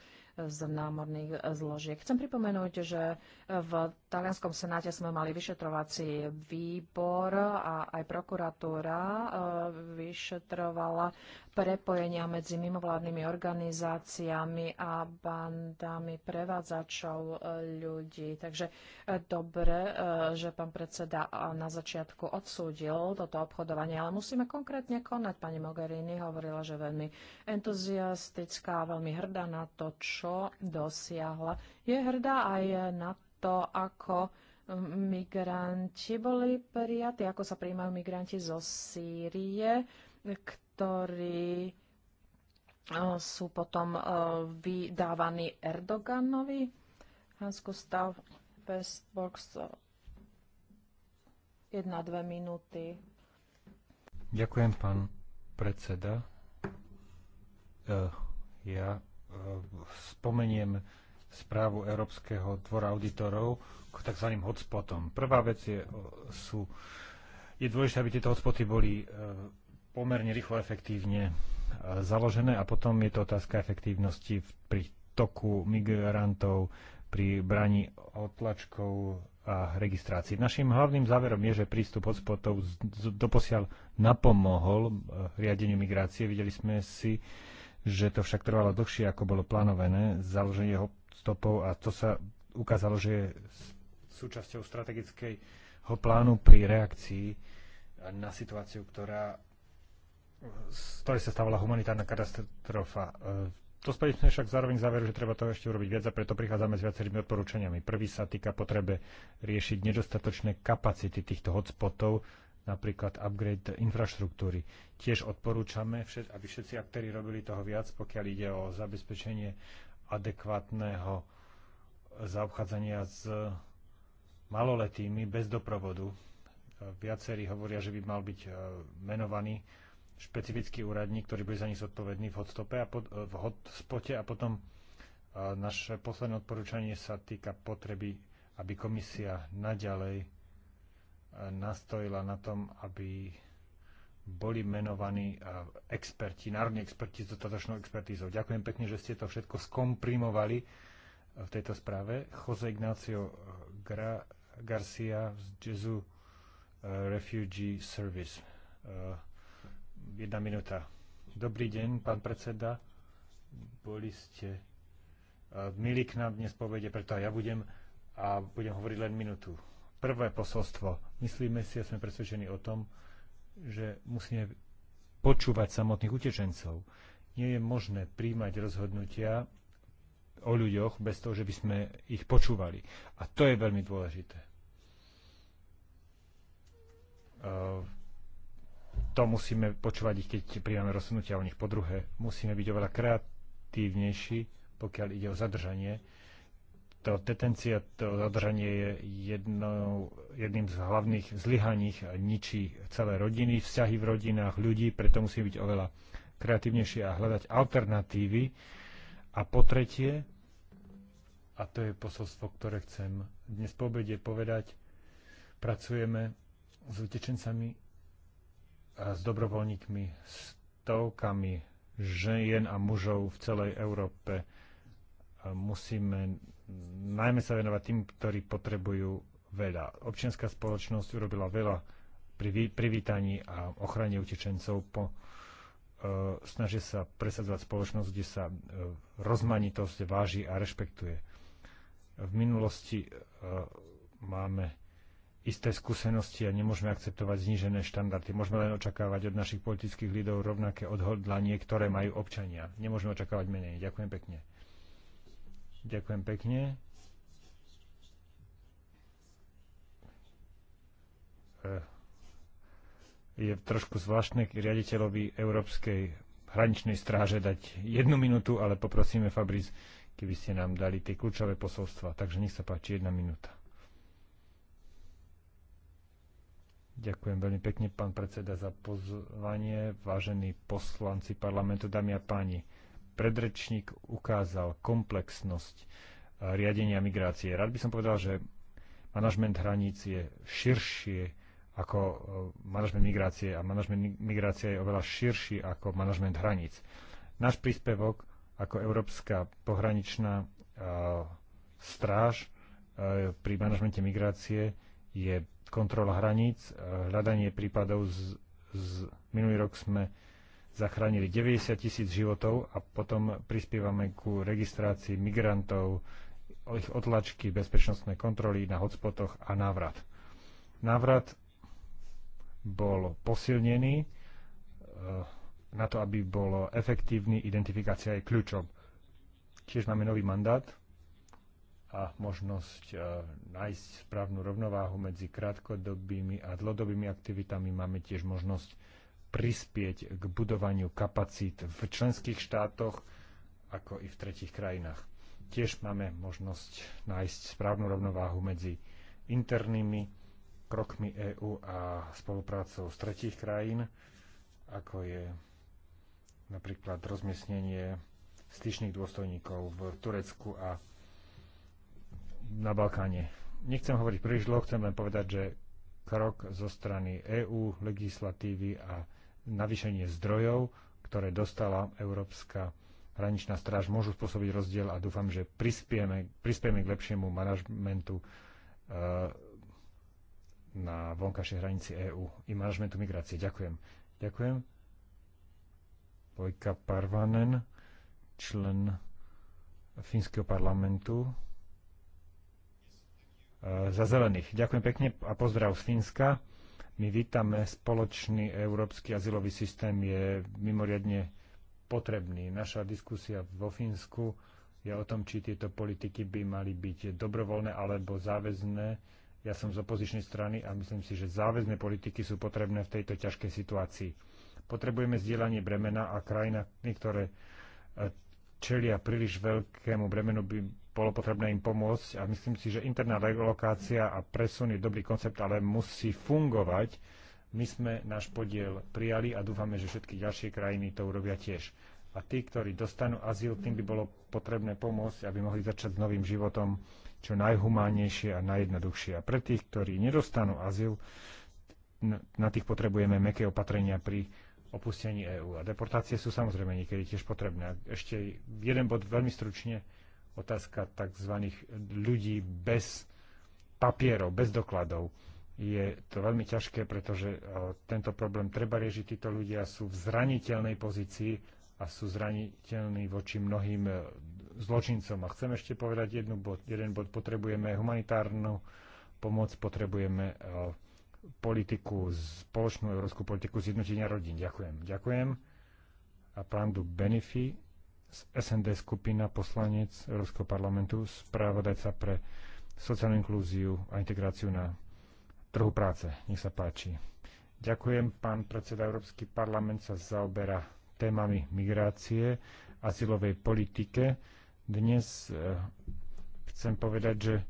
z námorných zložiek. Chcem pripomenúť, že v talianskom senáte sme mali vyšetrovací výbor a aj prokuratúra eh, vyšetrovala prepojenia medzi mimovládnymi organizáciami a bandami prevádzačov eh, ľudí. Takže eh, dobre, že pán predseda na začiatku odsúdil toto obchodovanie, ale musíme konkrétne konať. Pani Mogherini hovorila, že veľmi entuziastická, veľmi hrdá na to, čo čo dosiahla. Je hrdá aj na to, ako migranti boli prijatí, ako sa prijímajú migranti zo Sýrie, ktorí e, sú potom e, vydávaní Erdoganovi. Hans Gustav Westbox 1-2 e, minúty. Ďakujem, pán predseda. Ja spomeniem správu Európskeho dvora auditorov k tzv. hotspotom. Prvá vec je, sú, je dôležité, aby tieto hotspoty boli e, pomerne rýchlo efektívne e, založené a potom je to otázka efektívnosti pri toku migrantov, pri braní otlačkov a registrácii. Našim hlavným záverom je, že prístup hotspotov doposiaľ napomohol e, riadeniu migrácie. Videli sme si, že to však trvalo dlhšie, ako bolo plánované, založenie hop stopov a to sa ukázalo, že je súčasťou strategického plánu pri reakcii na situáciu, ktorá z ktorej sa stávala humanitárna katastrofa. Dospeli e, sme však zároveň záveru, že treba toho ešte urobiť viac a preto prichádzame s viacerými odporúčaniami. Prvý sa týka potrebe riešiť nedostatočné kapacity týchto hotspotov napríklad upgrade infraštruktúry. Tiež odporúčame, aby všetci aktéry robili toho viac, pokiaľ ide o zabezpečenie adekvátneho zaobchádzania s maloletými bez doprovodu. Viacerí hovoria, že by mal byť e, menovaný špecifický úradník, ktorý bude za nich zodpovedný v hotspote a, pod, e, v hotspote a potom e, naše posledné odporúčanie sa týka potreby, aby komisia naďalej nastojila na tom, aby boli menovaní eh, experti, národní experti s dotatočnou expertízou. Ďakujem pekne, že ste to všetko skomprimovali eh, v tejto správe. Jose Ignacio eh, Gra- Garcia z Jezu Refugee Service. Jedna minúta. Dobrý deň, pán predseda. Boli ste milí k nám dnes povede, preto ja budem a budem hovoriť len minútu. Prvé posolstvo Myslíme si a sme presvedčení o tom, že musíme počúvať samotných utečencov. Nie je možné príjmať rozhodnutia o ľuďoch bez toho, že by sme ich počúvali. A to je veľmi dôležité. Ehm, to musíme počúvať ich, keď príjmame rozhodnutia o nich. Po druhé, musíme byť oveľa kreatívnejší, pokiaľ ide o zadržanie to detencia, to zadržanie je jednou, jedným z hlavných zlyhaní, ničí celé rodiny, vzťahy v rodinách, ľudí, preto musí byť oveľa kreatívnejšie a hľadať alternatívy. A po tretie, a to je posolstvo, ktoré chcem dnes po obede povedať, pracujeme s utečencami a s dobrovoľníkmi, stovkami žien a mužov v celej Európe. Musíme najmä sa venovať tým, ktorí potrebujú veľa. Občianská spoločnosť urobila veľa pri privítaní a ochrane utečencov po e, snaží sa presadzovať spoločnosť, kde sa e, rozmanitosť váži a rešpektuje. V minulosti e, máme isté skúsenosti a nemôžeme akceptovať znížené štandardy. Môžeme len očakávať od našich politických lídov rovnaké odhodlanie, ktoré majú občania. Nemôžeme očakávať menej. Ďakujem pekne. Ďakujem pekne. Eh, je trošku zvláštne riaditeľovi Európskej hraničnej stráže dať jednu minútu, ale poprosíme Fabriz, keby ste nám dali tie kľúčové posolstva. Takže nech sa páči, jedna minúta. Ďakujem veľmi pekne, pán predseda, za pozvanie. Vážení poslanci parlamentu, dámy a páni, predrečník ukázal komplexnosť e, riadenia migrácie. Rád by som povedal, že manažment hraníc je širšie ako e, manažment migrácie a manažment migrácie je oveľa širší ako manažment hraníc. Náš príspevok ako Európska pohraničná e, stráž pri manažmente migrácie je kontrola hraníc, hľadanie prípadov z, z minulý rok sme zachránili 90 tisíc životov a potom prispievame ku registrácii migrantov, ich otlačky, bezpečnostné kontroly na hotspotoch a návrat. Návrat bol posilnený eh, na to, aby bolo efektívny, identifikácia je kľúčom. Tiež máme nový mandát a možnosť eh, nájsť správnu rovnováhu medzi krátkodobými a dlhodobými aktivitami. Máme tiež možnosť prispieť k budovaniu kapacít v členských štátoch, ako i v tretich krajinách. Tiež máme možnosť nájsť správnu rovnováhu medzi internými krokmi EÚ a spoluprácou z tretich krajín, ako je napríklad rozmiestnenie styčných dôstojníkov v Turecku a na Balkáne. Nechcem hovoriť príliš dlho, chcem len povedať, že krok zo strany EÚ, legislatívy a navýšenie zdrojov, ktoré dostala Európska hraničná stráž, môžu spôsobiť rozdiel a dúfam, že prispieme, prispieme k lepšiemu manažmentu eh, na vonkajšej hranici EÚ i manažmentu migrácie. Ďakujem. Ďakujem. Vojka Parvanen, člen Fínskeho parlamentu eh, za zelených. Ďakujem pekne a pozdrav z Fínska. My vítame spoločný európsky azylový systém, je mimoriadne potrebný. Naša diskusia vo Fínsku je o tom, či tieto politiky by mali byť dobrovoľné alebo záväzné. Ja som z opozičnej strany a myslím si, že záväzné politiky sú potrebné v tejto ťažkej situácii. Potrebujeme zdieľanie bremena a krajina, ktoré eh, čelia príliš veľkému bremenu, by bolo potrebné im pomôcť a myslím si, že interná relokácia a presun je dobrý koncept, ale musí fungovať. My sme náš podiel prijali a dúfame, že všetky ďalšie krajiny to urobia tiež. A tí, ktorí dostanú azyl, tým by bolo potrebné pomôcť, aby mohli začať s novým životom čo najhumánnejšie a najjednoduchšie. A pre tých, ktorí nedostanú azyl, na tých potrebujeme meké opatrenia pri opustení EÚ. A deportácie sú samozrejme niekedy tiež potrebné. A ešte jeden bod veľmi stručne otázka tzv. ľudí bez papierov, bez dokladov. Je to veľmi ťažké, pretože e, tento problém treba riešiť. Títo ľudia sú v zraniteľnej pozícii a sú zraniteľní voči mnohým e, zločincom. A chcem ešte povedať jednu bod, jeden bod. Potrebujeme humanitárnu pomoc, potrebujeme e, politiku, spoločnú európsku politiku zjednotenia rodín. Ďakujem. Ďakujem. A pán Du Benefi SND skupina, poslanec Európskeho parlamentu, správodajca pre sociálnu inklúziu a integráciu na trhu práce. Nech sa páči. Ďakujem, pán predseda. Európsky parlament sa zaoberá témami migrácie, azylovej politike. Dnes eh, chcem povedať, že eh,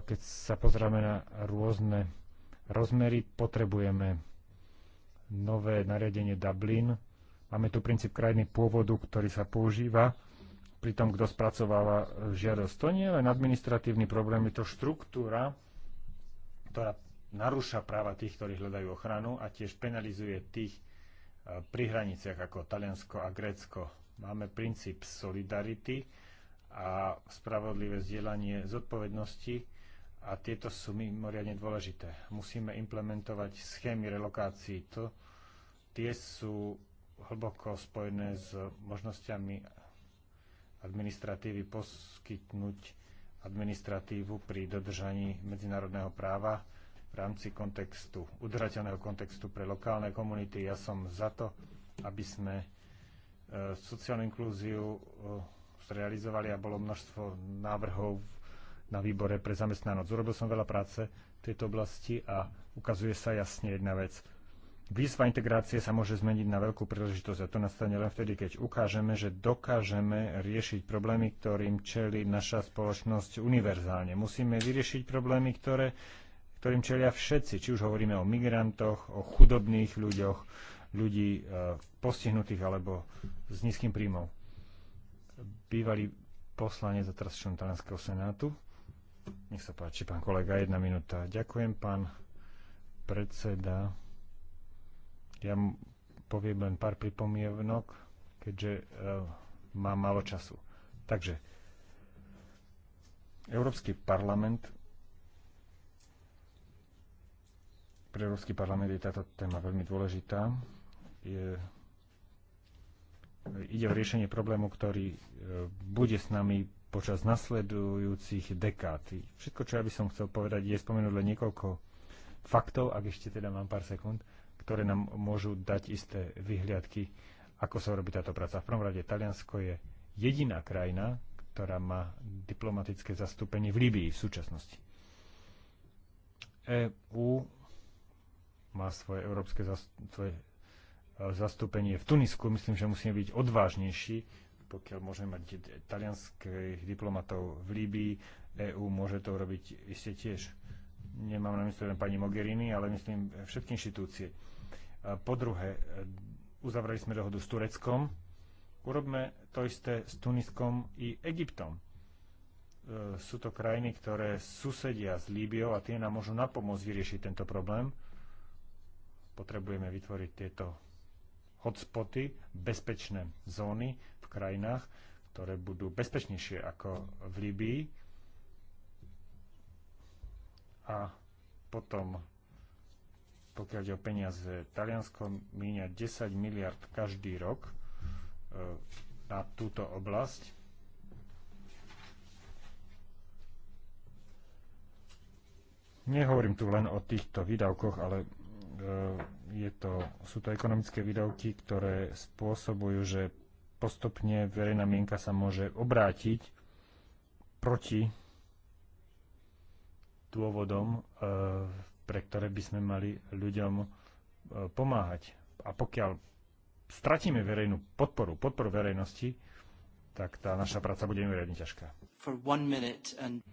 keď sa pozrieme na rôzne rozmery, potrebujeme nové nariadenie Dublin, Máme tu princíp krajiny pôvodu, ktorý sa používa pri tom, kto spracováva e, žiadosť. To nie je len administratívny problém, je to štruktúra, ktorá narúša práva tých, ktorí hľadajú ochranu a tiež penalizuje tých e, pri hraniciach ako Taliansko a Grécko. Máme princíp solidarity a spravodlivé zdieľanie zodpovednosti a tieto sú mimoriadne dôležité. Musíme implementovať schémy relokácií. To, tie sú hlboko spojené s možnosťami administratívy poskytnúť administratívu pri dodržaní medzinárodného práva v rámci kontextu, udržateľného kontextu pre lokálne komunity. Ja som za to, aby sme e, sociálnu inklúziu e, zrealizovali a bolo množstvo návrhov na výbore pre zamestnanosť. Urobil som veľa práce v tejto oblasti a ukazuje sa jasne jedna vec Výzva integrácie sa môže zmeniť na veľkú príležitosť a to nastane len vtedy, keď ukážeme, že dokážeme riešiť problémy, ktorým čeli naša spoločnosť univerzálne. Musíme vyriešiť problémy, ktoré, ktorým čelia všetci, či už hovoríme o migrantoch, o chudobných ľuďoch, ľudí e, postihnutých alebo s nízkym príjmom. Bývalý poslanec a teraz člen senátu. Nech sa páči, pán kolega, jedna minúta. Ďakujem, pán predseda. Ja poviem len pár pripomienok, keďže e, mám málo času. Takže Európsky parlament pre Európsky parlament je táto téma veľmi dôležitá. Je, ide o riešenie problému, ktorý e, bude s nami počas nasledujúcich dekád. Všetko, čo ja by som chcel povedať, je spomenúť len niekoľko faktov, ak ešte teda mám pár sekúnd. Uh, ktoré nám môžu dať isté vyhliadky, ako sa robí táto práca. V prvom rade Taliansko je jediná krajina, ktorá má diplomatické zastúpenie v Líbii v súčasnosti. EU má svoje európske e, zastúpenie v Tunisku. Myslím, že musíme byť odvážnejší, pokiaľ môžeme mať talianských diplomatov v Líbii. EÚ môže to robiť iste tiež. Nemám na mysle len pani Mogherini, ale myslím všetky inštitúcie. Po druhé, e, uzavreli sme dohodu s Tureckom. Urobme to isté s Tuniskom i Egyptom. E, sú to krajiny, ktoré susedia s Líbiou a tie nám môžu napomôcť vyriešiť tento problém. Potrebujeme vytvoriť tieto hotspoty, bezpečné zóny v krajinách, ktoré budú bezpečnejšie ako v Líbii. A potom pokiaľ ide o peniaze, Taliansko míňa 10 miliard každý rok e, na túto oblasť. Nehovorím tu len o týchto výdavkoch, ale e, je to, sú to ekonomické výdavky, ktoré spôsobujú, že postupne verejná mienka sa môže obrátiť proti dôvodom e, pre ktoré by sme mali ľuďom e, pomáhať. A pokiaľ stratíme verejnú podporu, podporu verejnosti, tak tá naša práca bude mimoriadne ťažká. And...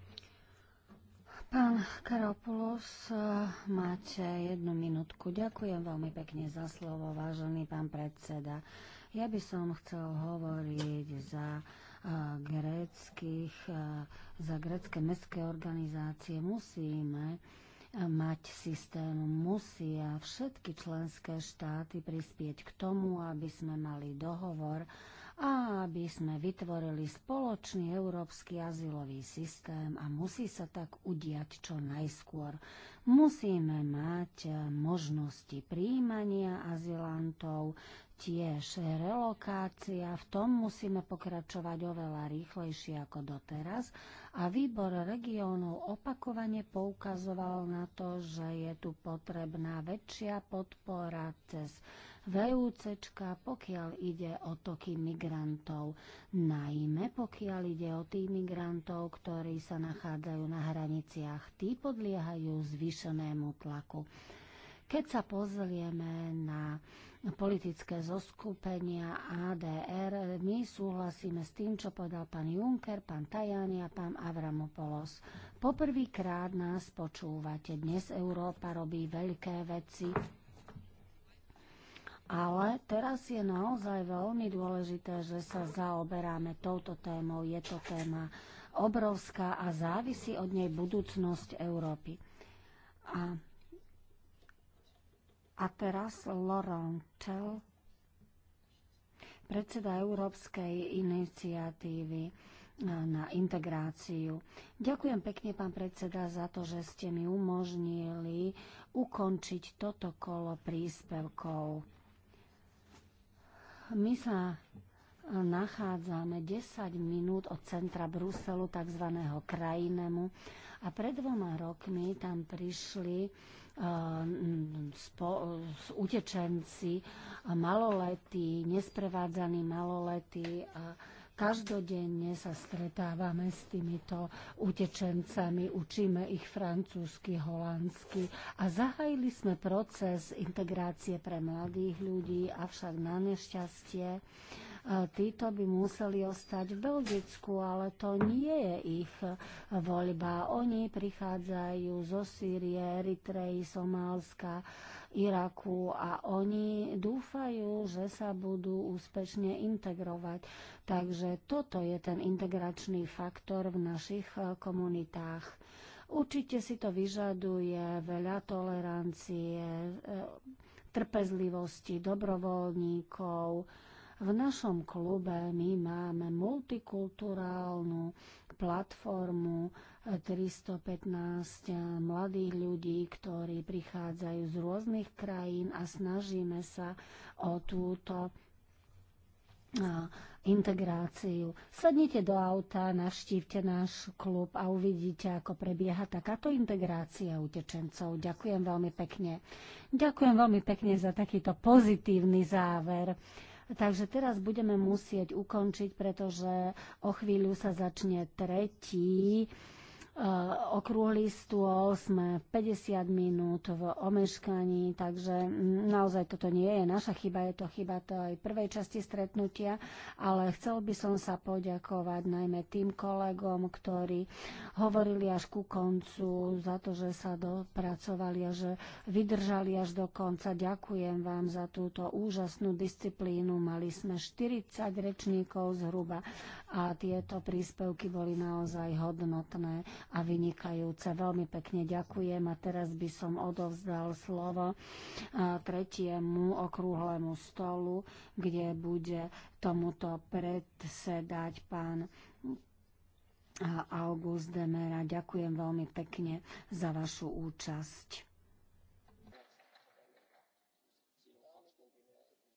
Pán Karopulos e, máte jednu minútku. Ďakujem veľmi pekne za slovo, vážený pán predseda. Ja by som chcel hovoriť za e, gréckých, za grécké mestské organizácie. Musíme mať systém. Musia všetky členské štáty prispieť k tomu, aby sme mali dohovor a aby sme vytvorili spoločný európsky azylový systém a musí sa tak udiať čo najskôr. Musíme mať možnosti príjmania azylantov, tiež relokácia. V tom musíme pokračovať oveľa rýchlejšie ako doteraz. A výbor regiónov opakovane poukazoval na to, že je tu potrebná väčšia podpora cez VUC, pokiaľ ide o toky migrantov, najmä pokiaľ ide o tých migrantov, ktorí sa nachádzajú na hraniciach, tí podliehajú zvýšenému tlaku. Keď sa pozrieme na politické zoskupenia ADR. My súhlasíme s tým, čo povedal pán Juncker, pán Tajani a pán Avramopoulos. Poprvýkrát nás počúvate. Dnes Európa robí veľké veci. Ale teraz je naozaj veľmi dôležité, že sa zaoberáme touto témou. Je to téma obrovská a závisí od nej budúcnosť Európy. A a teraz Laurent Tell, predseda Európskej iniciatívy e, na integráciu. Ďakujem pekne, pán predseda, za to, že ste mi umožnili ukončiť toto kolo príspevkov. My sa nachádzame 10 minút od centra Bruselu, tzv. krajinému. A pred dvoma rokmi tam prišli eh, spo, utečenci, maloletí, nesprevádzaní maloletí a každodenne sa stretávame s týmito utečencami, učíme ich francúzsky, holandsky a zahajili sme proces integrácie pre mladých ľudí, avšak na nešťastie E, títo by museli ostať v Belgicku, ale to nie je ich e, voľba. Oni prichádzajú zo Sýrie, Eritreji, Somálska, Iraku a oni dúfajú, že sa budú úspešne integrovať. Takže toto je ten integračný faktor v našich e, komunitách. Určite si to vyžaduje veľa tolerancie, trpezlivosti dobrovoľníkov, v našom klube my máme multikulturálnu platformu 315 e, e, mladých ľudí, ktorí prichádzajú z rôznych krajín a snažíme sa o túto e, integráciu. Sadnite do auta, navštívte náš klub a uvidíte, ako prebieha takáto integrácia utečencov. Ďakujem veľmi pekne. Ďakujem veľmi pekne za takýto pozitívny záver. Takže teraz budeme musieť ukončiť, pretože o chvíľu sa začne tretí Eh, okrúhly stôl, sme 50 minút v omeškaní, takže mm, naozaj toto nie je naša chyba, je to chyba tej prvej časti stretnutia, ale chcel by som sa poďakovať najmä tým kolegom, ktorí hovorili až ku koncu za to, že sa dopracovali a že vydržali až do konca. Ďakujem vám za túto úžasnú disciplínu. Mali sme 40 rečníkov zhruba a tieto príspevky boli naozaj hodnotné a vynikajúce. Veľmi pekne ďakujem a teraz by som odovzdal slovo tretiemu okrúhlemu stolu, kde bude tomuto predsedať pán August Demera. Ďakujem veľmi pekne za vašu účasť.